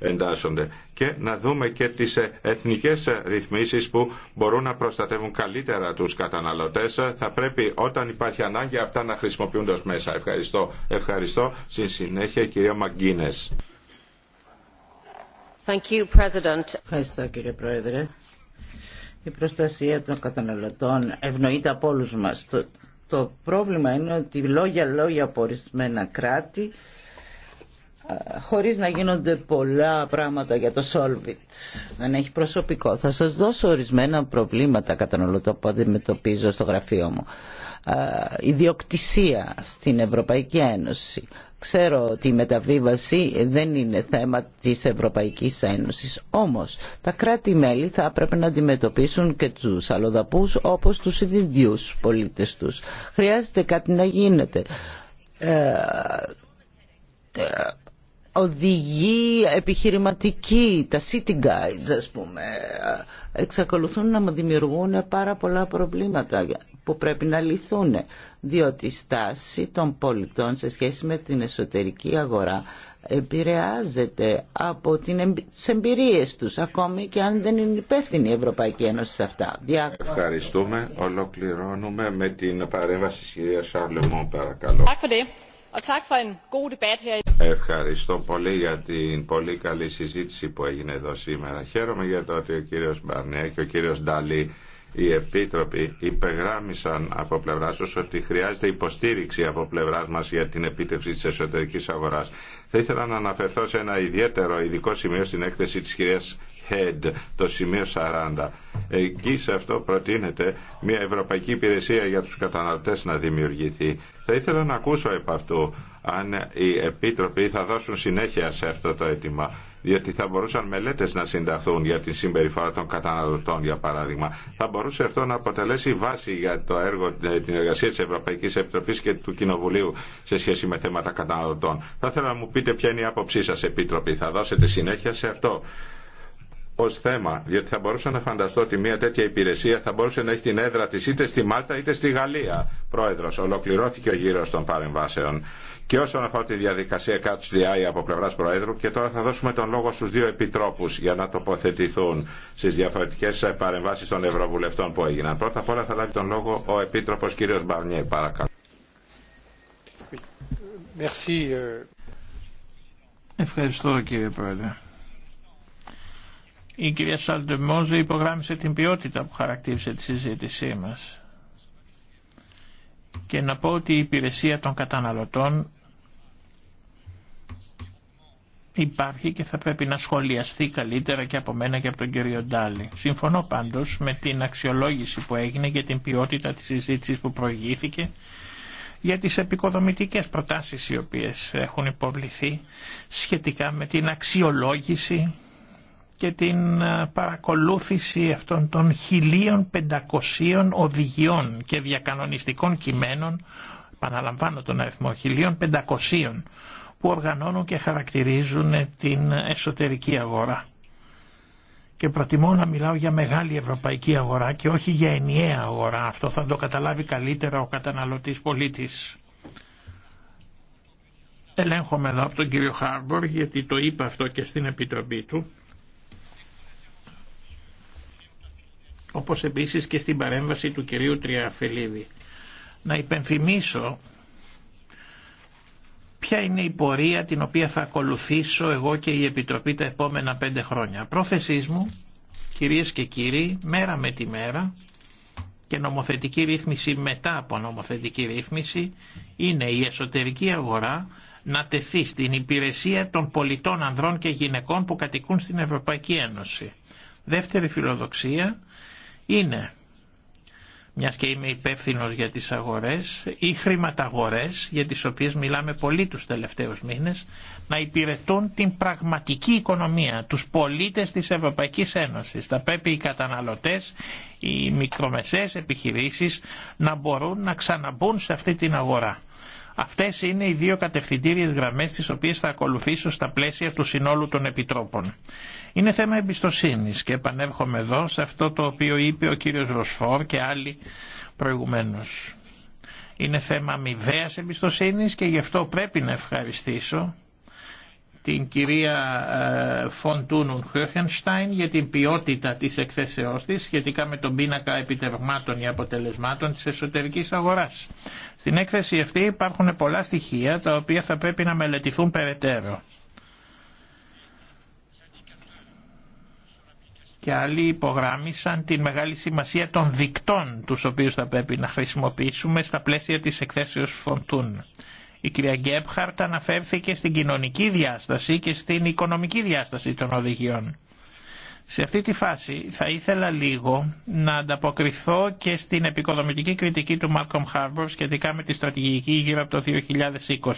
ε, εντάσσονται και να δούμε και τις ε, εθνικές ρυθμίσεις που μπορούν να προστατεύουν καλύτερα τους καταναλωτές. Θα πρέπει όταν υπάρχει ανάγκη αυτά να χρησιμοποιούνται ως μέσα. Ευχαριστώ. Ευχαριστώ. Στη συνέχεια κυρία Μαγκίνες. Thank you, President. Ευχαριστώ κύριε Πρόεδρε. Η προστασία των καταναλωτών ευνοείται από όλους μας. Το πρόβλημα είναι ότι λόγια-λόγια από ορισμένα κράτη χωρίς να γίνονται πολλά πράγματα για το Solvit. Δεν έχει προσωπικό. Θα σας δώσω ορισμένα προβλήματα το που αντιμετωπίζω στο γραφείο μου. Ιδιοκτησία στην Ευρωπαϊκή Ένωση. Ξέρω ότι η μεταβίβαση δεν είναι θέμα της Ευρωπαϊκής Ένωσης. Όμως τα κράτη-μέλη θα έπρεπε να αντιμετωπίσουν και τους αλλοδαπούς όπως τους ιδιούς πολίτες τους. Χρειάζεται κάτι να γίνεται. Ε, ε οδηγοί επιχειρηματικοί, τα city guides ας πούμε, ε, εξακολουθούν να μου δημιουργούν πάρα πολλά προβλήματα που πρέπει να λυθούν, διότι η στάση των πολιτών σε σχέση με την εσωτερική αγορά επηρεάζεται από τις εμπειρίες τους, ακόμη και αν δεν είναι υπεύθυνη η Ευρωπαϊκή Ένωση σε αυτά. Ευχαριστούμε. Ολοκληρώνουμε με την παρέμβαση της κυρίας Σαρλεμόν, παρακαλώ. Ευχαριστώ πολύ για την πολύ καλή συζήτηση που έγινε εδώ σήμερα. Χαίρομαι για το ότι ο κύριος Μπαρνέ και ο κύριος Νταλή οι επίτροποι υπεγράμμισαν από πλευρά του ότι χρειάζεται υποστήριξη από πλευρά μα για την επίτευξη τη εσωτερική αγορά. Θα ήθελα να αναφερθώ σε ένα ιδιαίτερο ειδικό σημείο στην έκθεση τη κυρία Head, το σημείο 40. Εκεί σε αυτό προτείνεται μια ευρωπαϊκή υπηρεσία για τους καταναλωτές να δημιουργηθεί. Θα ήθελα να ακούσω επ' αυτού αν οι επίτροποι θα δώσουν συνέχεια σε αυτό το αίτημα διότι θα μπορούσαν μελέτες να συνταχθούν για τη συμπεριφορά των καταναλωτών, για παράδειγμα. Θα μπορούσε αυτό να αποτελέσει βάση για το έργο, ε, την εργασία της Ευρωπαϊκής Επιτροπής και του Κοινοβουλίου σε σχέση με θέματα καταναλωτών. Θα ήθελα να μου πείτε ποια είναι η άποψή σας, Επίτροπη. Θα δώσετε συνέχεια σε αυτό ως θέμα, διότι θα μπορούσα να φανταστώ ότι μια τέτοια υπηρεσία θα μπορούσε να έχει την έδρα της είτε στη Μάλτα είτε στη Γαλλία. Πρόεδρος, ολοκληρώθηκε ο γύρος των παρεμβάσεων και όσον αφορά τη διαδικασία κάτω DI από πλευρά Προέδρου και τώρα θα δώσουμε τον λόγο στου δύο επιτρόπους για να τοποθετηθούν στι διαφορετικέ παρεμβάσει των Ευρωβουλευτών που έγιναν. Πρώτα απ' όλα θα λάβει τον λόγο ο επίτροπο κ. Μπαρνιέ, παρακαλώ. Ε. Ευχαριστώ κ. Πρόεδρε. Η κυρία Σαλντεμόζε υπογράμμισε την ποιότητα που χαρακτήρισε τη συζήτησή μας και να πω ότι η υπηρεσία των καταναλωτών υπάρχει και θα πρέπει να σχολιαστεί καλύτερα και από μένα και από τον κύριο Ντάλη. Συμφωνώ πάντως με την αξιολόγηση που έγινε για την ποιότητα της συζήτηση που προηγήθηκε για τις επικοδομητικές προτάσεις οι οποίες έχουν υποβληθεί σχετικά με την αξιολόγηση και την ε, παρακολούθηση αυτών των 1500 οδηγιών και διακανονιστικών κειμένων, επαναλαμβάνω τον αριθμό 1500 που οργανώνουν και χαρακτηρίζουν την εσωτερική αγορά. Και προτιμώ να μιλάω για μεγάλη ευρωπαϊκή αγορά και όχι για ενιαία αγορά. Αυτό θα το καταλάβει καλύτερα ο καταναλωτής πολίτης. Ελέγχομαι εδώ από τον κύριο Χάρμπορ γιατί το είπα αυτό και στην επιτροπή του. Όπως επίσης και στην παρέμβαση του κυρίου Τριαφελίδη. Να υπενθυμίσω ποια είναι η πορεία την οποία θα ακολουθήσω εγώ και η Επιτροπή τα επόμενα πέντε χρόνια. Πρόθεσή μου, κυρίες και κύριοι, μέρα με τη μέρα και νομοθετική ρύθμιση μετά από νομοθετική ρύθμιση είναι η εσωτερική αγορά να τεθεί στην υπηρεσία των πολιτών ανδρών και γυναικών που κατοικούν στην Ευρωπαϊκή Ένωση. Δεύτερη φιλοδοξία είναι μια και είμαι υπεύθυνο για τις αγορές ή χρηματαγορές για τις οποίες μιλάμε πολύ τους τελευταίους μήνες να υπηρετούν την πραγματική οικονομία, τους πολίτες της Ευρωπαϊκή Ένωση. Θα πρέπει οι καταναλωτές, οι μικρομεσαίες επιχειρήσεις να μπορούν να ξαναμπούν σε αυτή την αγορά. Αυτές είναι οι δύο κατευθυντήριες γραμμές τις οποίες θα ακολουθήσω στα πλαίσια του συνόλου των επιτρόπων. Είναι θέμα εμπιστοσύνης και επανέρχομαι εδώ σε αυτό το οποίο είπε ο κύριος Ροσφόρ και άλλοι προηγουμένως. Είναι θέμα αμοιβαία εμπιστοσύνης και γι' αυτό πρέπει να ευχαριστήσω την κυρία ε, Φοντούνου Χέρχενστάιν για την ποιότητα της εκθέσεώς της σχετικά με τον πίνακα επιτευγμάτων ή αποτελεσμάτων της εσωτερικής αγοράς. Στην έκθεση αυτή υπάρχουν πολλά στοιχεία τα οποία θα πρέπει να μελετηθούν περαιτέρω. και άλλοι υπογράμμισαν την μεγάλη σημασία των δικτών τους οποίους θα πρέπει να χρησιμοποιήσουμε στα πλαίσια της εκθέσεως Φοντούν. Η κυρία Γκέμπχαρτ αναφέρθηκε στην κοινωνική διάσταση και στην οικονομική διάσταση των οδηγιών. Σε αυτή τη φάση θα ήθελα λίγο να ανταποκριθώ και στην επικοδομητική κριτική του Μάλκομ Χάρμπορ σχετικά με τη στρατηγική γύρω από το 2020.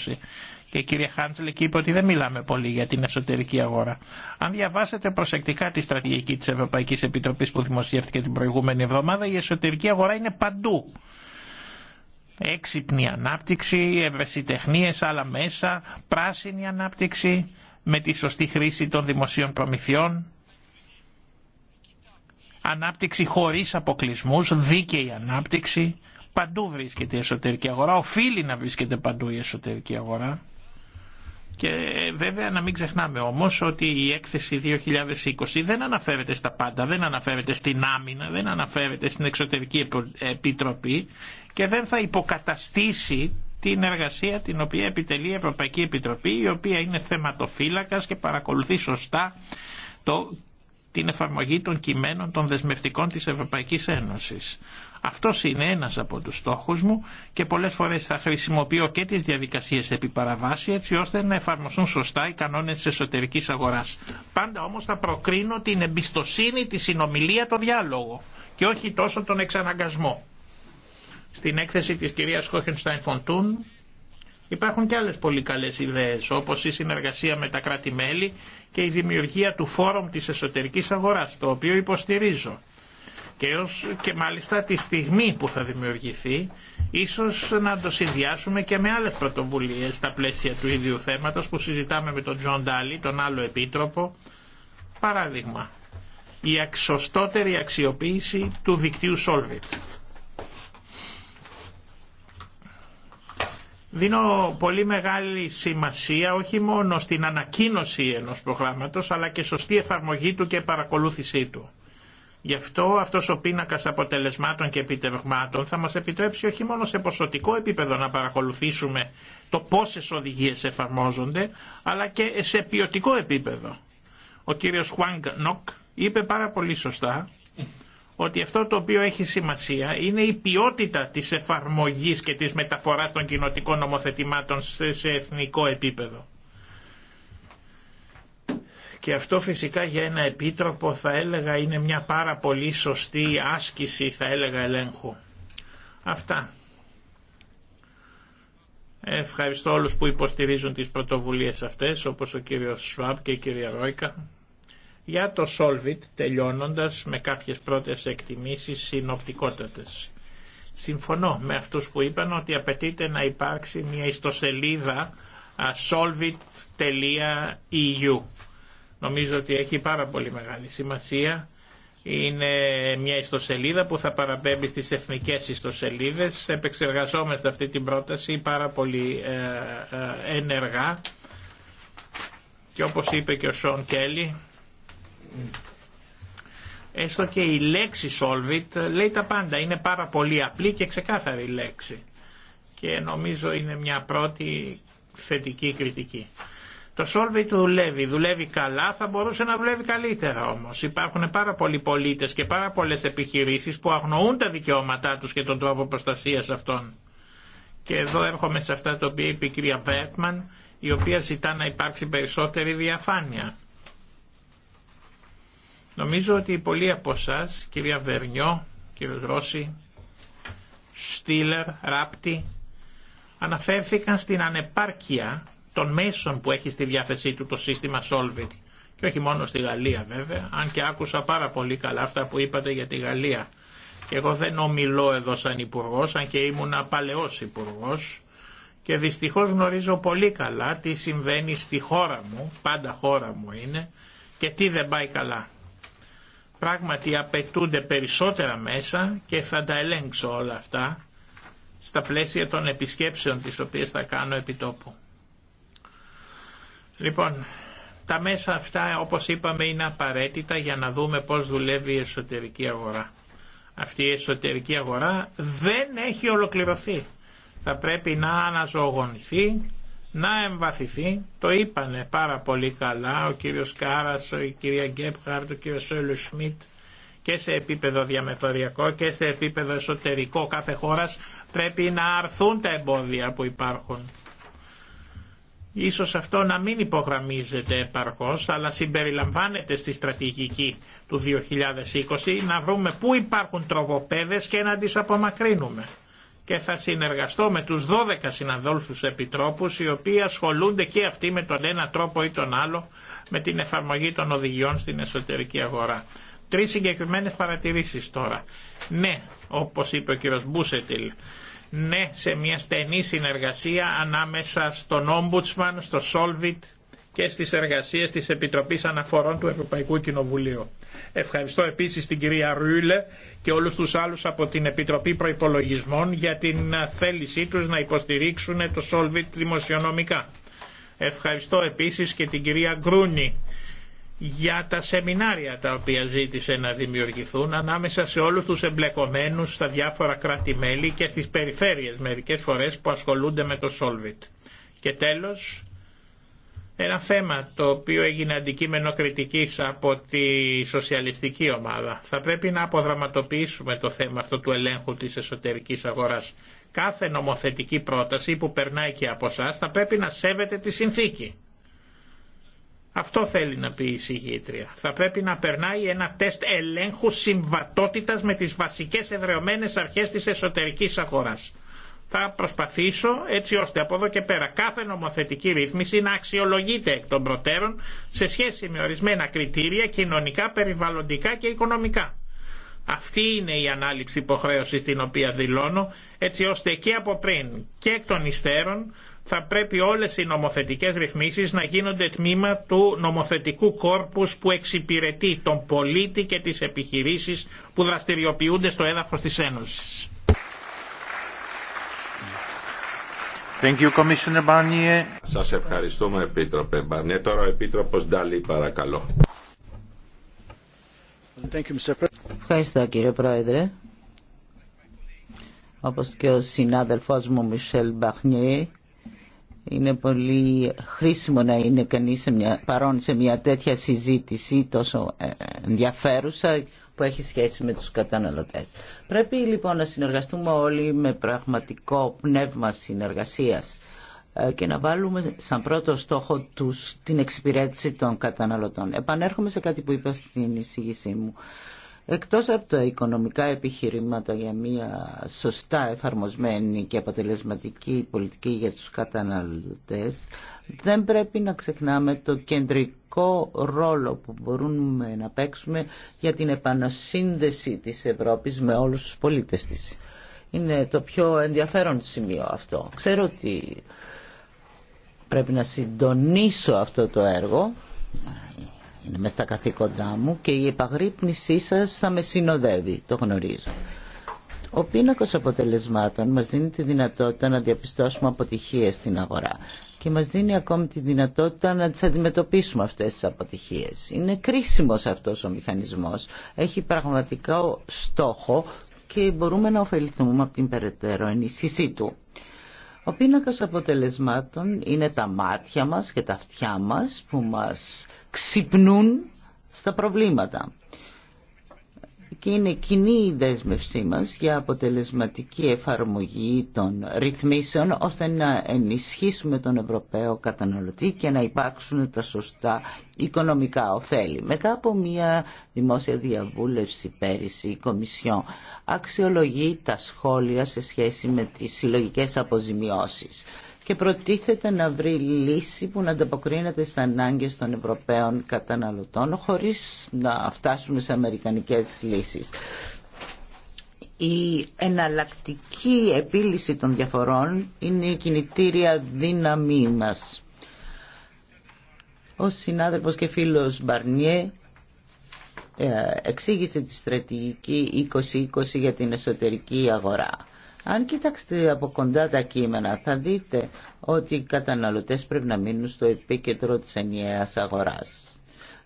Και η κυρία Χάντσλεκ είπε ότι δεν μιλάμε πολύ για την εσωτερική αγορά. Αν διαβάσετε προσεκτικά τη στρατηγική της Ευρωπαϊκής Επιτροπής που δημοσιεύτηκε την προηγούμενη εβδομάδα, η εσωτερική αγορά είναι παντού έξυπνη ανάπτυξη, ευρεσιτεχνίες, άλλα μέσα, πράσινη ανάπτυξη με τη σωστή χρήση των δημοσίων προμηθειών, ανάπτυξη χωρίς αποκλεισμούς, δίκαιη ανάπτυξη, παντού βρίσκεται η εσωτερική αγορά, οφείλει να βρίσκεται παντού η εσωτερική αγορά. Και βέβαια να μην ξεχνάμε όμως ότι η έκθεση 2020 δεν αναφέρεται στα πάντα, δεν αναφέρεται στην άμυνα, δεν αναφέρεται στην εξωτερική επιτροπή και δεν θα υποκαταστήσει την εργασία την οποία επιτελεί η Ευρωπαϊκή Επιτροπή η οποία είναι θεματοφύλακας και παρακολουθεί σωστά το, την εφαρμογή των κειμένων των δεσμευτικών της Ευρωπαϊκής Ένωσης. Αυτό είναι ένας από τους στόχους μου και πολλές φορές θα χρησιμοποιώ και τις διαδικασίες επί παραβάση έτσι ώστε να εφαρμοστούν σωστά οι κανόνες της εσωτερικής αγοράς. Πάντα όμως θα προκρίνω την εμπιστοσύνη, τη συνομιλία, το διάλογο και όχι τόσο τον εξαναγκασμό. Στην έκθεση της κυρίας Χόχενστάιν Φοντούν υπάρχουν και άλλες πολύ καλές ιδέες όπως η συνεργασία με τα κράτη-μέλη και η δημιουργία του Φόρουμ της Εσωτερικής Αγοράς το οποίο υποστηρίζω. Και, ως, και μάλιστα τη στιγμή που θα δημιουργηθεί ίσως να το συνδυάσουμε και με άλλες πρωτοβουλίες στα πλαίσια του ίδιου θέματος που συζητάμε με τον Τζον Ντάλι, τον άλλο επίτροπο. Παράδειγμα, η αξιοστότερη αξιοποίηση του δικτύου Solvit. Δίνω πολύ μεγάλη σημασία όχι μόνο στην ανακοίνωση ενός προγράμματος αλλά και σωστή εφαρμογή του και παρακολούθησή του. Γι' αυτό αυτός ο πίνακας αποτελεσμάτων και επιτευγμάτων θα μας επιτρέψει όχι μόνο σε ποσοτικό επίπεδο να παρακολουθήσουμε το πόσες οδηγίες εφαρμόζονται, αλλά και σε ποιοτικό επίπεδο. Ο κύριος Χουάνγκ Νοκ είπε πάρα πολύ σωστά ότι αυτό το οποίο έχει σημασία είναι η ποιότητα της εφαρμογής και της μεταφοράς των κοινοτικών νομοθετημάτων σε εθνικό επίπεδο. Και αυτό φυσικά για ένα επίτροπο θα έλεγα είναι μια πάρα πολύ σωστή άσκηση θα έλεγα ελέγχου. Αυτά. Ευχαριστώ όλους που υποστηρίζουν τις πρωτοβουλίες αυτές όπως ο κύριος Σουάμπ και η κυρία Ρόικα. Για το Solvit τελειώνοντας με κάποιες πρώτες εκτιμήσεις συνοπτικότατες. Συμφωνώ με αυτούς που είπαν ότι απαιτείται να υπάρξει μια ιστοσελίδα solvit.eu. Νομίζω ότι έχει πάρα πολύ μεγάλη σημασία. Είναι μια ιστοσελίδα που θα παραπέμπει στις εθνικές ιστοσελίδες. Επεξεργαζόμαστε αυτή την πρόταση πάρα πολύ ε, ε, ενεργά. Και όπως είπε και ο Σον Κέλλη, Mm. Έστω και η λέξη it λέει τα πάντα. Είναι πάρα πολύ απλή και ξεκάθαρη η λέξη. Και νομίζω είναι μια πρώτη θετική κριτική. Το it δουλεύει, δουλεύει καλά, θα μπορούσε να δουλεύει καλύτερα όμως. Υπάρχουν πάρα πολλοί πολίτες και πάρα πολλές επιχειρήσεις που αγνοούν τα δικαιώματά τους και τον τρόπο προστασίας αυτών. Και εδώ έρχομαι σε αυτά τα οποία είπε η κυρία Βέρκμαν η οποία ζητά να υπάρξει περισσότερη διαφάνεια. Νομίζω ότι πολλοί από εσά, κυρία Βερνιό, κύριο Γρόση, Στήλερ, Ράπτη, αναφέρθηκαν στην ανεπάρκεια των μέσων που έχει στη διάθεσή του το σύστημα Solvit. Και όχι μόνο στη Γαλλία βέβαια, αν και άκουσα πάρα πολύ καλά αυτά που είπατε για τη Γαλλία. Και εγώ δεν ομιλώ εδώ σαν υπουργό, αν και ήμουν παλαιό υπουργό. Και δυστυχώ γνωρίζω πολύ καλά τι συμβαίνει στη χώρα μου, πάντα χώρα μου είναι, και τι δεν πάει καλά. Πράγματι απαιτούνται περισσότερα μέσα και θα τα ελέγξω όλα αυτά στα πλαίσια των επισκέψεων τις οποίες θα κάνω επί τόπου. Λοιπόν, τα μέσα αυτά όπως είπαμε είναι απαραίτητα για να δούμε πώς δουλεύει η εσωτερική αγορά. Αυτή η εσωτερική αγορά δεν έχει ολοκληρωθεί. Θα πρέπει να αναζωογονηθεί να εμβαθυθεί, το είπανε πάρα πολύ καλά ο κύριος Κάρας, η κυρία Γκέπχαρτ, ο κύριος Σόλου Σμιτ και σε επίπεδο διαμεθοριακό και σε επίπεδο εσωτερικό κάθε χώρας πρέπει να αρθούν τα εμπόδια που υπάρχουν. Ίσως αυτό να μην υπογραμμίζεται επαρκώς, αλλά συμπεριλαμβάνεται στη στρατηγική του 2020 να βρούμε πού υπάρχουν τροποπέδες και να τις απομακρύνουμε και θα συνεργαστώ με τους 12 συναδόλφους επιτρόπους οι οποίοι ασχολούνται και αυτοί με τον ένα τρόπο ή τον άλλο με την εφαρμογή των οδηγιών στην εσωτερική αγορά. Τρεις συγκεκριμένες παρατηρήσεις τώρα. Ναι, όπως είπε ο κύριος Μπούσετιλ, ναι σε μια στενή συνεργασία ανάμεσα στον Ombudsman, στο Solvit και στις εργασίες της Επιτροπής Αναφορών του Ευρωπαϊκού Κοινοβουλίου. Ευχαριστώ επίσης την κυρία Ρούλε και όλους τους άλλους από την Επιτροπή Προϋπολογισμών για την ε, θέλησή τους να υποστηρίξουν το Solvit δημοσιονομικά. Ευχαριστώ επίσης και την κυρία Γκρούνη για τα σεμινάρια τα οποία ζήτησε να δημιουργηθούν ανάμεσα σε όλους τους εμπλεκομένους στα διάφορα κράτη-μέλη και στις περιφέρειες μερικές φορές που ασχολούνται με το Solvit. Και τέλος, ένα θέμα το οποίο έγινε αντικείμενο κριτικής από τη σοσιαλιστική ομάδα. Θα πρέπει να αποδραματοποιήσουμε το θέμα αυτό του ελέγχου της εσωτερικής αγοράς. Κάθε νομοθετική πρόταση που περνάει και από εσά θα πρέπει να σέβεται τη συνθήκη. Αυτό θέλει να πει η συγγήτρια. Θα πρέπει να περνάει ένα τεστ ελέγχου συμβατότητας με τις βασικές εδρεωμένες αρχές της εσωτερικής αγοράς θα προσπαθήσω έτσι ώστε από εδώ και πέρα κάθε νομοθετική ρύθμιση να αξιολογείται εκ των προτέρων σε σχέση με ορισμένα κριτήρια κοινωνικά, περιβαλλοντικά και οικονομικά. Αυτή είναι η ανάληψη υποχρέωση την οποία δηλώνω, έτσι ώστε και από πριν και εκ των υστέρων θα πρέπει όλες οι νομοθετικές ρυθμίσεις να γίνονται τμήμα του νομοθετικού κόρπους που εξυπηρετεί τον πολίτη και τις επιχειρήσεις που δραστηριοποιούνται στο έδαφος της Ένωσης. Σας ευχαριστούμε, Επίτροπε Μπαρνιέ. Τώρα ο Επίτροπος Νταλή, παρακαλώ. Ευχαριστώ, κύριε Πρόεδρε. Όπως και ο συνάδελφός μου, Μισελ Μπαχνιέ, είναι πολύ χρήσιμο να είναι κανείς σε μια, παρόν σε μια τέτοια συζήτηση τόσο ε, ενδιαφέρουσα που έχει σχέση με τους καταναλωτές. Πρέπει λοιπόν να συνεργαστούμε όλοι με πραγματικό πνεύμα συνεργασίας ε, και να βάλουμε σαν πρώτο στόχο τους την εξυπηρέτηση των καταναλωτών. Επανέρχομαι σε κάτι που είπα στην εισήγησή μου. Εκτός από τα οικονομικά επιχειρήματα για μια σωστά εφαρμοσμένη και αποτελεσματική πολιτική για τους καταναλωτές, δεν πρέπει να ξεχνάμε το κεντρικό σημαντικό ρόλο που μπορούμε να παίξουμε για την επανασύνδεση της Ευρώπης με όλους τους πολίτες της. Είναι το πιο ενδιαφέρον σημείο αυτό. Ξέρω ότι πρέπει να συντονίσω αυτό το έργο είναι μέσα στα καθήκοντά μου και η επαγρύπνησή σας θα με συνοδεύει, το γνωρίζω. Ο πίνακος αποτελεσμάτων μας δίνει τη δυνατότητα να διαπιστώσουμε αποτυχίες στην αγορά, και μας δίνει ακόμη τη δυνατότητα να τις αντιμετωπίσουμε αυτές τις αποτυχίες. Είναι κρίσιμος αυτός ο μηχανισμός. Έχει πραγματικά στόχο και μπορούμε να ωφεληθούμε από την περαιτέρω ενίσχυσή του. Ο πίνακας αποτελεσμάτων είναι τα μάτια μας και τα αυτιά μας που μας ξυπνούν στα προβλήματα και είναι κοινή η δέσμευσή μας για αποτελεσματική εφαρμογή των ρυθμίσεων ώστε να ενισχύσουμε τον Ευρωπαίο καταναλωτή και να υπάρξουν τα σωστά οικονομικά ωφέλη. Μετά από μια δημόσια διαβούλευση πέρυσι η Κομισιόν αξιολογεί τα σχόλια σε σχέση με τις συλλογικές αποζημιώσεις και προτίθεται να βρει λύση που να ανταποκρίνεται στις ανάγκες των Ευρωπαίων καταναλωτών χωρίς να φτάσουμε σε αμερικανικές λύσεις. Η εναλλακτική επίλυση των διαφορών είναι η κινητήρια δύναμή μας. Ο συνάδελφος και φίλος Μπαρνιέ ε, εξήγησε τη στρατηγική 2020 για την εσωτερική αγορά. Αν κοιτάξετε από κοντά τα κείμενα θα δείτε ότι οι καταναλωτές πρέπει να μείνουν στο επίκεντρο της ενιαίας αγοράς.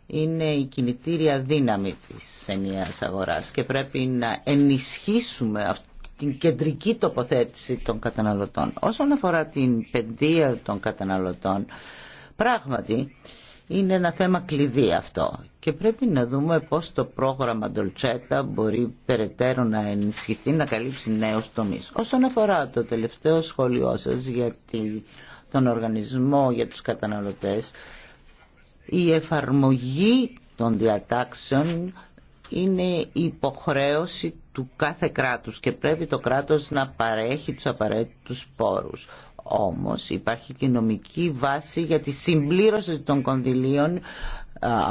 Είναι η κινητήρια δύναμη της ενιαίας αγοράς και πρέπει να ενισχύσουμε την κεντρική τοποθέτηση των καταναλωτών. Όσον αφορά την παιδεία των καταναλωτών, πράγματι είναι ένα θέμα κλειδί αυτό και πρέπει να δούμε πώς το πρόγραμμα Dolcetta μπορεί περαιτέρω να ενισχυθεί, να καλύψει νέους τομείς. Όσον αφορά το τελευταίο σχόλιο σας για τον οργανισμό για τους καταναλωτές, η εφαρμογή των διατάξεων είναι υποχρέωση του κάθε κράτους και πρέπει το κράτος να παρέχει τους απαραίτητους πόρους. Όμως υπάρχει και νομική βάση για τη συμπλήρωση των κονδυλίων ε,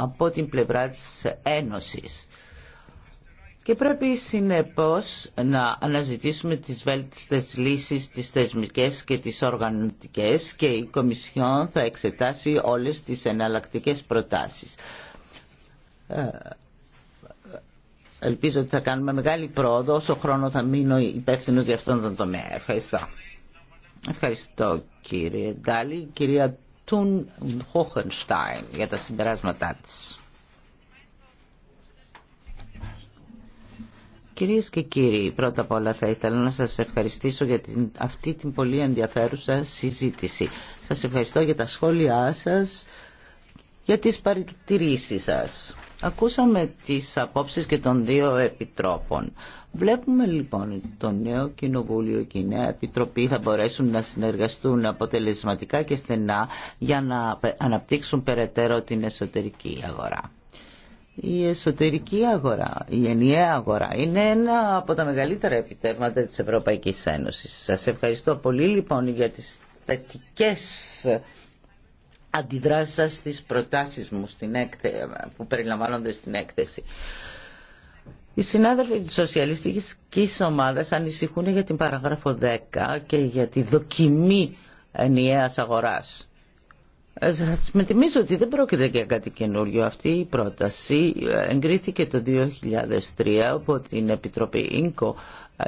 από την πλευρά της Ένωσης. Και πρέπει συνεπώς να αναζητήσουμε τις βέλτιστες λύσεις, τις θεσμικές και τις οργανωτικές και η Κομισιόν θα εξετάσει όλες τις εναλλακτικές προτάσεις. Ε, ελπίζω ότι θα κάνουμε μεγάλη πρόοδο όσο χρόνο θα μείνω υπεύθυνο για αυτόν τον τομέα. Ευχαριστώ. Ευχαριστώ κύριε Ντάλι. Κυρία Τούν Χόχενστάιν για τα συμπεράσματά της. Κυρίες και κύριοι, πρώτα απ' όλα θα ήθελα να σας ευχαριστήσω για την, αυτή την πολύ ενδιαφέρουσα συζήτηση. Σας ευχαριστώ για τα σχόλιά σας, για τις παρατηρήσεις σας. Ακούσαμε τις απόψεις και των δύο επιτρόπων. Βλέπουμε λοιπόν ότι το νέο Κοινοβούλιο και η νέα Επιτροπή θα μπορέσουν να συνεργαστούν αποτελεσματικά και στενά για να αναπτύξουν περαιτέρω την εσωτερική αγορά. Η εσωτερική αγορά, η ενιαία αγορά είναι ένα από τα μεγαλύτερα επιτεύγματα της Ευρωπαϊκής Ένωσης. Σας ευχαριστώ πολύ λοιπόν για τις θετικές αντιδράσεις στις προτάσεις μου στην που περιλαμβάνονται στην έκθεση. Οι συνάδελφοι της Σοσιαλιστικής Ομάδας ανησυχούν για την παραγράφο 10 και για τη δοκιμή ενιαίας αγοράς. Σας με θυμίζω ότι δεν πρόκειται για κάτι καινούριο. Αυτή η πρόταση ε, εγκρίθηκε το 2003 από την Επιτροπή ΙΝΚΟ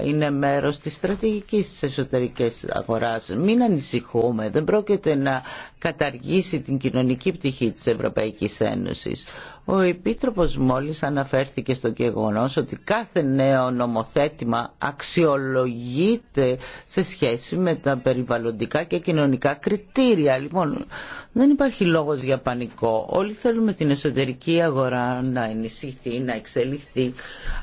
είναι μέρος της στρατηγικής της εσωτερικής αγοράς. Μην ανησυχούμε, δεν πρόκειται να καταργήσει την κοινωνική πτυχή της Ευρωπαϊκής Ένωσης. Ο Επίτροπος μόλις αναφέρθηκε στο γεγονό ότι κάθε νέο νομοθέτημα αξιολογείται σε σχέση με τα περιβαλλοντικά και κοινωνικά κριτήρια. Λοιπόν, δεν υπάρχει λόγος για πανικό. Όλοι θέλουμε την εσωτερική αγορά να ενισχυθεί, να εξελιχθεί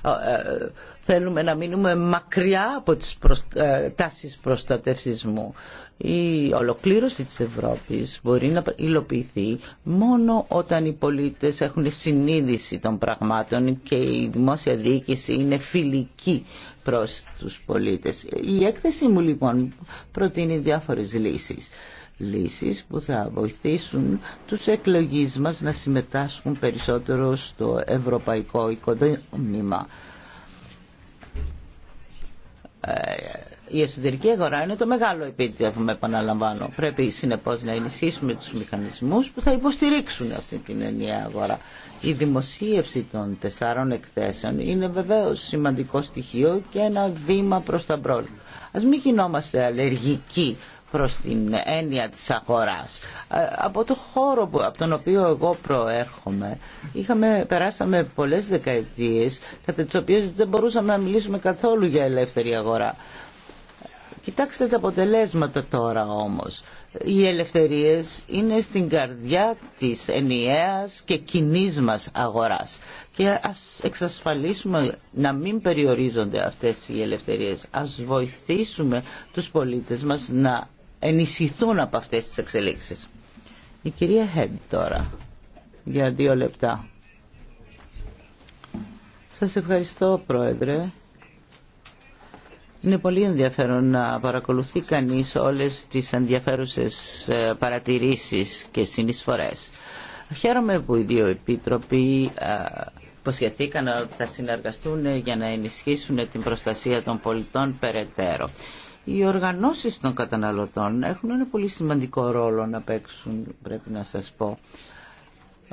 ε, ε, Θέλουμε να μείνουμε μακριά από τις ε, τάσεις προστατευσισμού. Η ολοκλήρωση της Ευρώπης μπορεί να υλοποιηθεί μόνο όταν οι πολίτες έχουν συνείδηση των πραγμάτων και η δημόσια διοίκηση είναι φιλική προς τους πολίτες. Η έκθεση μου λοιπόν προτείνει διάφορες λύσεις. Λύσεις που θα βοηθήσουν τους εκλογείς μας να συμμετάσχουν περισσότερο στο ευρωπαϊκό οικοδόμημα. Ε, η εσωτερική αγορά είναι το μεγάλο επίτευγμα, επαναλαμβάνω. Πρέπει συνεπώς να ενισχύσουμε τους μηχανισμούς που θα υποστηρίξουν αυτή την ενιαία αγορά. Η δημοσίευση των τεσσάρων εκθέσεων είναι βεβαίω σημαντικό στοιχείο και ένα βήμα προς τα πρόλη Ας μην γινόμαστε αλλεργικοί προς την έννοια της αγοράς. Ε, από το χώρο από τον οποίο εγώ προέρχομαι είχαμε, περάσαμε πολλές δεκαετίες κατά τις οποίες δεν μπορούσαμε να μιλήσουμε καθόλου για ελεύθερη αγορά. Κοιτάξτε τα αποτελέσματα τώρα όμως. Οι ελευθερίες είναι στην καρδιά της ενιαίας και κοινή μας αγοράς. Και ας εξασφαλίσουμε να μην περιορίζονται αυτές οι ελευθερίες. Ας βοηθήσουμε τους πολίτες μας να ενισχυθούν από αυτές τις εξελίξεις. Η κυρία Χέντ τώρα, για δύο λεπτά. Σας ευχαριστώ, Πρόεδρε. Είναι πολύ ενδιαφέρον να παρακολουθεί κανείς όλες τις ενδιαφέρουσες ε, παρατηρήσεις και συνεισφορές. Χαίρομαι που οι δύο επίτροποι ε, υποσχεθήκαν ότι θα συνεργαστούν για να ενισχύσουν την προστασία των πολιτών περαιτέρω. Οι οργανώσεις των καταναλωτών έχουν ένα πολύ σημαντικό ρόλο να παίξουν, πρέπει να σας πω.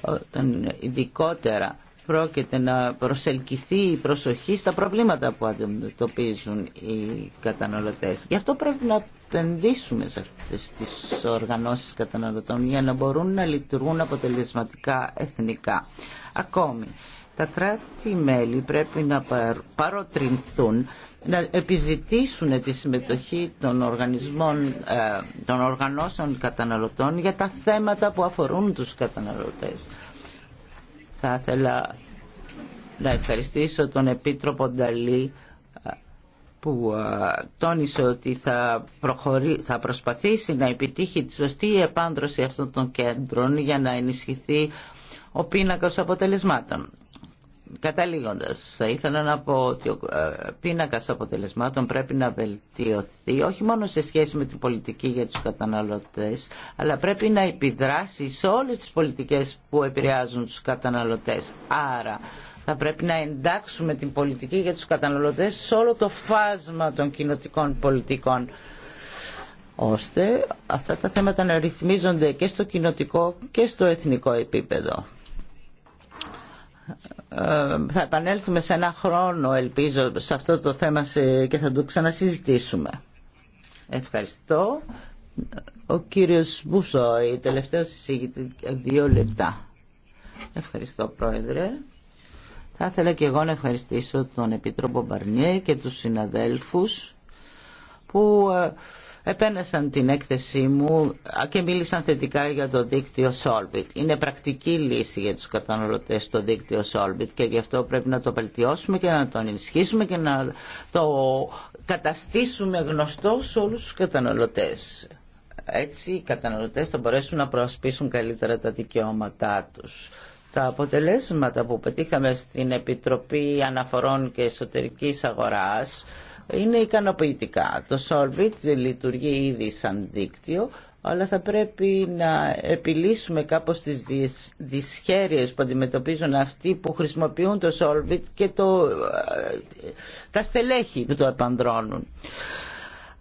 Όταν ειδικότερα πρόκειται να προσελκυθεί η προσοχή στα προβλήματα που αντιμετωπίζουν οι καταναλωτές. Γι' αυτό πρέπει να επενδύσουμε σε αυτές τις οργανώσεις καταναλωτών για να μπορούν να λειτουργούν αποτελεσματικά εθνικά. Ακόμη, τα κράτη-μέλη πρέπει να παροτρινθούν να επιζητήσουν τη συμμετοχή των, οργανισμών, ε, των οργανώσεων καταναλωτών για τα θέματα που αφορούν τους καταναλωτές. Θα ήθελα να ευχαριστήσω τον Επίτροπο Νταλή ε, που ε, τόνισε ότι θα, προχωρεί, θα προσπαθήσει να επιτύχει τη σωστή επάντρωση αυτών των κέντρων για να ενισχυθεί ο πίνακας αποτελεσμάτων. Καταλήγοντας, θα ήθελα να πω ότι ο ε, πίνακας αποτελεσμάτων πρέπει να βελτιωθεί όχι μόνο σε σχέση με την πολιτική για τους καταναλωτές, αλλά πρέπει να επιδράσει σε όλες τις πολιτικές που επηρεάζουν τους καταναλωτές. Άρα θα πρέπει να εντάξουμε την πολιτική για τους καταναλωτές σε όλο το φάσμα των κοινοτικών πολιτικών ώστε αυτά τα θέματα να ρυθμίζονται και στο κοινοτικό και στο εθνικό επίπεδο. Ε, θα επανέλθουμε σε ένα χρόνο ελπίζω σε αυτό το θέμα και θα το ξανασυζητήσουμε. Ευχαριστώ. Ο κύριος Μπούσο, η τελευταία συζήτηση, δύο λεπτά. Ευχαριστώ πρόεδρε. Θα ήθελα και εγώ να ευχαριστήσω τον Επίτροπο Μπαρνιέ και τους συναδέλφους που ε, επένεσαν την έκθεσή μου και μίλησαν θετικά για το δίκτυο Solvit. Είναι πρακτική λύση για τους καταναλωτές το δίκτυο Solvit και γι' αυτό πρέπει να το βελτιώσουμε και να τον ενισχύσουμε και να το καταστήσουμε γνωστό σε όλους τους καταναλωτές. Έτσι οι καταναλωτές θα μπορέσουν να προασπίσουν καλύτερα τα δικαιώματά τους. Τα αποτελέσματα που πετύχαμε στην Επιτροπή Αναφορών και Εσωτερικής Αγοράς είναι ικανοποιητικά. Το Solvit λειτουργεί ήδη σαν δίκτυο, αλλά θα πρέπει να επιλύσουμε κάπως τις δυσχέρειες που αντιμετωπίζουν αυτοί που χρησιμοποιούν το Solvit και το, ε, τα στελέχη που το επανδρώνουν.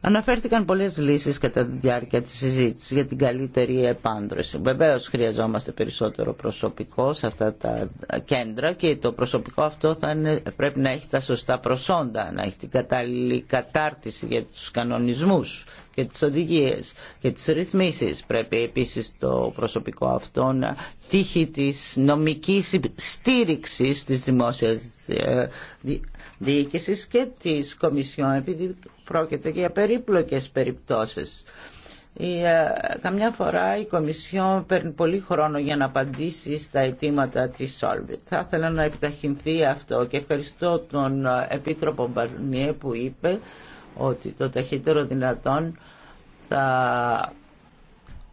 Αναφέρθηκαν πολλές λύσεις κατά τη διάρκεια της συζήτησης για την καλύτερη επάνδρωση. Βεβαίως χρειαζόμαστε περισσότερο προσωπικό σε αυτά τα κέντρα και το προσωπικό αυτό θα πρέπει να έχει τα σωστά προσόντα, να έχει την κατάλληλη κατάρτιση για τους κανονισμούς και τις οδηγίες και τις ρυθμίσεις. Πρέπει επίσης το προσωπικό αυτό να τύχει της νομικής στήριξης της δημόσιας ε, και της Κομισιόν, επειδή πρόκειται για περίπλοκες περιπτώσεις. Η, ε, καμιά φορά η Κομισιόν παίρνει πολύ χρόνο για να απαντήσει στα αιτήματα της Solvit. Θα ήθελα να επιταχυνθεί αυτό και ευχαριστώ τον ε, Επίτροπο Μπαρνιέ που είπε ότι το ταχύτερο δυνατόν θα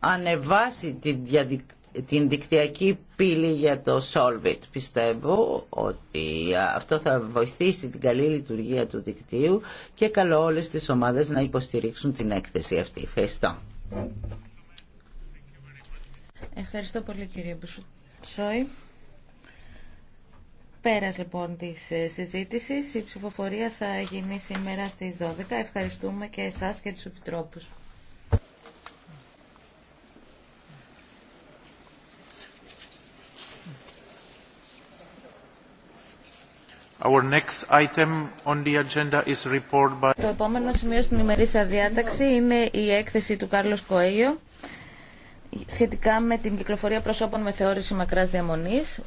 ανεβάσει τη διαδικασία την δικτυακή πύλη για το Solvit. Πιστεύω ότι αυτό θα βοηθήσει την καλή λειτουργία του δικτύου και καλώ όλες τις ομάδες να υποστηρίξουν την έκθεση αυτή. Ευχαριστώ. Ευχαριστώ πολύ κύριε Μπουσουτσόη. Πέρας λοιπόν της ε, συζήτησης, η ψηφοφορία θα γίνει σήμερα στις 12. Ευχαριστούμε και εσάς και τους επιτρόπους. Το επόμενο σημείο στην ημερήσια διάταξη είναι η έκθεση του Κάρλος Κοέγιο σχετικά με την κυκλοφορία προσώπων με θεώρηση μακράς διαμονής.